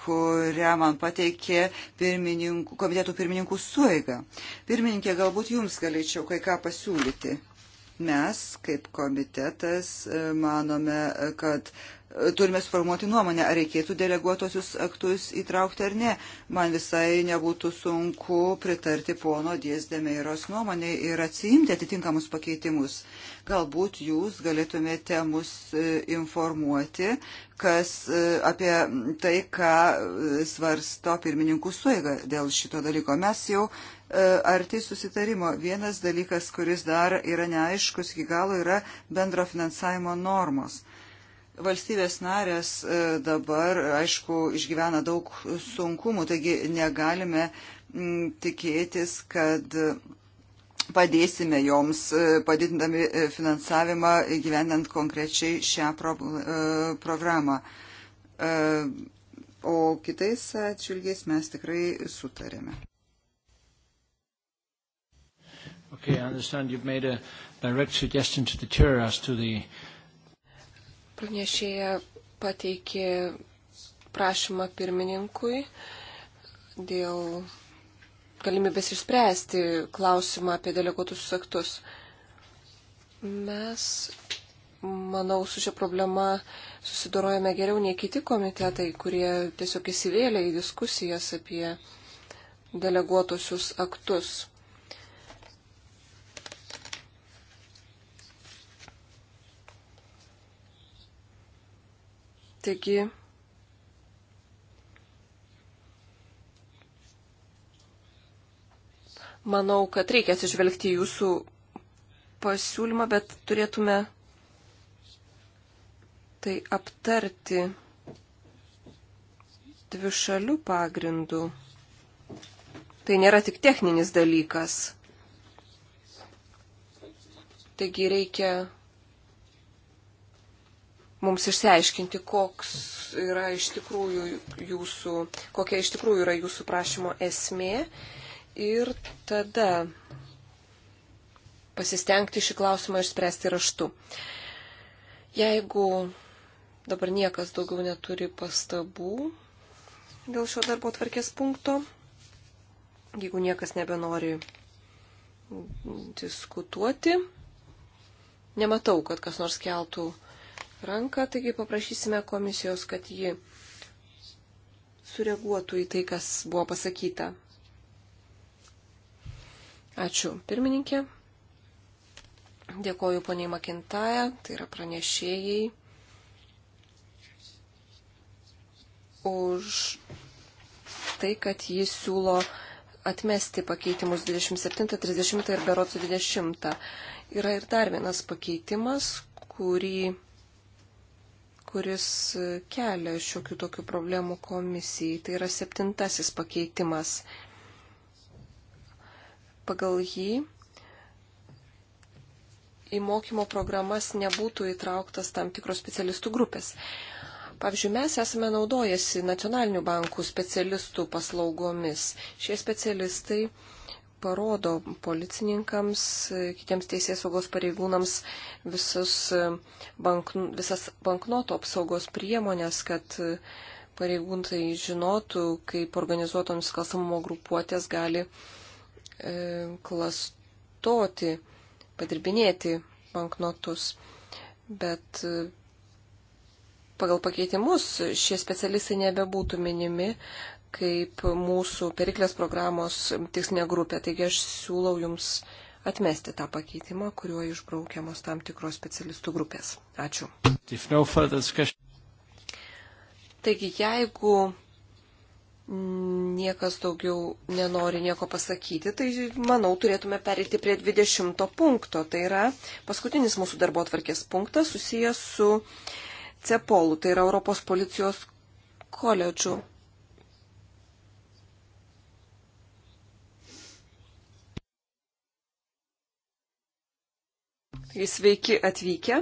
kurią man pateikė pirmininkų, komitetų pirmininkų suiga. Pirmininkė, galbūt jums galėčiau kai ką pasiūlyti. Mes, kaip komitetas, e, manome, e, kad e, turime sformuoti nuomonę, ar reikėtų deleguotosius aktus įtraukti ar ne. Man visai nebūtų sunku pritarti pono Diezdemeiros nuomonė ir atsiimti atitinkamus pakeitimus. Galbūt jūs galėtumėte mus informuoti, kas apie tai, ką svarsto pirmininkų suėga dėl šito dalyko. Mes jau E, arti susitarimo. Vienas dalykas, kuris dar yra neaiškus iki galo, yra bendro finansavimo normos. Valstybės narės e, dabar, aišku, išgyvena daug sunkumų, taigi negalime tikėtis, kad padėsime joms e, padidindami finansavimą gyvenant konkrečiai šią pro, programą. O kitais atšilgiais mes tikrai sutarėme. Okay, I understand you've made a direct suggestion to the chair as to the. Pranešėja pateikė prašymą pirmininkui dėl galimybės išspręsti klausimą apie deleguotus aktus. Mes, manau, su šia problema susidorojame geriau nei kiti komitetai, kurie tiesiog įsivėlė į diskusijas apie deleguotusius aktus. Taigi, manau, kad reikia atsižvelgti jūsų pasiūlymą, bet turėtume tai aptarti dvi šalių pagrindų. Tai nėra tik techninis dalykas. Taigi reikia mums išsiaiškinti, koks yra iš tikrųjų jūsų, kokia iš tikrųjų yra jūsų prašymo esmė ir tada pasistengti šį klausimą išspręsti raštu. Jeigu dabar niekas daugiau neturi pastabų dėl šio darbo tvarkės punkto, jeigu niekas nebenori diskutuoti, nematau, kad kas nors keltų ranką, taigi paprašysime komisijos, kad ji sureaguotų į tai, kas buvo pasakyta. Ačiū, pirmininkė. Dėkoju poniai Makintaja, tai yra pranešėjai, už tai, kad jis siūlo atmesti pakeitimus 27, 30 ir berotų 20. Yra ir dar vienas pakeitimas, kurį kuris kelia šiokių tokių problemų komisijai. Tai yra septintasis pakeitimas. Pagal jį į mokymo programas nebūtų įtrauktas tam tikros specialistų grupės. Pavyzdžiui, mes esame naudojasi nacionalinių bankų specialistų paslaugomis. Šie specialistai parodo policininkams, kitiems teisės saugos pareigūnams visus e, bank, visas banknoto apsaugos priemonės, kad e, pareigūnai žinotų, kaip organizuoto nusikalstamumo grupuotės gali e, klastoti, padirbinėti banknotus. Bet e, pagal pakeitimus šie specialistai nebebūtų minimi, kaip mūsų periklės programos tikslinė grupė. Taigi aš siūlau Jums atmesti tą pakeitimą, kuriuo išbraukiamos tam tikros specialistų grupės. Ačiū. Taigi, jeigu niekas daugiau nenori nieko pasakyti, tai, manau, turėtume perėti prie 20 punkto. Tai yra paskutinis mūsų darbo atvarkės punktas susijęs su CEPOLu, tai yra Europos policijos koledžų Taigi sveiki atvykę.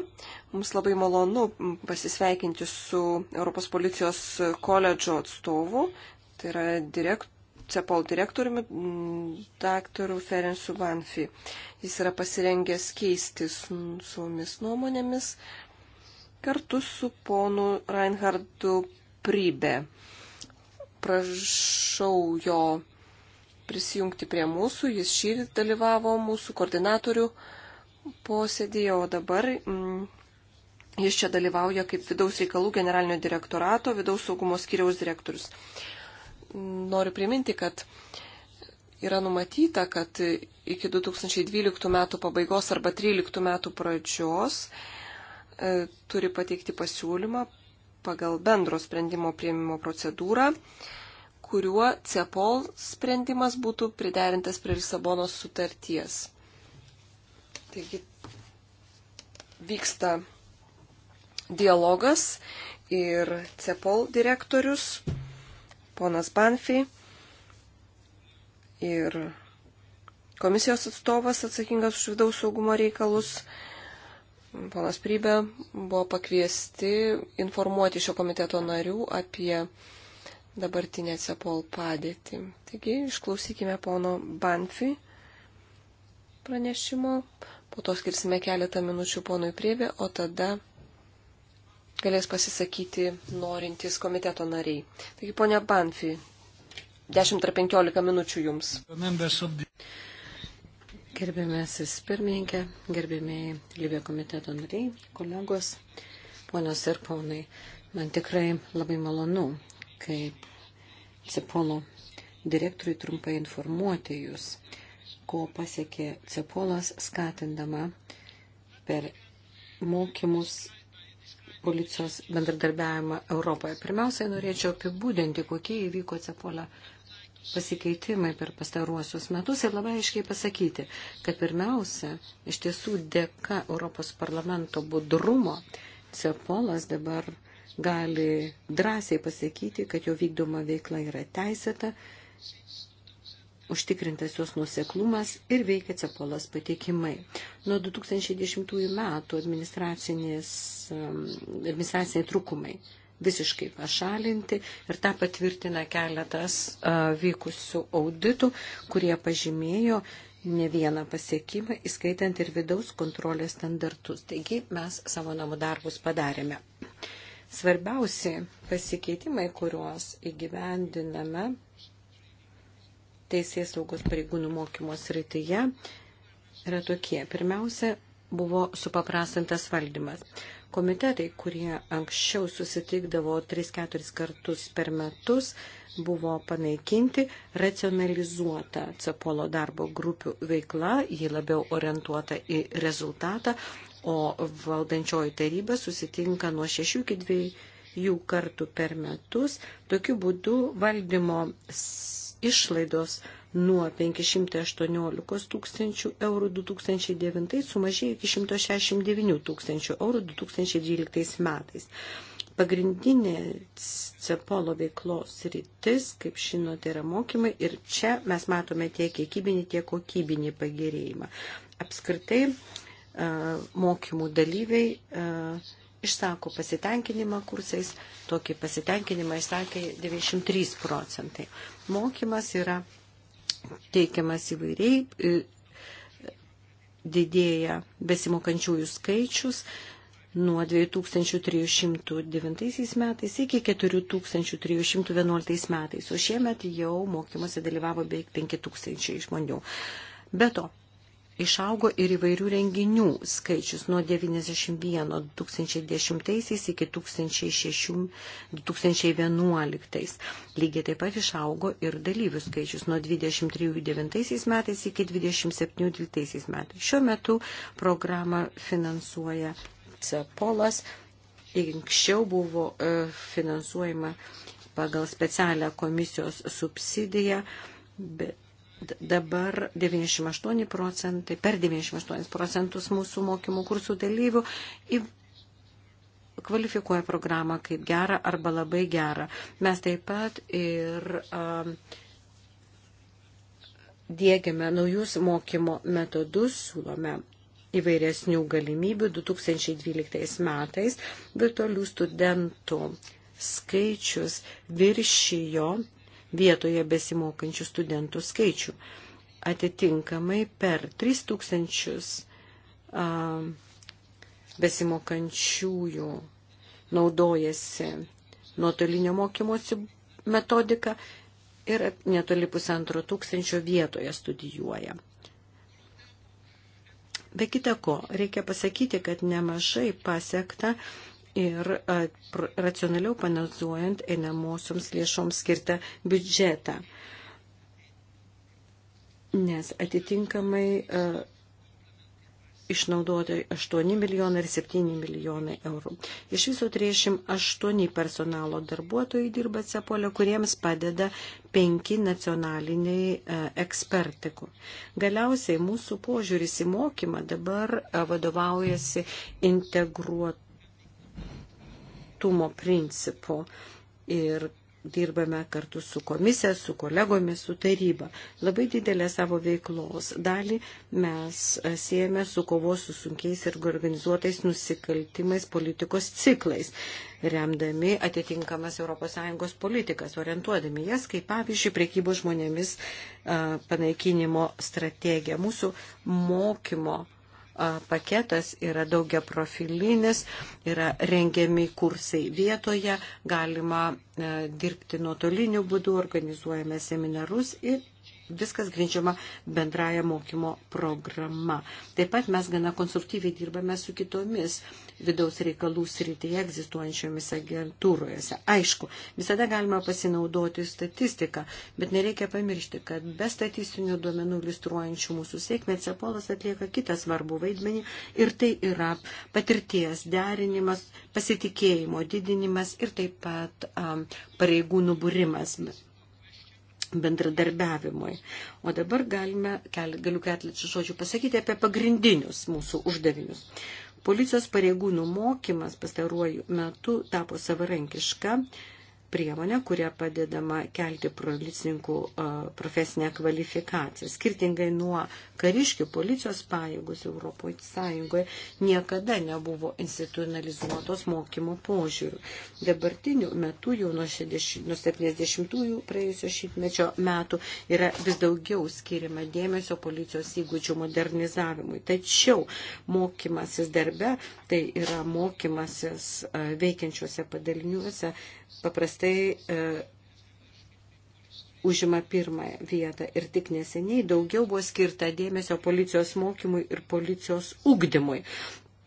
Mums labai malonu pasisveikinti su Europos policijos koledžo atstovu, tai yra direkt, CEPOL direktoriumi, mm, daktaru Ferensu Banfi. Jis yra pasirengęs keistis su mumis nuomonėmis kartu su ponu Reinhardu Prybe. Prašau jo prisijungti prie mūsų, jis šį dalyvavo mūsų koordinatorių uh, posėdėje, o dabar mm, jis čia dalyvauja kaip vidaus reikalų generalinio direktorato, vidaus saugumo skiriaus direktorius. Noriu priminti, kad yra numatyta, kad iki 2012 metų pabaigos arba 2013 metų pradžios e, turi pateikti pasiūlymą pagal bendro sprendimo prieimimo procedūrą, kuriuo CEPOL sprendimas būtų priderintas prie Lisabonos sutarties. Taigi vyksta dialogas ir CEPOL direktorius, ponas Banfi ir komisijos atstovas atsakingas už vidaus saugumo reikalus, ponas Prybė, buvo pakviesti informuoti šio komiteto narių apie dabartinę CEPOL padėtį. Taigi išklausykime pono Banfi pranešimo. Po to skirsime keletą minučių ponui Priebė, o tada galės pasisakyti norintys komiteto nariai. Taigi, ponia Banfi, 10 ar 15 minučių jums. Gerbėmėsis pirmininkė, gerbėmėjai Libė komiteto nariai, kolegos, ponios ir ponai, man tikrai labai malonu, kaip Cepolo direktoriui trumpai informuoti jūs ko pasiekė Cepolas, skatindama per mokymus policijos bendradarbiavimą Europoje. Pirmiausiai norėčiau apibūdinti, kokie įvyko Cepolio pasikeitimai per pastaruosius metus ir labai aiškiai pasakyti, kad pirmiausia, iš tiesų dėka Europos parlamento budrumo, Cepolas dabar gali drąsiai pasakyti, kad jo vykdoma veikla yra teisėta užtikrintas jos nuseklumas ir veikia cepolas patikimai. Nuo 2010 metų um, administraciniai trūkumai visiškai pašalinti ir tą patvirtina keletas uh, vykusių auditų, kurie pažymėjo ne vieną pasiekimą, įskaitant ir vidaus kontrolės standartus. Taigi mes savo namų darbus padarėme. Svarbiausi pasikeitimai, kuriuos įgyvendiname teisės saugos pareigūnų mokymo srityje yra tokie. Pirmiausia, buvo supaprastintas valdymas. Komitetai, kurie anksčiau susitikdavo 3-4 kartus per metus, buvo panaikinti racionalizuota CEPOLO darbo grupių veikla, ji labiau orientuota į rezultatą, o valdančioji taryba susitinka nuo 6 iki 2 jų kartų per metus. Tokiu būdu valdymo išlaidos nuo 518 tūkstančių eurų 2009 sumažėjo iki 169 tūkstančių eurų 2012 metais. Pagrindinė CEPOLO veiklos rytis, kaip žinote, yra mokymai ir čia mes matome tiek kiekybinį, tiek kokybinį pagerėjimą. Apskritai mokymų dalyviai išsako pasitenkinimą kursais, tokį pasitenkinimą išsakė 93 procentai. Mokymas yra teikiamas įvairiai, e, didėja besimokančiųjų skaičius nuo 2309 metais iki 4311 metais, o šiemet jau mokymuose dalyvavo beveik 5000 žmonių. Be to, Išaugo ir įvairių renginių skaičius nuo 91 2010 iki 2006, 2011. Lygiai taip pat išaugo ir dalyvių skaičius nuo 23 metais iki 27 12 metais. Šiuo metu programą finansuoja CEPOLAS. Anksčiau buvo e, finansuojama pagal specialią komisijos subsidiją, bet dabar 98 procentai, per 98 procentus mūsų mokymų kursų dalyvių į kvalifikuoja programą kaip gerą arba labai gerą. Mes taip pat ir um, dėgiame naujus mokymo metodus, siūlome įvairesnių galimybių 2012 metais virtualių studentų skaičius viršijo vietoje besimokančių studentų skaičių. Atitinkamai per 3000 besimokančiųjų naudojasi nuotolinio mokymosi metodika ir netoli pusantro tūkstančio vietoje studijuoja. Be kita ko, reikia pasakyti, kad nemažai pasiekta uh, ir e, racionaliau panazuojant einamosioms lėšoms skirtą biudžetą. Nes atitinkamai e, išnaudoti 8 milijonai ir 7 milijonai eurų. Iš viso 38 personalo darbuotojai dirba Cepolio, kuriems padeda 5 nacionaliniai e, ekspertai. Galiausiai mūsų požiūris į mokymą dabar vadovaujasi integruotų privatumo principu ir dirbame kartu su komisija, su kolegomis, su taryba. Labai didelę savo veiklos dalį mes e, siejame su kovos su sunkiais ir organizuotais nusikaltimais politikos ciklais, remdami atitinkamas ES politikas, orientuodami jas, kaip pavyzdžiui, priekybos žmonėmis e, panaikinimo strategiją. Mūsų mokymo paketas yra daugia profilinis, yra rengiami kursai vietoje, galima e, dirbti nuotoliniu būdu, organizuojame seminarus ir viskas grindžiama bendraja mokymo programa. Taip pat mes gana konstruktyviai dirbame su kitomis vidaus reikalų srityje egzistuojančiomis agentūrojose. Aišku, visada galima pasinaudoti statistiką, bet nereikia pamiršti, kad be statistinių duomenų iliustruojančių mūsų sėkmę Cepolas atlieka kitą svarbų vaidmenį ir tai yra patirties derinimas, pasitikėjimo didinimas ir taip pat um, pareigūnų būrimas bendradarbiavimui. O dabar galime, galiu keletą žodžių pasakyti apie pagrindinius mūsų uždavinius. Policijos pareigūnų mokymas pastaruoju metu tapo savarankiška priemonę, kuria padedama kelti policininkų profesinę kvalifikaciją. Skirtingai nuo kariškių policijos pajėgus Europoje Sąjungoje niekada nebuvo institucionalizuotos mokymo požiūrių. Dabartiniu metu jau nuo, 60, nuo 70-ųjų praėjusio šimtmečio metų yra vis daugiau skiriama dėmesio policijos įgūdžių modernizavimui. Tačiau mokymasis darbe tai yra mokymasis veikiančiuose padaliniuose paprastai e, užima pirmąją vietą ir tik neseniai daugiau buvo skirta dėmesio policijos mokymui ir policijos ugdymui.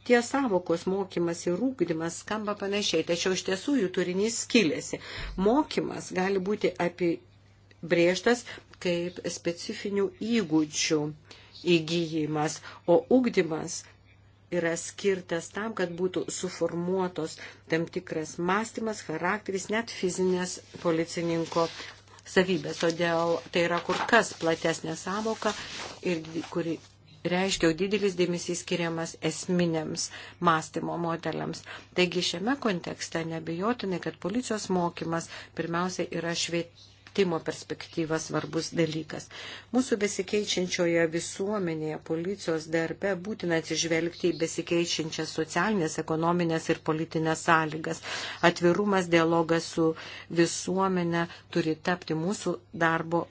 Tie savokos mokymas ir ūkdymas skamba panašiai, tačiau iš tiesų jų turinys skiliasi. Mokymas gali būti apibrėžtas kaip specifinių įgūdžių įgyjimas, o ūkdymas yra skirtas tam, kad būtų suformuotos tam tikras mąstymas, charakteris, net fizinės policininko savybės. Todėl tai yra kur kas platesnė savoka, ir, kuri reiškia didelis dėmesys skiriamas esminėms mąstymo modeliams. Taigi šiame kontekste nebejotinai, kad policijos mokymas pirmiausia yra švietimas vertimo perspektyva svarbus dalykas. Mūsų besikeičiančioje visuomenėje policijos darbe būtina atsižvelgti į besikeičiančias socialinės, ekonominės ir politinės sąlygas. Atvirumas, dialogas su visuomenė turi tapti mūsų darbo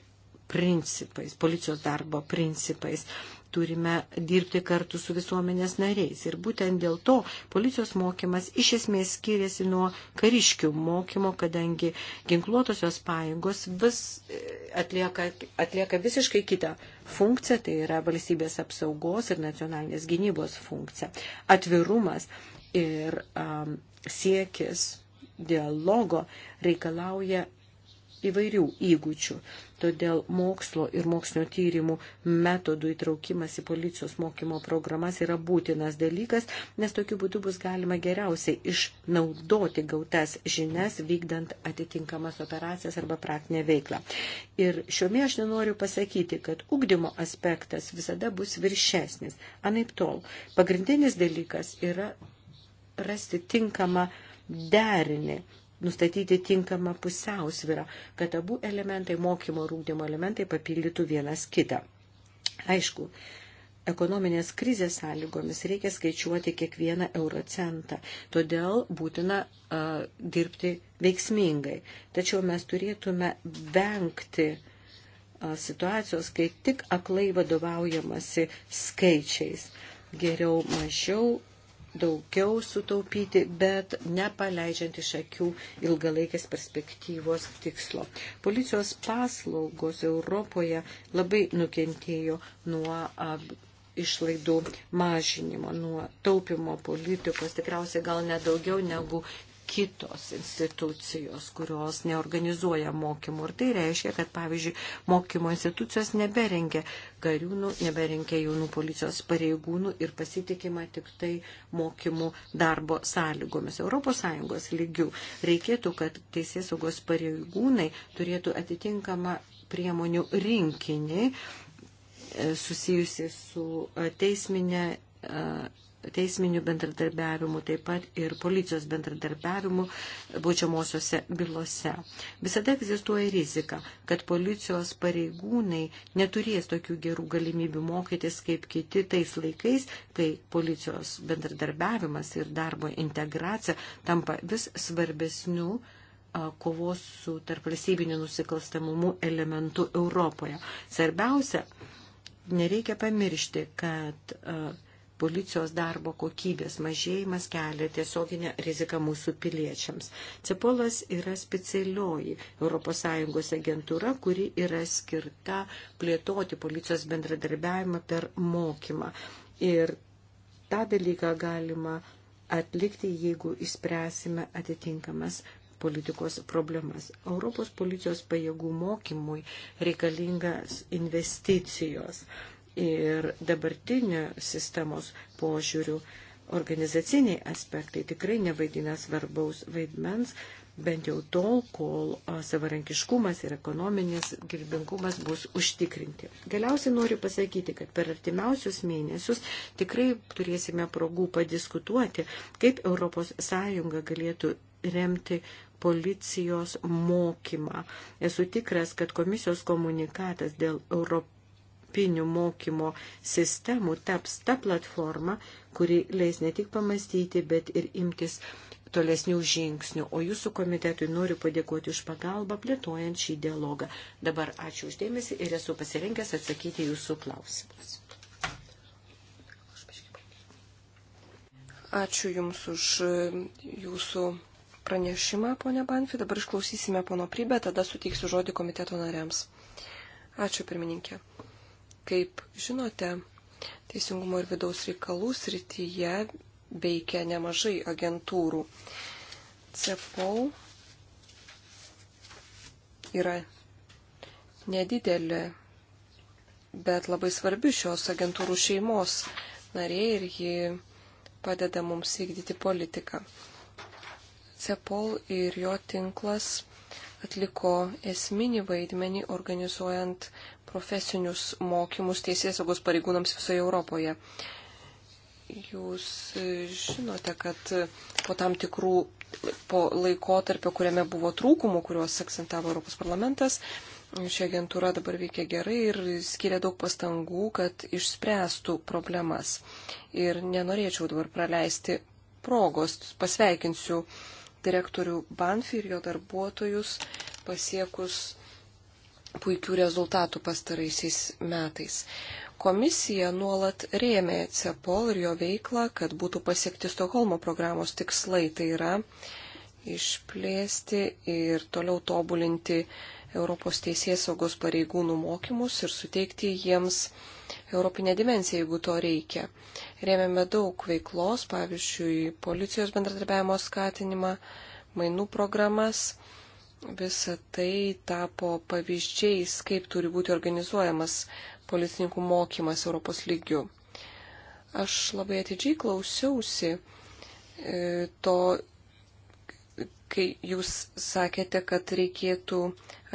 principais, policijos darbo principais turime dirbti kartu su visuomenės nariais. Ir būtent dėl to policijos mokymas iš esmės skiriasi nuo kariškių mokymo, kadangi ginkluotosios pajėgos vis e, atlieka, atlieka visiškai kitą funkciją, tai yra valstybės apsaugos ir nacionalinės gynybos funkcija. Atvirumas ir um, siekis dialogo reikalauja įvairių įgūdžių. Todėl mokslo ir mokslinio tyrimų metodų įtraukimas į policijos mokymo programas yra būtinas dalykas, nes tokiu būdu bus galima geriausiai išnaudoti gautas žinias, vykdant atitinkamas operacijas arba praktinę veiklą. Ir šiuo aš nenoriu pasakyti, kad ugdymo aspektas visada bus viršesnis. Anaip tol, pagrindinis dalykas yra rasti tinkamą derinį nustatyti tinkamą pusiausvyrą, kad abu elementai, mokymo ir ūkdymo elementai papildytų vienas kitą. Aišku, ekonominės krizės sąlygomis reikia skaičiuoti kiekvieną eurocentą, todėl būtina uh, dirbti veiksmingai. Tačiau mes turėtume vengti uh, situacijos, kai tik aklai vadovaujamasi skaičiais. Geriau mažiau daugiau sutaupyti, bet nepaleidžiant iš akių ilgalaikės perspektyvos tikslo. Policijos paslaugos Europoje labai nukentėjo nuo išlaidų mažinimo, nuo taupimo politikos, tikriausiai gal nedaugiau negu kitos institucijos, kurios neorganizuoja mokymų. Ir tai reiškia, kad, pavyzdžiui, mokymo institucijos neberengia kariūnų, neberengia jaunų policijos pareigūnų ir pasitikima tik tai mokymų darbo sąlygomis. ES lygių reikėtų, kad teisės saugos pareigūnai turėtų atitinkamą priemonių rinkinį e, susijusi su e, teisminė e, teisminių bendradarbiavimų, taip pat ir policijos bendradarbiavimų būčiamosiose bylose. Visada egzistuoja rizika, kad policijos pareigūnai neturės tokių gerų galimybių mokytis kaip kiti tais laikais, kai policijos bendradarbiavimas ir darbo integracija tampa vis svarbesnių kovos su tarpvalstybiniu nusikalstamumu elementu Europoje. Svarbiausia, nereikia pamiršti, kad uh, policijos darbo kokybės mažėjimas kelia tiesioginę riziką mūsų piliečiams. Cepolas yra specialioji ES agentūra, kuri yra skirta plėtoti policijos bendradarbiavimą per mokymą. Ir tą dalyką galima atlikti, jeigu įspręsime atitinkamas politikos problemas. Europos policijos pajėgų mokymui reikalingas investicijos ir dabartinio sistemos požiūrių organizaciniai aspektai tikrai nevaidina svarbaus vaidmens, bent jau tol, kol savarankiškumas ir ekonominis gyvybingumas bus užtikrinti. Galiausiai noriu pasakyti, kad per artimiausius mėnesius tikrai turėsime progų padiskutuoti, kaip ES galėtų remti policijos mokymą. Esu tikras, kad komisijos komunikatas dėl Europos europinių mokymo sistemų taps ta platforma, kuri leis ne tik pamastyti, bet ir imtis tolesnių žingsnių. O jūsų komitetui noriu padėkoti už pagalbą plėtojant šį dialogą. Dabar ačiū uždėmesi ir esu pasirinkęs atsakyti jūsų klausimus. Ačiū Jums už e, Jūsų pranešimą, ponia Banfi. Dabar išklausysime pono Prybę, tada suteiksiu žodį komiteto nariams. Ačiū, pirmininkė. Kaip žinote, Teisingumo ir vidaus reikalų srityje veikia nemažai agentūrų. CEPOL yra nedidelė, bet labai svarbi šios agentūrų šeimos narė ir ji padeda mums vykdyti politiką. CEPOL ir jo tinklas atliko esminį vaidmenį organizuojant profesinius mokymus teisės saugos pareigūnams visoje Europoje. Jūs e, žinote, kad po tam tikrų po laikotarpio, kuriame buvo trūkumų, kuriuos akcentavo Europos parlamentas, ši agentūra dabar veikia gerai ir skiria daug pastangų, kad išspręstų problemas. Ir nenorėčiau dabar praleisti progos, pasveikinsiu uh, direktorių Banfi ir jo darbuotojus pasiekus puikių rezultatų pastaraisiais metais. Komisija nuolat rėmė CEPOL ir jo veiklą, kad būtų pasiekti Stokholmo programos tikslai, tai yra išplėsti ir toliau tobulinti Europos teisės saugos pareigūnų mokymus ir suteikti jiems europinę dimenciją, jeigu to reikia. Rėmėme daug veiklos, pavyzdžiui, policijos bendradarbiavimo skatinimą, mainų programas. Visa tai tapo pavyzdžiais, kaip turi būti organizuojamas policininkų mokymas Europos lygių. Aš labai atidžiai klausiausi e, to kai jūs sakėte, kad reikėtų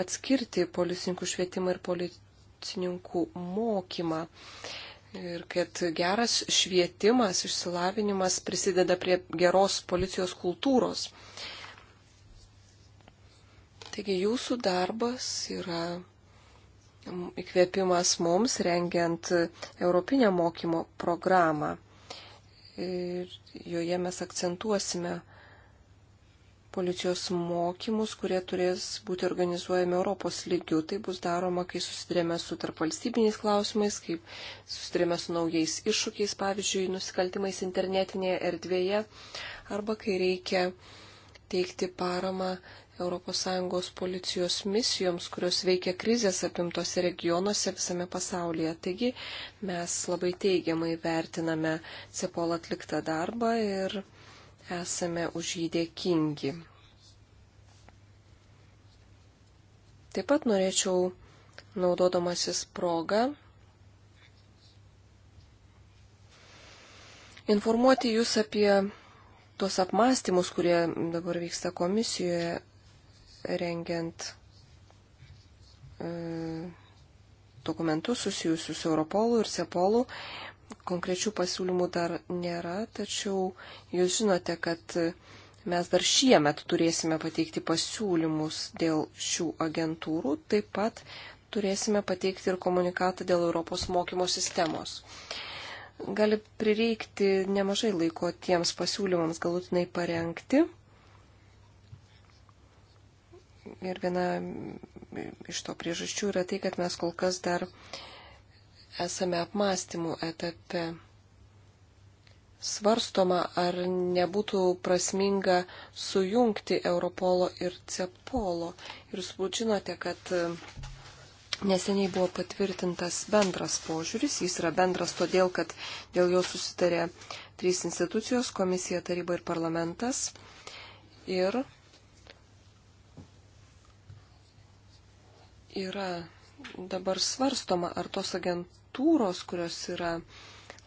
atskirti policininkų švietimą ir poli akcininkų mokymą. Ir kad geras švietimas, išsilavinimas prisideda prie geros policijos kultūros. Taigi jūsų darbas yra įkvėpimas mums rengiant Europinę mokymo programą. Ir joje mes akcentuosime policijos mokymus, kurie turės būti organizuojami Europos lygių. Tai bus daroma, kai susidurėme su tarpvalstybiniais klausimais, kai susidurėme su naujais iššūkiais, pavyzdžiui, nusikaltimais internetinėje erdvėje, arba kai reikia teikti paramą ES policijos misijoms, kurios veikia krizės apimtose regionuose visame pasaulyje. Taigi mes labai teigiamai vertiname CEPOL atliktą darbą ir Esame už jį dėkingi. Taip pat norėčiau, naudodamasis progą, informuoti Jūs apie tuos apmąstymus, kurie dabar vyksta komisijoje, rengiant e, dokumentus susijusius su Europolu ir Cepolu. Konkrečių pasiūlymų dar nėra, tačiau jūs žinote, kad mes dar šiemet turėsime pateikti pasiūlymus dėl šių agentūrų, taip pat turėsime pateikti ir komunikatą dėl Europos mokymo sistemos. Gali prireikti nemažai laiko tiems pasiūlymams galutinai parengti. Ir viena iš to priežasčių yra tai, kad mes kol kas dar uh, esame apmąstymų etape. Svarstoma, ar nebūtų prasminga sujungti Europolo ir Cepolo. Ir jūs žinote, kad e, neseniai buvo patvirtintas bendras požiūris. Jis yra bendras todėl, kad dėl jo susitarė trys institucijos - komisija, taryba ir parlamentas. Ir yra dabar svarstoma, ar tos agentūros, kurios yra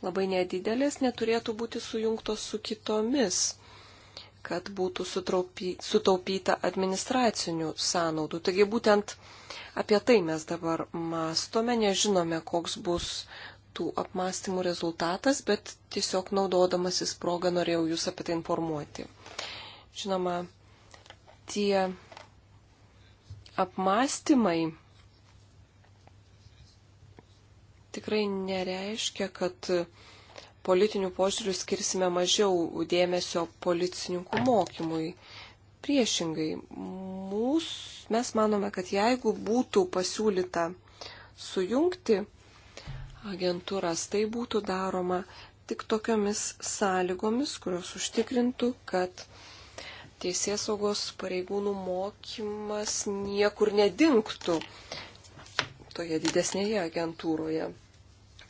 labai nedidelės, neturėtų būti sujungtos su kitomis, kad būtų sutraupy, sutaupyta administracinių sąnaudų. Taigi būtent apie tai mes dabar mastome, nežinome, koks bus tų apmąstymų rezultatas, bet tiesiog naudodamasis progą norėjau jūs apie tai informuoti. Žinoma, tie apmąstymai tikrai nereiškia, kad politinių požiūrių skirsime mažiau dėmesio policininkų mokymui. Priešingai, mūs, mes manome, kad jeigu būtų pasiūlyta sujungti agentūras, tai būtų daroma tik tokiomis sąlygomis, kurios užtikrintų, kad teisės saugos pareigūnų mokymas niekur nedingtų toje didesnėje agentūroje,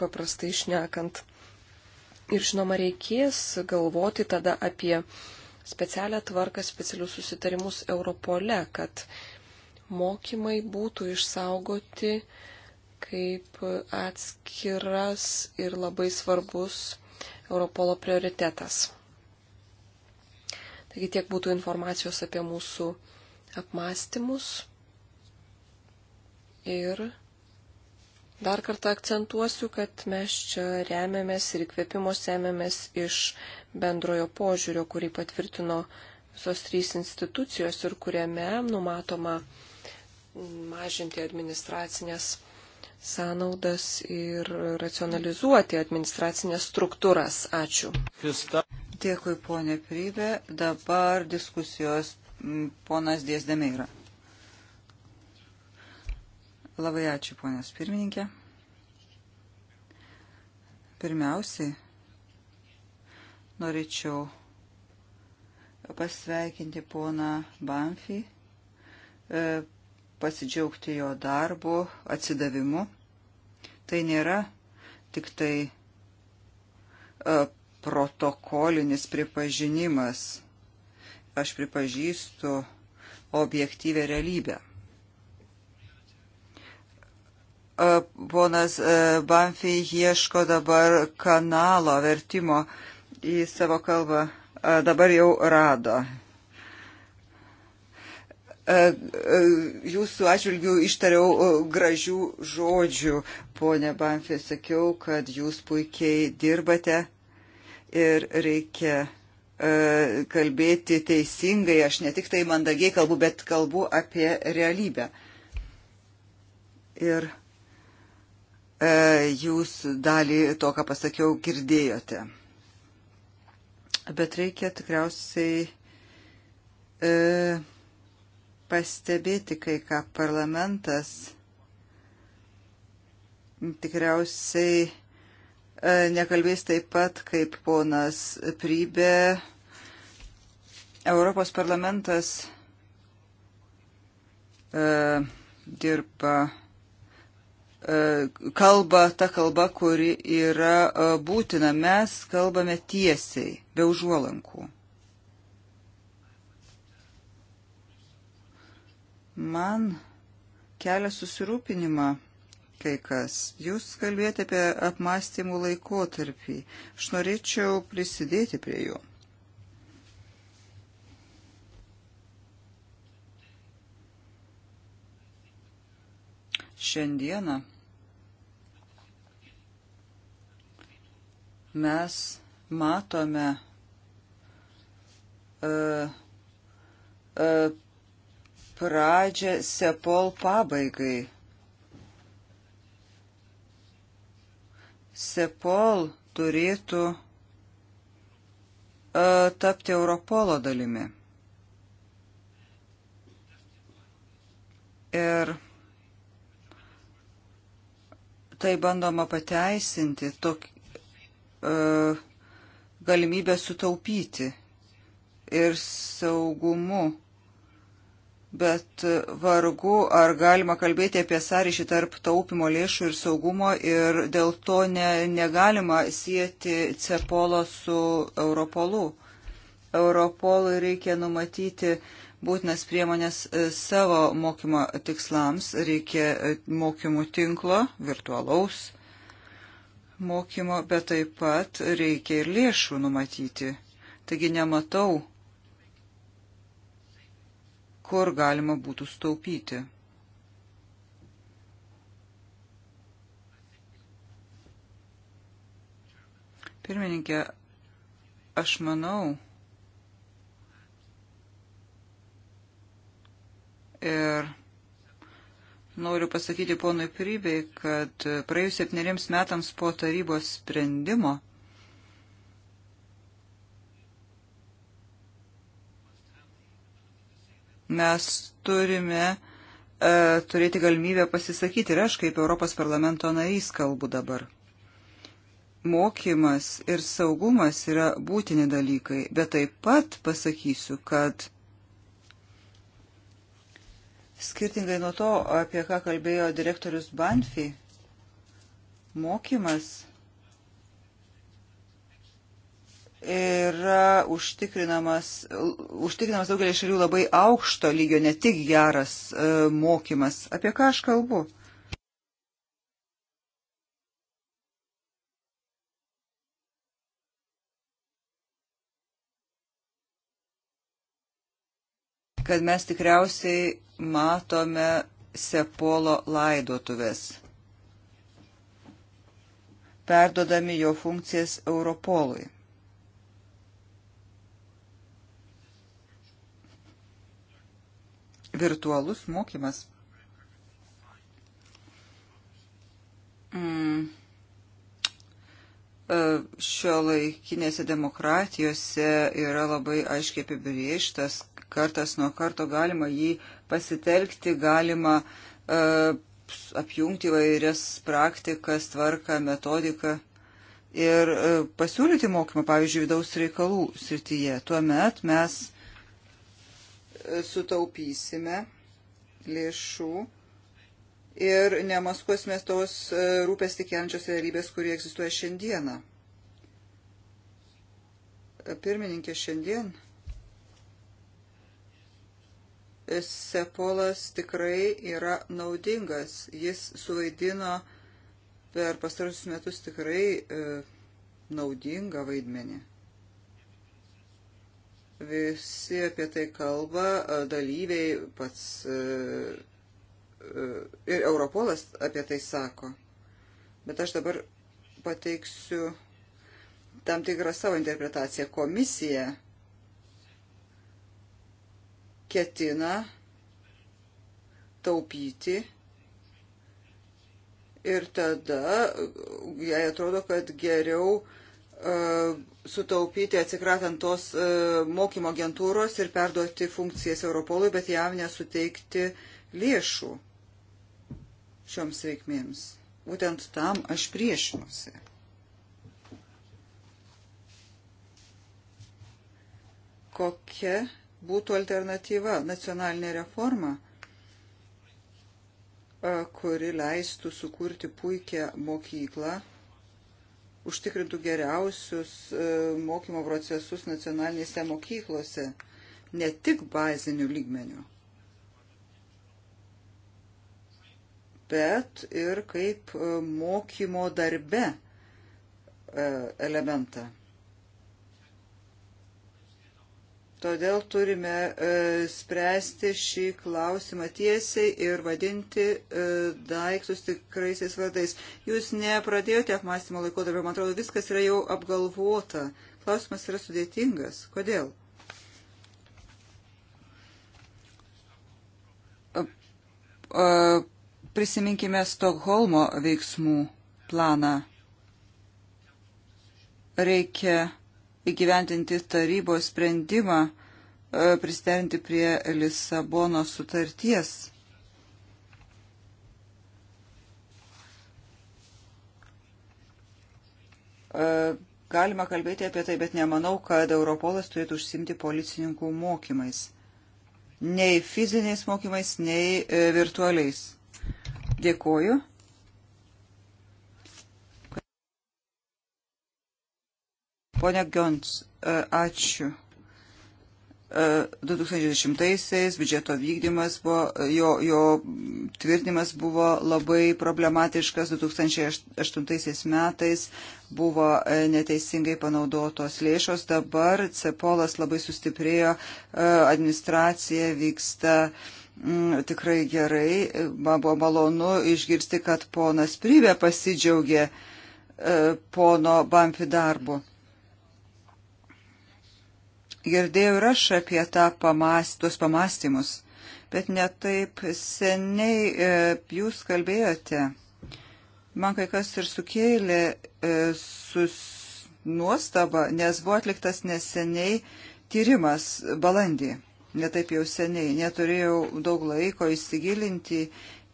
paprastai išnekant. Ir žinoma, reikės galvoti tada apie specialią tvarką, specialius susitarimus Europole, kad mokymai būtų išsaugoti kaip atskiras ir labai svarbus Europolo prioritetas. Taigi tiek būtų informacijos apie mūsų apmąstymus ir Dar kartą akcentuosiu, kad mes čia remiamės ir įkvėpimo semėmės iš bendrojo požiūrio, kurį patvirtino visos trys institucijos ir kuriame numatoma mažinti administracinės sąnaudas ir racionalizuoti administracinės struktūras. Ačiū. Krista. Dėkui, ponė Prybė. Dabar diskusijos ponas Dėsdemė yra. Labai ačiū, ponios pirmininkė. Pirmiausiai norėčiau pasveikinti poną Banfį, e, pasidžiaugti jo darbu, atsidavimu. Tai nėra tik tai e, protokolinis pripažinimas. Aš pripažįstu objektyvę realybę. ponas e, Banfi ieško dabar kanalo vertimo į savo kalbą. Dabar jau rado. Jūsų atžvilgių ištariau gražių žodžių, ponė Banfi, sakiau, kad jūs puikiai dirbate ir reikia kalbėti teisingai. Aš ne tik tai mandagiai kalbu, bet kalbu apie realybę. Ir E, jūs dalį to, ką pasakiau, girdėjote. Bet reikia tikriausiai e, pastebėti kai ką parlamentas tikriausiai e, nekalbės taip pat kaip ponas Prybė. Europos parlamentas e, dirba E, kalba ta kalba, kuri yra e, būtina. Mes kalbame tiesiai, be užuolankų. Man kelia susirūpinimą kai kas. Jūs kalbėjote apie apmąstymų laikotarpį. Aš norėčiau prisidėti prie jo. Šiandieną mes matome uh, uh, pradžią Sepol pabaigai. Sepol turėtų uh, tapti Europolo dalimi. Ir er, tai bandoma pateisinti tok, e, galimybę sutaupyti ir saugumu. Bet vargu, ar galima kalbėti apie sąryšį tarp taupimo lėšų ir saugumo ir dėl to ne, negalima sieti Cepolo su Europolu. Europolui reikia numatyti būtinas priemonės e, savo mokymo tikslams. Reikia e, mokymų tinklo, virtualaus mokymo, bet taip pat reikia ir lėšų numatyti. Taigi nematau, kur galima būtų staupyti. Pirmininkė, aš manau, Ir noriu pasakyti ponui Prybei, kad praėjus septyneriems metams po tarybos sprendimo mes turime e, turėti galimybę pasisakyti ir aš kaip Europos parlamento narys kalbu dabar. Mokymas ir saugumas yra būtini dalykai, bet taip pat pasakysiu, kad Skirtingai nuo to, apie ką kalbėjo direktorius Banfi, mokymas yra užtikrinamas, užtikrinamas daugelį šalių labai aukšto lygio, ne tik geras e, mokymas. Apie ką aš kalbu? kad mes tikriausiai matome Sepolo laidotuvės, perdodami jo funkcijas Europolui. Virtualus mokymas. Mm e, šio laikinėse demokratijose yra labai aiškiai apibrieštas, kartas nuo karto galima jį pasitelkti, galima e, apjungti vairias praktikas, tvarką, metodiką ir e, pasiūlyti mokymą, pavyzdžiui, vidaus reikalų srityje. Tuomet mes e, sutaupysime lėšų ir nemaskuosime tos e, rūpestį keliančios realybės, kurie egzistuoja šiandieną. E, pirmininkė šiandien Sepolas tikrai yra naudingas. Jis suvaidino per pastarusius metus tikrai e, naudingą vaidmenį. Visi apie tai kalba, e, dalyviai pats e, e, ir Europolas apie tai sako. Bet aš dabar pateiksiu tam tikrą savo interpretaciją. Komisija ketina taupyti ir tada jai atrodo, kad geriau e, sutaupyti atsikratant tos e, mokymo agentūros ir perduoti funkcijas Europolui, bet jam nesuteikti lėšų šioms reikmėms. Būtent tam aš priešinuosi. Kokia būtų alternatyva nacionalinė reforma, kuri leistų sukurti puikią mokyklą, užtikrintų geriausius mokymo procesus nacionalinėse mokyklose, ne tik bazinių lygmenių, bet ir kaip mokymo darbe elementą. Todėl turime e, spręsti šį klausimą tiesiai ir vadinti e, daiktus tikraisiais vardais. Jūs nepradėjote apmąstymo laikotarpio, man atrodo, viskas yra jau apgalvota. Klausimas yra sudėtingas. Kodėl? Prisiminkime Stokholmo veiksmų planą. Reikia įgyventinti tarybos sprendimą e, pristerinti prie Lisabono sutarties. E, galima kalbėti apie tai, bet nemanau, kad Europolas turėtų užsimti policininkų mokymais. Nei fiziniais mokymais, nei e, virtualiais. Dėkoju. Pone Gions, e, ačiū. 2010-aisiais e, biudžeto vykdymas buvo, jo, jo tvirtinimas buvo labai problematiškas, 2008 metais buvo e, neteisingai panaudotos lėšos, dabar CEPOLAS labai sustiprėjo, administracija vyksta mm, tikrai gerai, man buvo malonu išgirsti, kad ponas Prybė pasidžiaugė pono Bamfi darbu girdėjau ir aš apie tą pamas, tuos pamastymus, bet netaip seniai e, jūs kalbėjote. Man kai kas ir sukėlė e, sus nuostabą, nes buvo atliktas neseniai tyrimas balandį. Netaip jau seniai, neturėjau daug laiko įsigilinti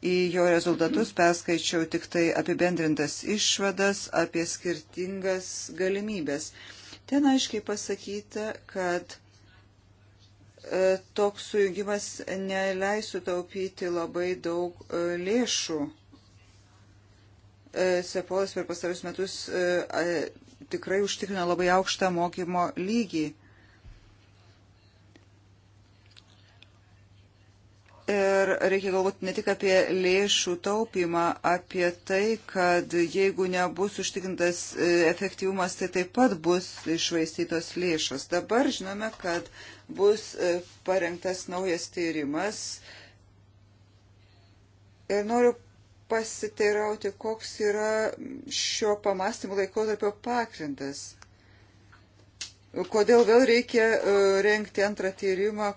į jo rezultatus perskaičiau tik tai apibendrintas išvadas apie skirtingas galimybės. Ten aiškiai pasakyta, kad e, toks sujungimas neleis sutaupyti labai daug e, lėšų. E, Sepolas per pastarus metus tikrai užtikrina labai aukštą mokymo lygį. Ir reikia galvoti ne tik apie lėšų taupimą, apie tai, kad jeigu nebus užtikrintas e, efektyvumas, tai taip pat bus išvaistytos lėšos. Dabar žinome, kad bus e, parengtas naujas tyrimas. Ir noriu pasiteirauti, koks yra šio pamastymų laikotarpio pagrindas. Kodėl vėl reikia e, rengti antrą tyrimą,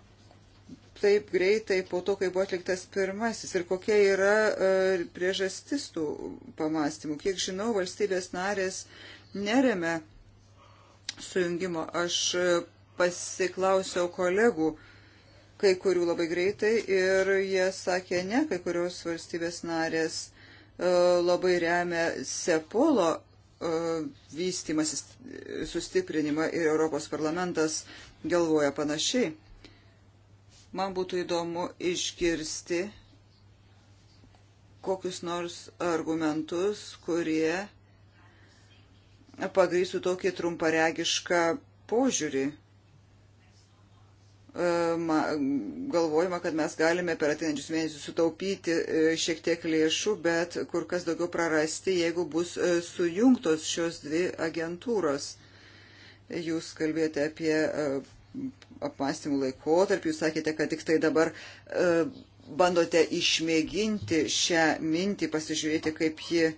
taip greitai po to, kai buvo atliktas pirmasis ir kokia yra e, priežastis tų pamastymų. Kiek žinau, valstybės narės neremia sujungimo. Aš e, pasiklausiau kolegų, kai kurių labai greitai ir jie sakė ne, kai kurios valstybės narės e, labai remia Sepolo vystimasis sustiprinimą ir Europos parlamentas galvoja panašiai. Man būtų įdomu išgirsti kokius nors argumentus, kurie pagrįstų tokį trumparegišką požiūrį e, galvojama, kad mes galime per ateinančius mėnesius sutaupyti e, šiek tiek lėšų, bet kur kas daugiau prarasti, jeigu bus e, sujungtos šios dvi agentūros. Jūs kalbėjote apie apmąstymų laikotarpį. Jūs sakėte, kad tik tai dabar e, bandote išmėginti šią mintį, pasižiūrėti, kaip ji,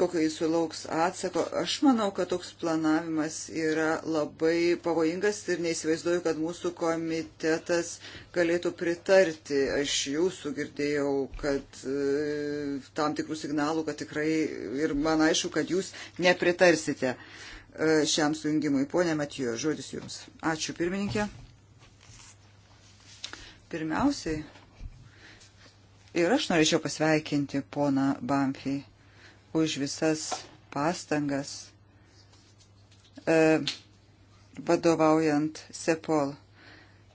kokio jis sulauks atsako. Aš manau, kad toks planavimas yra labai pavojingas ir neįsivaizduoju, kad mūsų komitetas galėtų pritarti. Aš jūsų girdėjau, kad e, tam tikrų signalų, kad tikrai ir man aišku, kad jūs nepritarsite. E, E, šiam sujungimui. Pone Matijo, žodis Jums. Ačiū pirmininkė. Pirmiausiai ir aš norėčiau pasveikinti poną Bamfį už visas pastangas e, vadovaujant Sepol.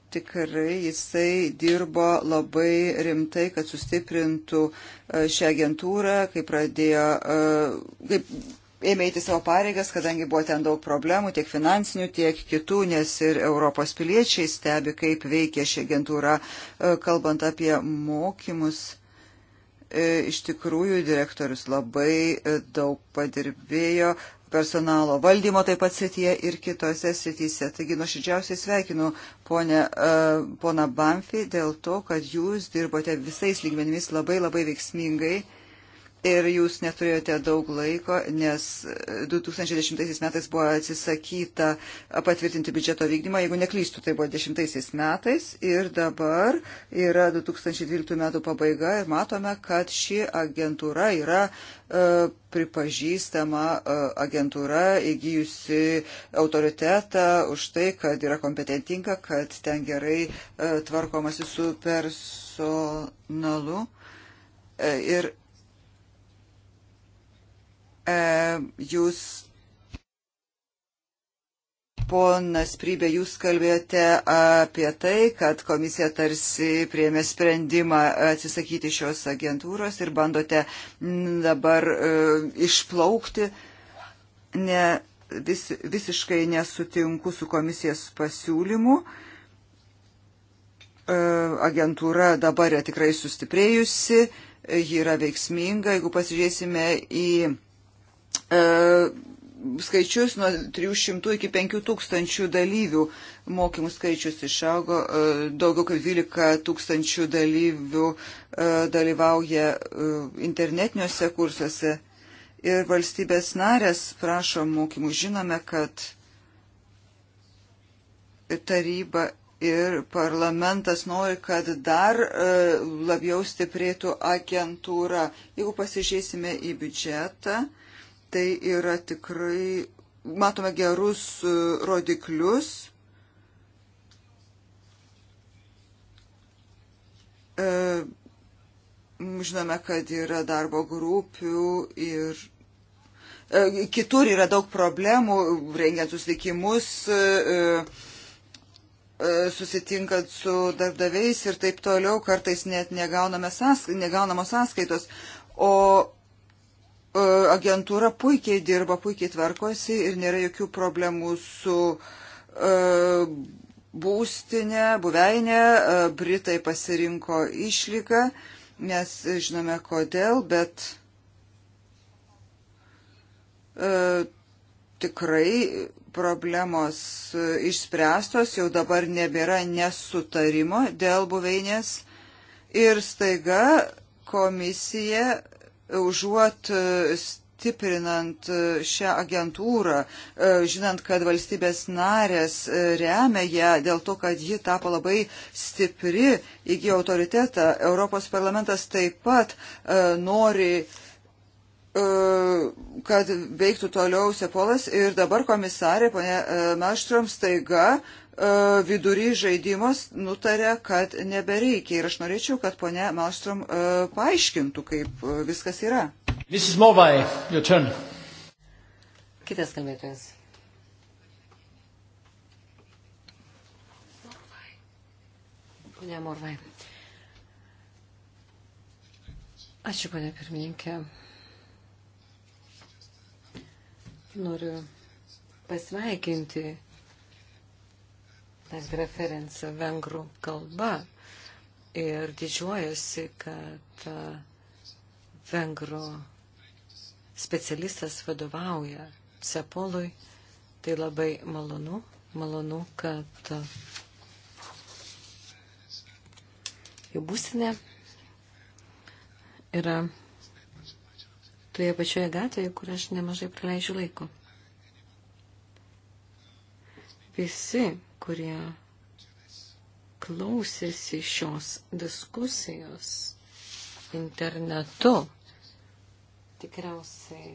Tikrai jisai dirbo labai rimtai, kad sustiprintų e, šią agentūrą, kai pradėjo, e, kaip ėmė eiti savo pareigas, kadangi buvo ten daug problemų, tiek finansinių, tiek kitų, nes ir Europos piliečiai stebi, kaip veikia ši agentūra, e, kalbant apie mokymus. E, iš tikrųjų, direktorius labai e, daug padirbėjo personalo valdymo taip pat srityje ir kitose srityse. Taigi nuoširdžiausiai sveikinu ponę, poną Bamfį dėl to, kad jūs dirbote visais lygmenimis labai labai veiksmingai ir jūs neturėjote daug laiko, nes 2010 metais buvo atsisakyta patvirtinti biudžeto vykdymą, jeigu neklystų, tai buvo 10 metais ir dabar yra 2012 metų pabaiga ir matome, kad ši agentūra yra e, pripažįstama e, agentūra, įgyjusi autoritetą už tai, kad yra kompetentinga, kad ten gerai e, tvarkomasi su personalu. E, ir E, jūs, ponas Prybė, jūs kalbėjote apie tai, kad komisija tarsi priemė sprendimą atsisakyti šios agentūros ir bandote dabar e, išplaukti. Ne, vis, visiškai nesutinku su komisijos pasiūlymu e, agentūra dabar yra tikrai sustiprėjusi, ji yra veiksminga. Jeigu pasižiūrėsime į E, skaičius nuo 300 iki 5000 dalyvių. Mokymų skaičius išaugo, e, daugiau kaip 12 tūkstančių dalyvių e, dalyvauja internetiniuose kursuose. Ir valstybės narės prašo mokymų. Žinome, kad taryba ir parlamentas nori, kad dar labiau stiprėtų agentūra. Jeigu pasižiūrėsime į biudžetą, tai yra tikrai, matome gerus e, rodiklius. E, žinome, kad yra darbo grupių ir e, kitur yra daug problemų, rengiant susitikimus, susitinkant su darbdaviais ir taip toliau, kartais net negauname sąskaitos, negaunamos sąskaitos. O E, agentūra puikiai dirba, puikiai tvarkosi ir nėra jokių problemų su e, būstinė, buveinė. E, Britai pasirinko išlygą, nes žinome kodėl, bet tikrai problemos išspręstos, jau dabar nebėra nesutarimo dėl buveinės ir staiga komisija užuot e, stiprinant e, šią agentūrą, e, žinant, kad valstybės narės remia ją dėl to, kad ji tapo labai stipri, įgyjo autoritetą. Europos parlamentas taip pat nori kad veiktų toliau Sepolas ir dabar komisarė, ponė Maštrom, staiga uh, E, vidury žaidimas nutarė, kad nebereikia. Ir aš norėčiau, kad ponia Malstrom e, paaiškintų, kaip e, viskas yra. Mrs. Movai, your turn. Kitas kalbėtojas. Ponia Morvai. Ačiū, ponia pirmininkė. Noriu pasveikinti tas referencija vengrų kalba ir didžiuojasi, kad e, vengrų specialistas vadovauja Sepolui. Tai labai malonu, malonu, kad e, jų būsinė yra toje pačioje gatvėje, kur aš nemažai praleidžiu laiko. Visi kurie klausėsi šios diskusijos internetu, tikriausiai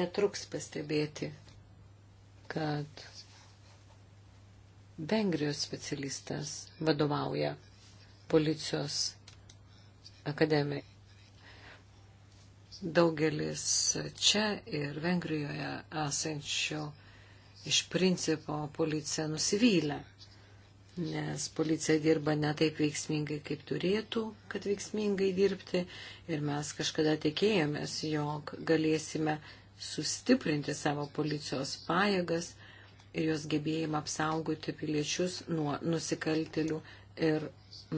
netruks pastebėti, kad Vengrijos specialistas vadovauja policijos akademijai. Daugelis čia ir Vengrijoje esančių iš principo policija nusivylę, nes policija dirba ne taip veiksmingai, kaip turėtų, kad veiksmingai dirbti ir mes kažkada tikėjomės, jog galėsime sustiprinti savo policijos pajėgas ir jos gebėjimą apsaugoti piliečius nuo nusikaltelių ir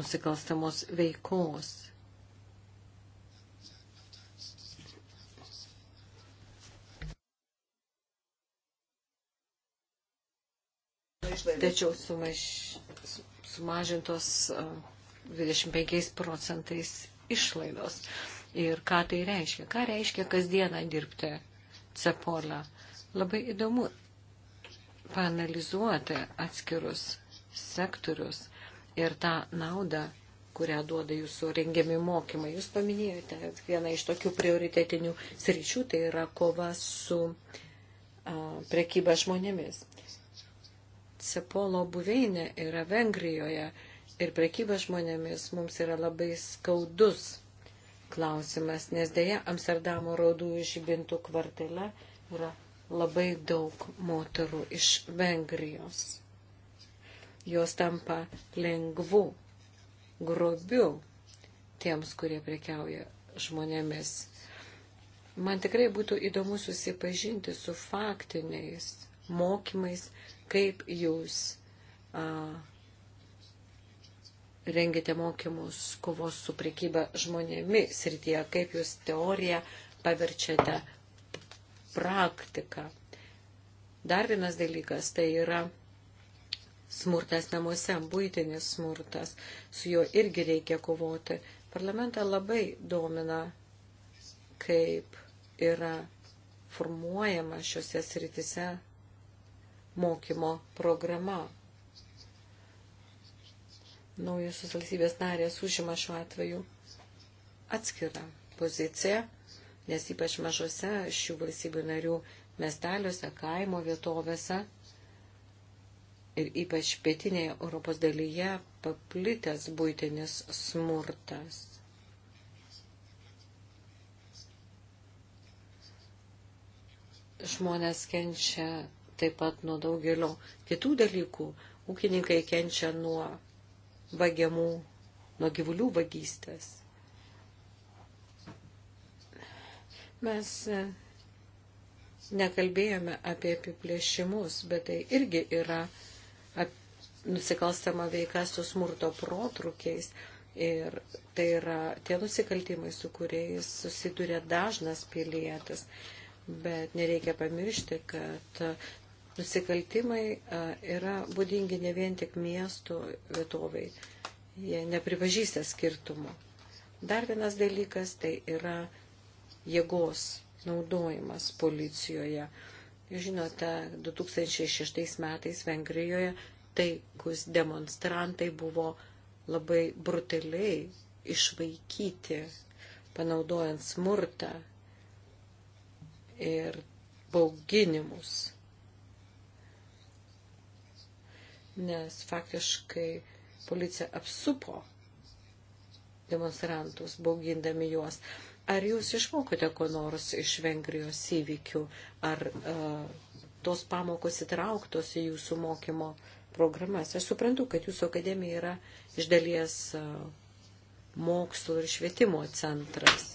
nusikalstamos veikos. Tačiau sumaž, sumažintos 25 procentais išlaidos. Ir ką tai reiškia? Ką reiškia kasdieną dirbti cepolę? E? Labai įdomu panalizuoti atskirus sektorius ir tą naudą, kurią duoda jūsų rengiami mokymai. Jūs paminėjote vieną iš tokių prioritetinių sričių, tai yra kova su a, prekyba žmonėmis. Sepolo buveinė yra Vengrijoje ir prekyba žmonėmis mums yra labai skaudus klausimas, nes dėja Amsterdamo raudų žibintų kvartale yra labai daug moterų iš Vengrijos. Jos tampa lengvu grobiu tiems, kurie prekiauja žmonėmis. Man tikrai būtų įdomu susipažinti su faktiniais mokymais kaip jūs a, rengėte mokymus kovos su prekyba žmonėmis srityje, kaip jūs teoriją paverčiate praktiką. Dar vienas dalykas tai yra smurtas namuose, būtinis smurtas, su juo irgi reikia kovoti. Parlamentą labai domina, kaip yra formuojama šiuose sritise mokymo programa. Naujusios valstybės narės užima šiuo atveju atskirą poziciją, nes ypač mažose šių valstybių narių miesteliuose, kaimo vietovėse ir ypač pietinėje Europos dalyje paplitęs būtinis smurtas. Žmonės kenčia taip pat nuo daugelio kitų dalykų. Ūkininkai kenčia nuo vagiamų, nuo gyvulių vagystės. Mes e, nekalbėjome apie apiplėšimus, bet tai irgi yra nusikalstama veika su smurto protrukiais. Ir tai yra tie nusikaltimai, su kuriais susiduria dažnas pilietis. Bet nereikia pamiršti, kad Nusikaltimai yra būdingi ne vien tik miestų vietoviai, jie nepripažįsta skirtumų. Dar vienas dalykas tai yra jėgos naudojimas policijoje. Jūs žinote, 2006 metais Vengrijoje taikus demonstrantai buvo labai brutaliai išvaikyti, panaudojant smurtą ir bauginimus. nes faktiškai policija apsupo demonstrantus, baugindami juos. Ar jūs išmokote ko nors iš Vengrijos įvykių? Ar uh, tos pamokos įtrauktos į jūsų mokymo programas? Aš suprantu, kad jūsų akademija yra iš dalies uh, mokslo ir švietimo centras,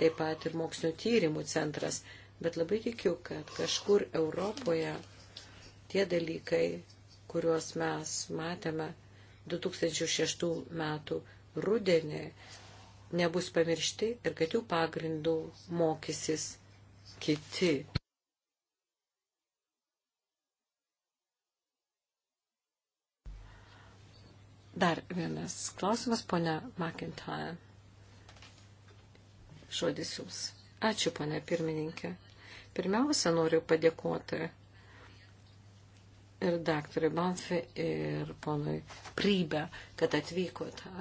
taip pat ir mokslinio tyrimų centras, bet labai tikiu, kad kažkur Europoje tie dalykai kuriuos mes matėme 2006 metų rudenį, nebus pamiršti ir kad jų pagrindų mokysis kiti. Dar vienas klausimas, ponia McIntyre. Žodis jums. Ačiū, ponia pirmininkė. Pirmiausia, noriu padėkoti ir daktarui Banfi ir ponui Prybę, kad atvykote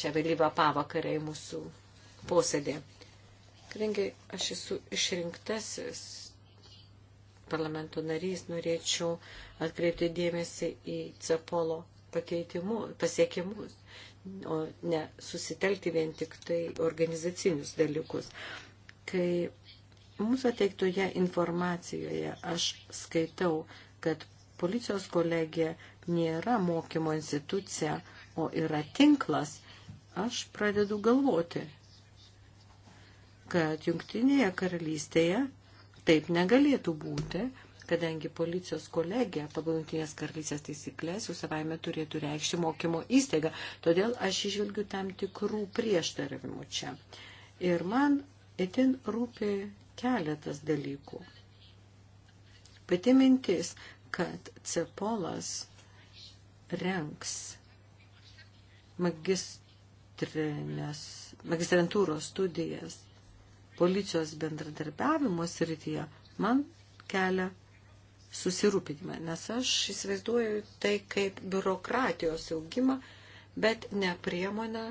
šią vėlyvą pavakarę į mūsų posėdį. Kadangi aš esu išrinktasis parlamento narys, norėčiau atkreipti dėmesį į Cepolo pasiekimus, o ne susitelkti vien tik tai organizacinius dalykus. Kai mūsų ateiktoje informacijoje aš skaitau, kad policijos kolegija nėra mokymo institucija, o yra tinklas, aš pradedu galvoti, kad jungtinėje karalystėje taip negalėtų būti, kadangi policijos kolegija pagal jungtinės karalystės taisyklės jau savaime turėtų reikšti mokymo įstaigą. Todėl aš išvilgiu tam tikrų prieštaravimų čia. Ir man itin rūpi keletas dalykų. Pati mintis, kad Cepolas renks magistrantūros studijas policijos bendradarbiavimo srityje, man kelia susirūpinimą, nes aš įsivaizduoju tai kaip biurokratijos augimą, bet ne priemonę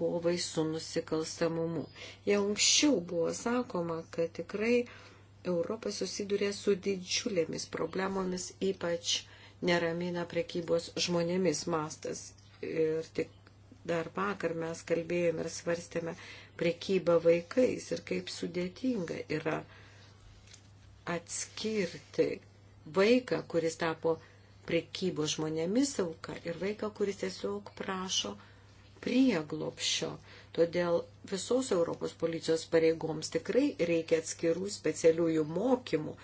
kovai su nusikalstamumu. Jau anksčiau buvo sakoma, kad tikrai Europa susiduria su didžiulėmis problemomis, ypač neramina prekybos žmonėmis mastas. Ir tik dar vakar mes kalbėjome ir svarstėme prekybą vaikais ir kaip sudėtinga yra atskirti vaiką, kuris tapo prekybos žmonėmis auka ir vaiką, kuris tiesiog prašo prieglopšio. Todėl visos Europos policijos pareigoms tikrai reikia atskirų specialiųjų mokymų,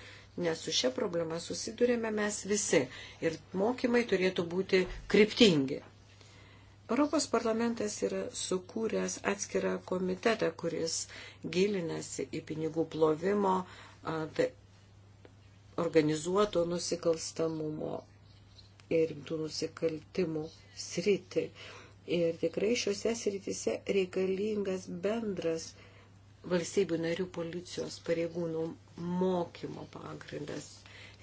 nes su šia problema susidurėme mes visi ir mokymai turėtų būti kryptingi. Europos parlamentas yra sukūręs atskirą komitetą, kuris gilinasi į pinigų plovimo, tai organizuoto nusikalstamumo ir tų nusikaltimų sritį. Ir tikrai šiuose srityse reikalingas bendras valstybių narių policijos pareigūnų mokymo pagrindas.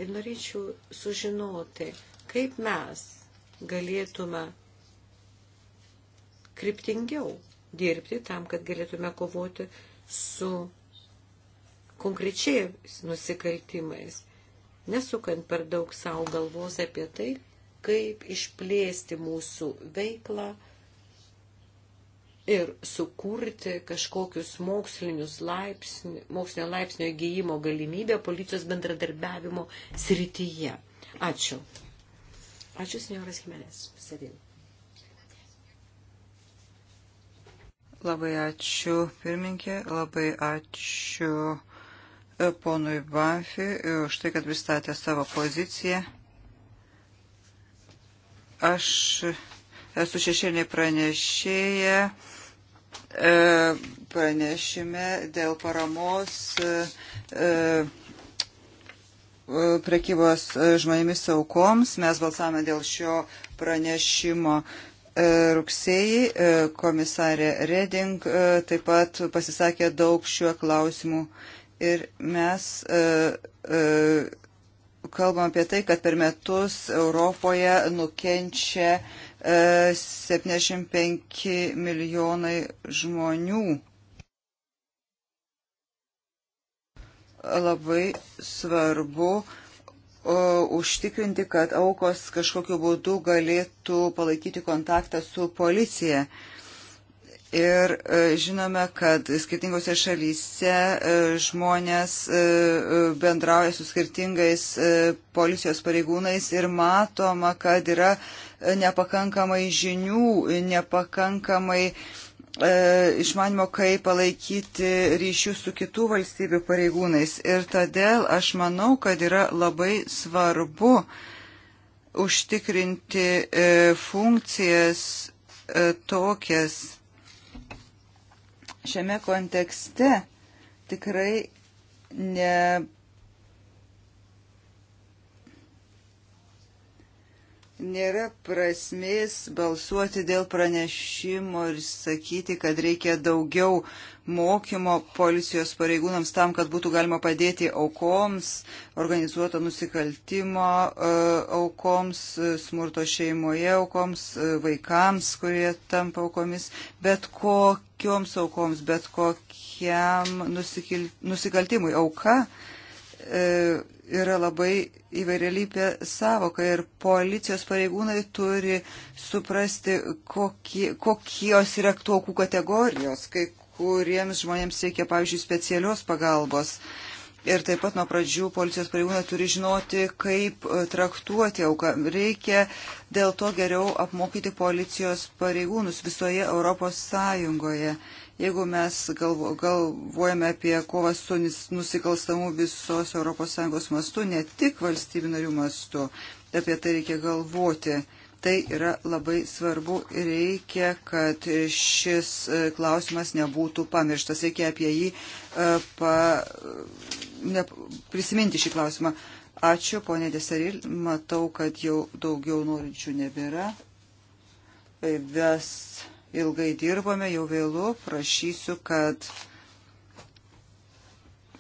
Ir norėčiau sužinoti, kaip mes galėtume kryptingiau dirbti tam, kad galėtume kovoti su konkrečiais nusikaltimais, nesukant per daug savo galvos apie tai, kaip išplėsti mūsų veiklą ir sukurti kažkokius mokslinius laipsnio, mokslinio laipsnio įgyjimo galimybę policijos bendradarbiavimo srityje. Ačiū. Ačiū, senjoras Jimenez. Savin. Labai ačiū, pirminkė, labai ačiū e, ponui Banfi e, už tai, kad pristatė savo poziciją. Aš esu šešėlė pranešėja E, pranešime dėl paramos e, e, prekybos žmonėmis aukoms. Mes balsavome dėl šio pranešimo rugsėjai. Komisarė Reding taip pat pasisakė daug šiuo klausimu. Ir mes kalbam apie tai, kad per metus Europoje nukenčia 75 e, milijonai žmonių. Labai svarbu e, užtikrinti, kad aukos kažkokiu būdu galėtų palaikyti kontaktą su policija. Uh, Ir e, žinome, kad skirtingose šalyse e, žmonės e, bendrauja su skirtingais policijos pareigūnais ir matoma, kad yra nepakankamai žinių, nepakankamai išmanimo, kaip palaikyti ryšius su kitų valstybių pareigūnais. Ir todėl aš manau, kad yra labai svarbu užtikrinti funkcijas tokias šiame kontekste tikrai ne. Nėra prasmės balsuoti dėl pranešimo ir sakyti, kad reikia daugiau mokymo policijos pareigūnams tam, kad būtų galima padėti aukoms, organizuoto nusikaltimo e, aukoms, e, smurto šeimoje aukoms, e, vaikams, kurie tampa aukomis, bet kokie kokioms aukoms, bet kokiam nusikil, nusikaltimui. Auka e, yra labai įvairialypė savoka ir policijos pareigūnai turi suprasti, kokie, kokios yra tų aukų kategorijos, kai kuriems žmonėms reikia, pavyzdžiui, specialios pagalbos. E, Ir taip pat nuo pradžių policijos pareigūnai turi žinoti, kaip e, traktuoti auką. Reikia dėl to geriau apmokyti policijos pareigūnus visoje Europos Sąjungoje. Jeigu mes galvo, galvojame apie kovą su nusikalstamu visos Europos Sąjungos mastu, ne tik valstybių narių mastu, apie tai reikia galvoti. Tai yra labai svarbu ir reikia, kad šis e, klausimas nebūtų pamirštas. Reikia apie jį e, pa, ne, prisiminti šį klausimą. Ačiū, ponė Desaril. Matau, kad jau daugiau norinčių nebėra. E, Ves ilgai dirbame, jau vėlu. Prašysiu, kad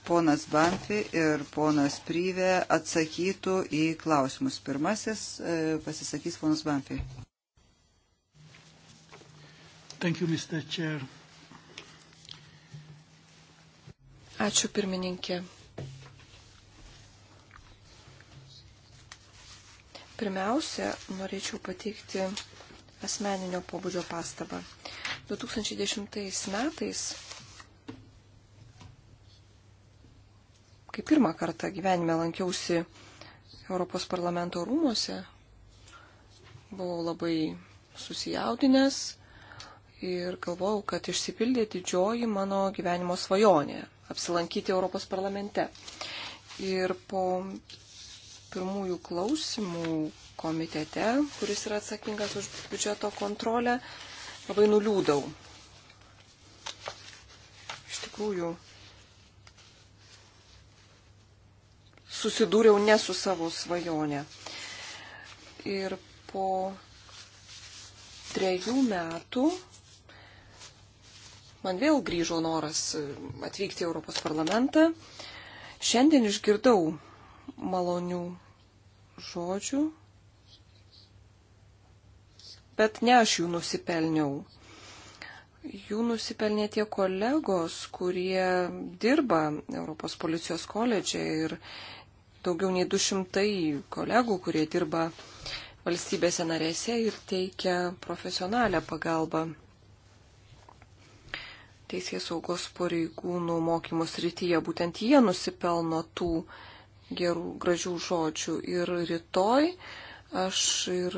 ponas Banfi ir ponas Pryvė atsakytų į klausimus. Pirmasis e, pasisakys ponas Banfi. Thank you, Mr. Chair. Ačiū pirmininkė. Pirmiausia, norėčiau pateikti asmeninio pobūdžio pastabą. 2010 metais kai pirmą kartą gyvenime lankiausi Europos parlamento rūmose, buvau labai susijaudinęs ir galvojau, kad išsipildė didžioji mano gyvenimo svajonė - apsilankyti Europos parlamente. Ir po pirmųjų klausimų komitete, kuris yra atsakingas už biudžeto kontrolę, labai nuliūdau. Iš tikrųjų, susidūriau ne su savo svajonė. Ir po trejų metų man vėl grįžo noras atvykti į Europos parlamentą. Šiandien išgirdau malonių žodžių, bet ne aš jų nusipelniau. Jų nusipelnė tie kolegos, kurie dirba Europos policijos koledžiai ir daugiau nei 200 kolegų, kurie dirba valstybėse narėse ir teikia profesionalią pagalbą teisės saugos pareigūnų mokymų srityje. Būtent jie nusipelno tų gerų, gražių žodžių. Ir rytoj aš ir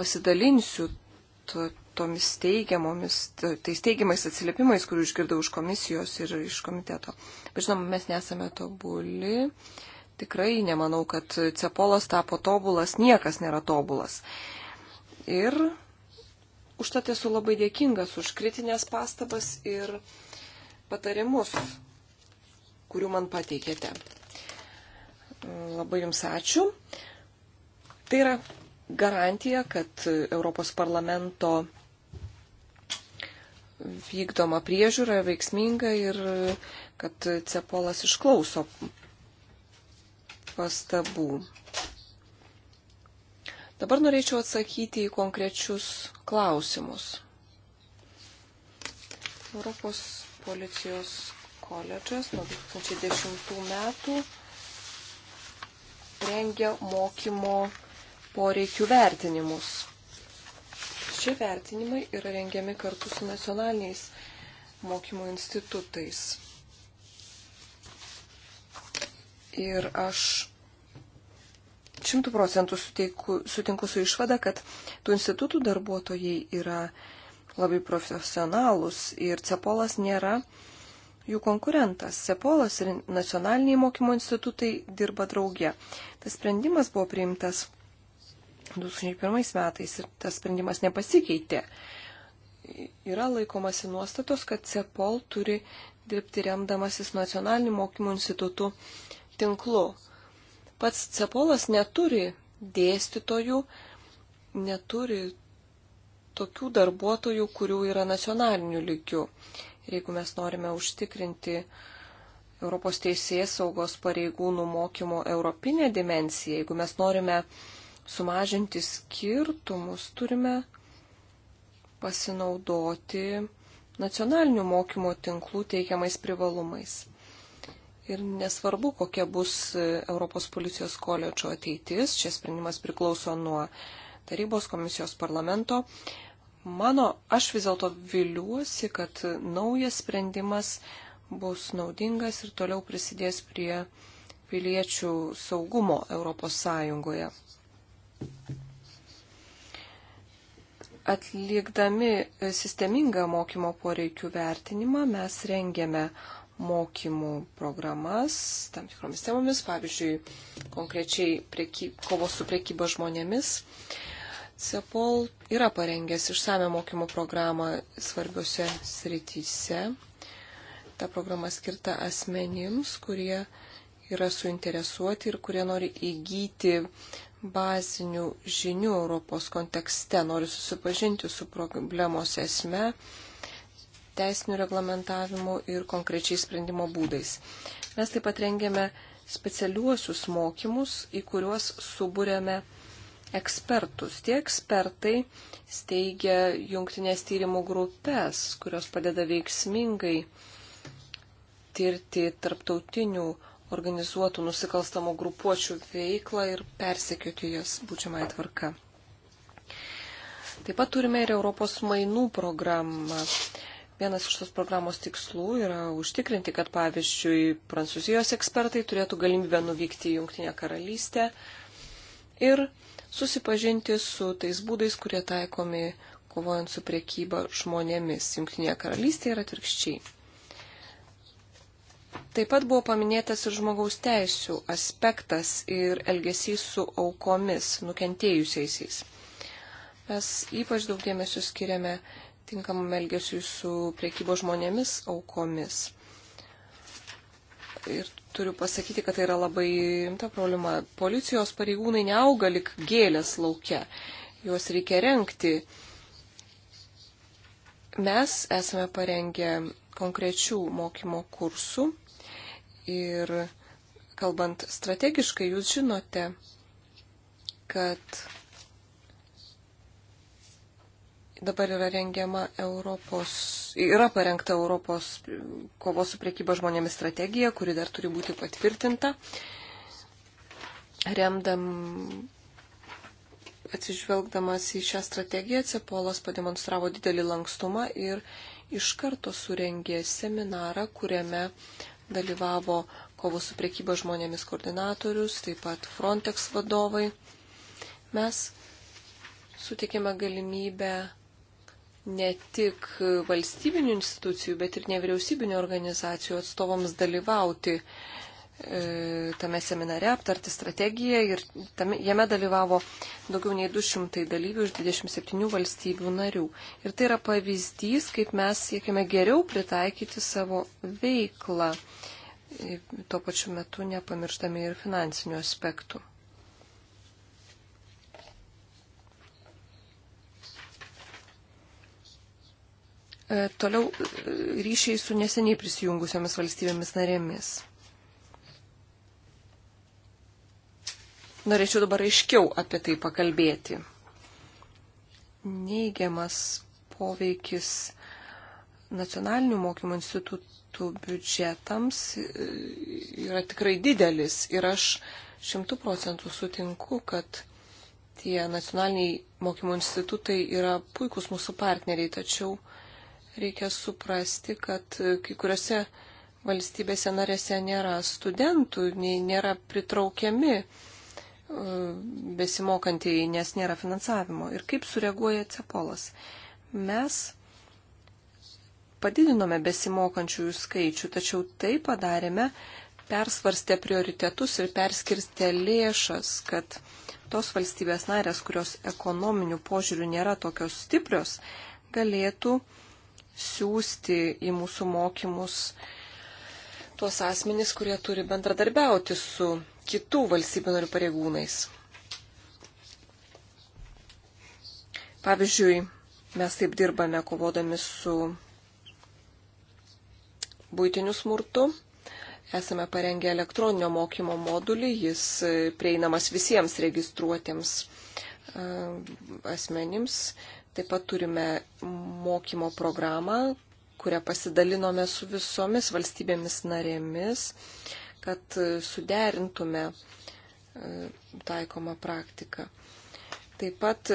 pasidalinsiu to, tomis teigiamomis, tais teigiamais atsiliepimais, kurių išgirdau iš komisijos ir iš komiteto. Bet žinoma, mes nesame tobuli. Uh, Tikrai nemanau, kad cepolas tapo tobulas, niekas nėra tobulas. Ir užtat esu labai dėkingas už kritinės pastabas ir patarimus, kurių man pateikėte. Labai Jums ačiū. Tai yra garantija, kad Europos parlamento vykdoma priežiūra veiksminga ir kad Cepolas išklauso pastabų. Dabar norėčiau atsakyti į konkrečius klausimus. Europos policijos koledžas nuo 2010 metų rengia mokymo poreikių vertinimus. Šie vertinimai yra rengiami kartu su nacionaliniais mokymo institutais. Ir aš šimtų procentų suteiku, sutinku su išvada, kad tų institutų darbuotojai yra labai profesionalūs ir Cepolas nėra jų konkurentas. Cepolas ir nacionaliniai mokymo institutai dirba drauge. Tas sprendimas buvo priimtas 2001 metais ir tas sprendimas nepasikeitė. Yra laikomasi nuostatos, kad CEPOL turi dirbti remdamasis nacionaliniu mokymo institutu uh, tinklu. Pats Cepolas neturi dėstytojų, neturi tokių darbuotojų, kurių yra nacionalinių lygių. Ir jeigu mes norime užtikrinti Europos teisės saugos pareigūnų mokymo europinę dimensiją, jeigu mes norime sumažinti skirtumus, turime pasinaudoti nacionalinių mokymo tinklų teikiamais privalumais. Ir nesvarbu, kokia bus Europos policijos koledžo ateitis, čia sprendimas priklauso nuo tarybos komisijos parlamento. Mano, aš vis dėlto viliuosi, kad naujas sprendimas bus naudingas ir toliau prisidės prie piliečių saugumo Europos Sąjungoje. Atlikdami sistemingą mokymo poreikių vertinimą mes rengėme mokymų programas tam tikromis temomis, pavyzdžiui, konkrečiai preky, kovos su priekyba žmonėmis. CEPOL yra parengęs išsame mokymo programą svarbiose srityse. Ta programa skirta asmenims, kurie yra suinteresuoti ir kurie nori įgyti bazinių žinių Europos kontekste, nori susipažinti su problemos esme teisiniu reglamentavimu ir konkrečiais sprendimo būdais. Mes taip pat rengėme specialiuosius mokymus, į kuriuos subūrėme ekspertus. Tie ekspertai steigia jungtinės tyrimų grupės, kurios padeda veiksmingai tirti tarptautinių organizuotų nusikalstamų grupuočių veiklą ir persekioti jas būčiamai tvarka. Taip pat turime ir Europos mainų programą. Vienas iš tos programos tikslų yra užtikrinti, kad pavyzdžiui prancūzijos ekspertai turėtų galimybę nuvykti į Junktinę karalystę ir susipažinti su tais būdais, kurie taikomi kovojant su priekyba žmonėmis Junktinėje karalystėje ir atvirkščiai. Taip pat buvo paminėtas ir žmogaus teisų aspektas ir elgesys su aukomis, nukentėjusiais. Mes ypač daug dėmesio skiriame tinkamam elgesiu su priekybo žmonėmis aukomis. Ir turiu pasakyti, kad tai yra labai rimta problema. Policijos pareigūnai neauga lik gėlės laukia. Juos reikia renkti. Mes esame parengę konkrečių mokymo kursų ir kalbant strategiškai, jūs žinote, kad dabar yra rengiama Europos, yra parengta Europos kovos su priekyba žmonėmis strategija, kuri dar turi būti patvirtinta. Remdam, atsižvelgdamas į šią strategiją, Cepolas pademonstravo didelį lankstumą ir iš karto surengė seminarą, kuriame dalyvavo kovos su priekyba žmonėmis koordinatorius, taip pat Frontex vadovai. Mes sutikime galimybę ne tik valstybinių institucijų, bet ir nevyriausybinio organizacijų atstovams dalyvauti e, tame seminare, aptarti strategiją ir tame, jame dalyvavo daugiau nei 200 dalyvių iš 27 valstybių narių. Ir tai yra pavyzdys, kaip mes siekime geriau pritaikyti savo veiklą, e, tuo pačiu metu nepamirštami ir finansinių aspektų. E, toliau e, ryšiai su neseniai prisijungusiomis valstybėmis narėmis. Norėčiau dabar aiškiau apie tai pakalbėti. Neigiamas poveikis nacionalinių mokymo institutų biudžetams e, yra tikrai didelis ir aš šimtų procentų sutinku, kad tie nacionaliniai mokymo institutai yra puikus mūsų partneriai, tačiau reikia suprasti, kad kai kuriuose valstybėse narėse nėra studentų, nėra pritraukiami e, besimokantieji, nes nėra finansavimo. Ir kaip sureaguoja Cepolas? Mes padidinome besimokančiųjų skaičių, tačiau tai padarėme persvarstę prioritetus ir perskirstę lėšas, kad tos valstybės narės, kurios ekonominių požiūrių nėra tokios stiprios, galėtų uh, siūsti į mūsų mokymus tuos asmenys, kurie turi bendradarbiauti su kitų valstybių narių pareigūnais. Pavyzdžiui, mes taip dirbame kovodami su būtiniu smurtu. Esame parengę elektroninio mokymo modulį, jis prieinamas visiems registruotiems e, asmenims. Taip pat turime mokymo programą, kurią pasidalinome su visomis valstybėmis narėmis, kad suderintume e, taikomą praktiką. Taip pat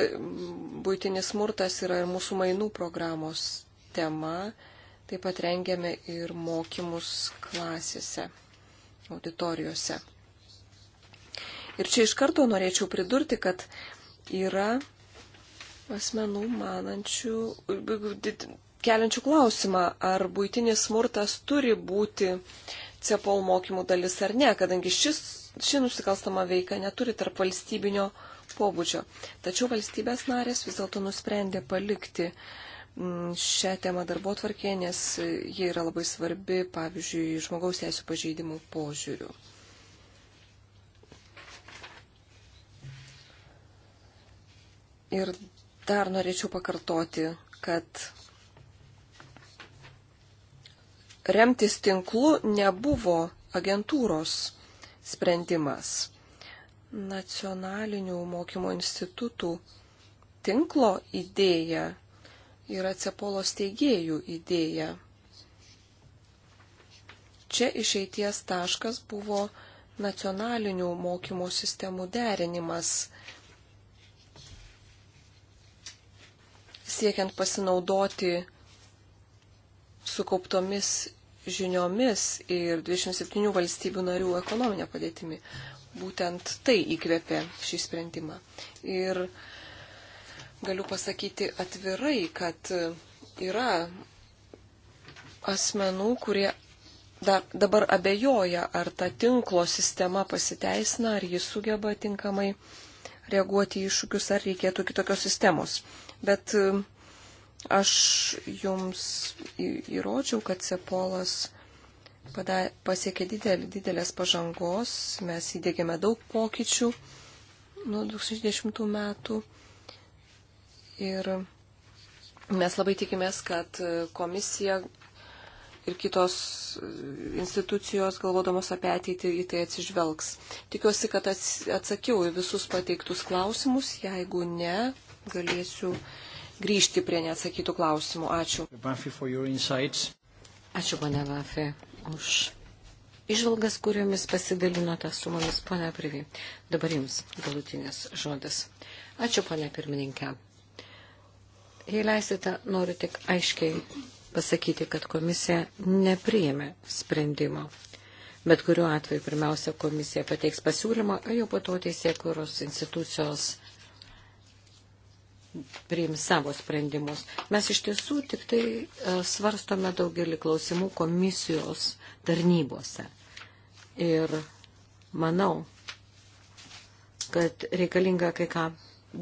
būtinis smurtas yra ir mūsų mainų programos tema. Taip pat rengiame ir mokymus klasėse, auditorijose. Ir čia iš karto norėčiau pridurti, kad yra asmenų manančių, keliančių klausimą, ar būtinis smurtas turi būti CEPOL mokymų dalis ar ne, kadangi šis, ši nusikalstama veika neturi tarp valstybinio pobūdžio. Tačiau valstybės narės vis dėlto nusprendė palikti mm, šią temą darbo tvarkė, nes jie yra labai svarbi, pavyzdžiui, žmogaus teisų pažeidimų požiūrių. Ir Dar norėčiau pakartoti, kad remtis tinklu nebuvo agentūros sprendimas. Nacionalinių mokymo institutų tinklo idėja yra Cepolo steigėjų idėja. Čia išeities taškas buvo nacionalinių mokymo sistemų derinimas siekiant pasinaudoti sukauptomis žiniomis ir 27 valstybių narių ekonominė padėtimi. Būtent tai įkvėpė šį sprendimą. Ir galiu pasakyti atvirai, kad yra asmenų, kurie dar, dabar abejoja, ar ta tinklo sistema pasiteisina, ar jis sugeba tinkamai reaguoti į iššūkius, ar reikėtų kitokios sistemos bet um, aš jums įrodžiau, kad Cepolas pasiekė didelį, didelės pažangos, mes įdėgėme daug pokyčių nuo 2010 metų ir mes labai tikimės, kad e, komisija ir kitos e, institucijos, galvodamos apie ateitį, į tai atsižvelgs. Tikiuosi, kad atsakiau į visus pateiktus klausimus. Jeigu ne, galėsiu grįžti prie neatsakytų klausimų. Ačiū. Ačiū, pane Vafė, už išvalgas, kuriomis pasidalinote su mumis, pane Privy. Dabar jums galutinės žodis. Ačiū, pane pirmininkė. Jei leisite, noriu tik aiškiai pasakyti, kad komisija nepriėmė sprendimo. Bet kuriuo atveju pirmiausia komisija pateiks pasiūlymą, o jau po to teisėkuros institucijos priims savo sprendimus. Mes iš tiesų tik tai e, svarstome daugelį klausimų komisijos tarnybose. Ir manau, kad reikalinga kai ką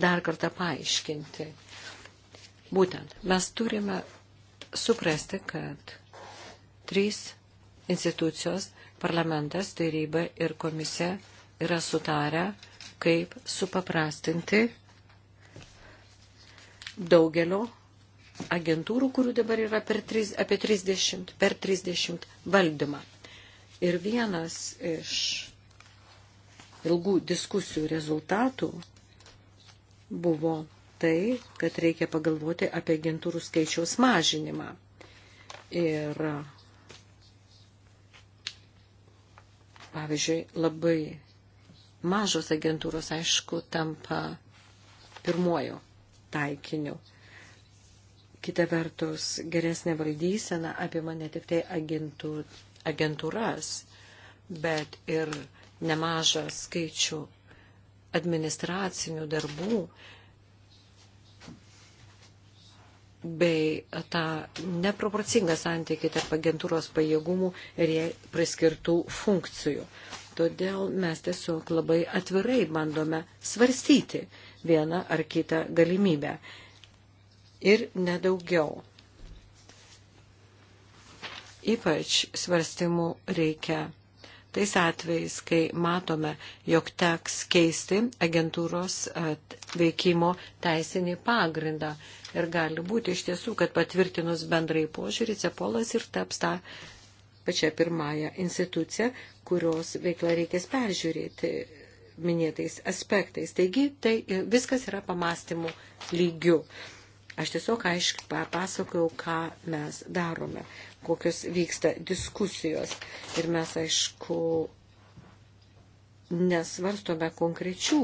dar kartą paaiškinti. Būtent mes turime suprasti, kad trys institucijos - parlamentas, taryba ir komisija - yra sutarę, kaip supaprastinti daugelio agentūrų, kurių dabar yra per 3, apie 30, per 30 valdymą. Ir vienas iš ilgų diskusijų rezultatų buvo tai, kad reikia pagalvoti apie agentūrų skaičiaus mažinimą. Ir pavyzdžiui, labai mažos agentūros, aišku, tampa pirmuoju taikiniu. Kita vertus, geresnė valdysena apima ne tik tai agentų, agentūras, bet ir nemažą skaičių administracinių darbų bei tą neproporcingą santykį tarp agentūros pajėgumų ir jai priskirtų funkcijų. Todėl mes tiesiog labai atvirai bandome svarstyti vieną ar kitą galimybę. Ir nedaugiau. Ypač svarstymų reikia tais atvejais, kai matome, jog teks keisti agentūros veikimo teisinį pagrindą. Ir gali būti iš tiesų, kad patvirtinus bendrai požiūrį, Cepolas ir taps tą pačią pirmąją instituciją, kurios veiklą reikės peržiūrėti minėtais aspektais. Taigi, tai viskas yra pamastymų lygių. Aš tiesiog aiškiai papasakau, ką mes darome, kokios vyksta diskusijos. Ir mes, aišku, nesvarstome konkrečių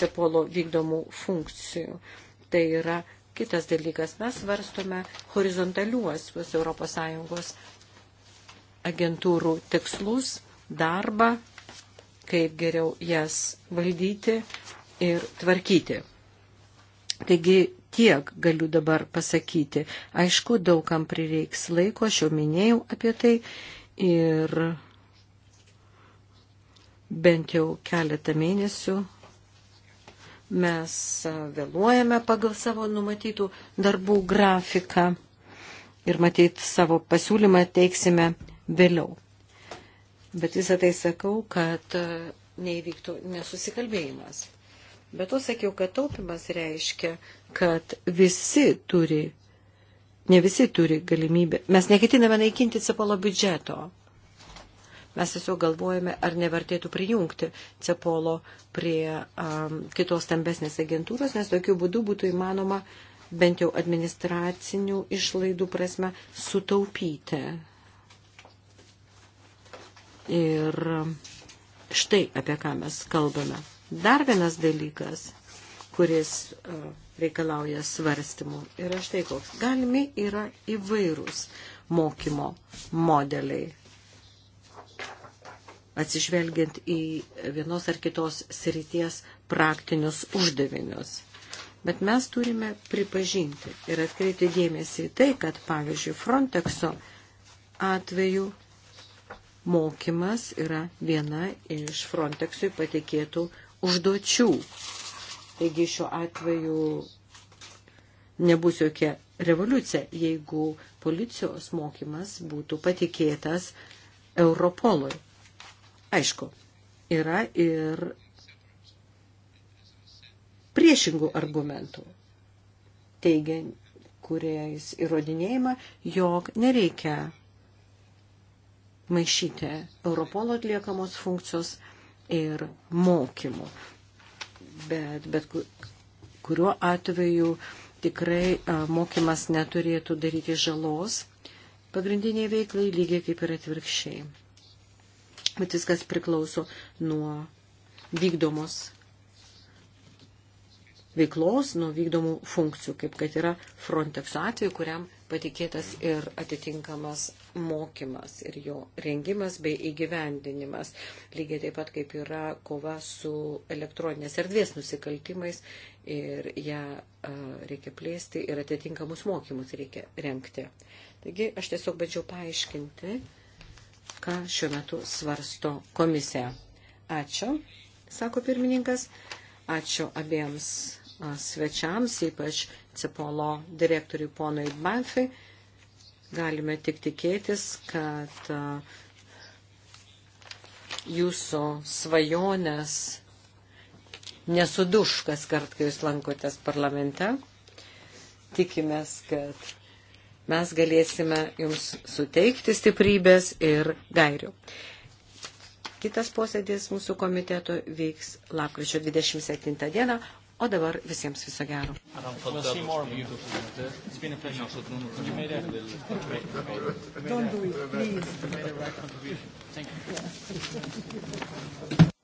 cepolo vykdomų funkcijų. Tai yra kitas dalykas. Mes svarstome horizontaliuosius ES agentūrų tikslus, darbą kaip geriau jas valdyti ir tvarkyti. Taigi tiek galiu dabar pasakyti. Aišku, daugam prireiks laiko, aš jau minėjau apie tai ir bent jau keletą mėnesių mes vėluojame pagal savo numatytų darbų grafiką ir matyt savo pasiūlymą teiksime vėliau. Bet visą tai sakau, kad e, neįvyktų nesusikalbėjimas. Bet to sakiau, kad taupimas reiškia, kad visi turi, ne visi turi galimybę. Mes neketiname naikinti cepolo biudžeto. Mes tiesiog galvojame, ar nevertėtų prijungti cepolo prie um, kitos stambesnės agentūros, nes tokiu būdu būtų įmanoma bent jau administracinių išlaidų prasme sutaupyti. Ir štai apie ką mes kalbame. Dar vienas dalykas, kuris e, reikalauja svarstymų, yra štai koks. Galimi yra įvairūs mokymo modeliai atsižvelgiant į vienos ar kitos srities praktinius uždavinius. Bet mes turime pripažinti ir atkreipti dėmesį į tai, kad, pavyzdžiui, Frontexo atveju mokymas yra viena iš Frontexui patikėtų užduočių. Taigi šiuo atveju nebus jokia revoliucija, jeigu policijos mokymas būtų patikėtas Europolui. Aišku, yra ir priešingų argumentų, teigiant, kuriais įrodinėjama, jog nereikia maišyti Europolo atliekamos funkcijos ir mokymų. Bet, bet kuriuo atveju tikrai mokymas neturėtų daryti žalos pagrindiniai veiklai lygiai kaip ir atvirkščiai. Bet viskas priklauso nuo vykdomos veiklos, nuo vykdomų funkcijų, kaip kad yra Frontex atveju, kuriam patikėtas ir atitinkamas mokymas ir jo rengimas bei įgyvendinimas. Lygiai taip pat kaip yra kova su elektroninės erdvės nusikaltimais ir ją reikia plėsti ir atitinkamus mokymus reikia renkti. Taigi aš tiesiog bandžiau paaiškinti, ką šiuo metu svarsto komisija. Ačiū, sako pirmininkas. Ačiū abiems svečiams, ypač Cepolo direktoriui ponui Banfui. Galime tik tikėtis, kad jūsų svajonės nesuduš kas kart, kai jūs lankotės parlamente. Tikimės, kad mes galėsime jums suteikti stiprybės ir gairių. Kitas posėdis mūsų komiteto vyks lapkričio 27 dieną, O dabar visiems viso gero. Don't do it, please.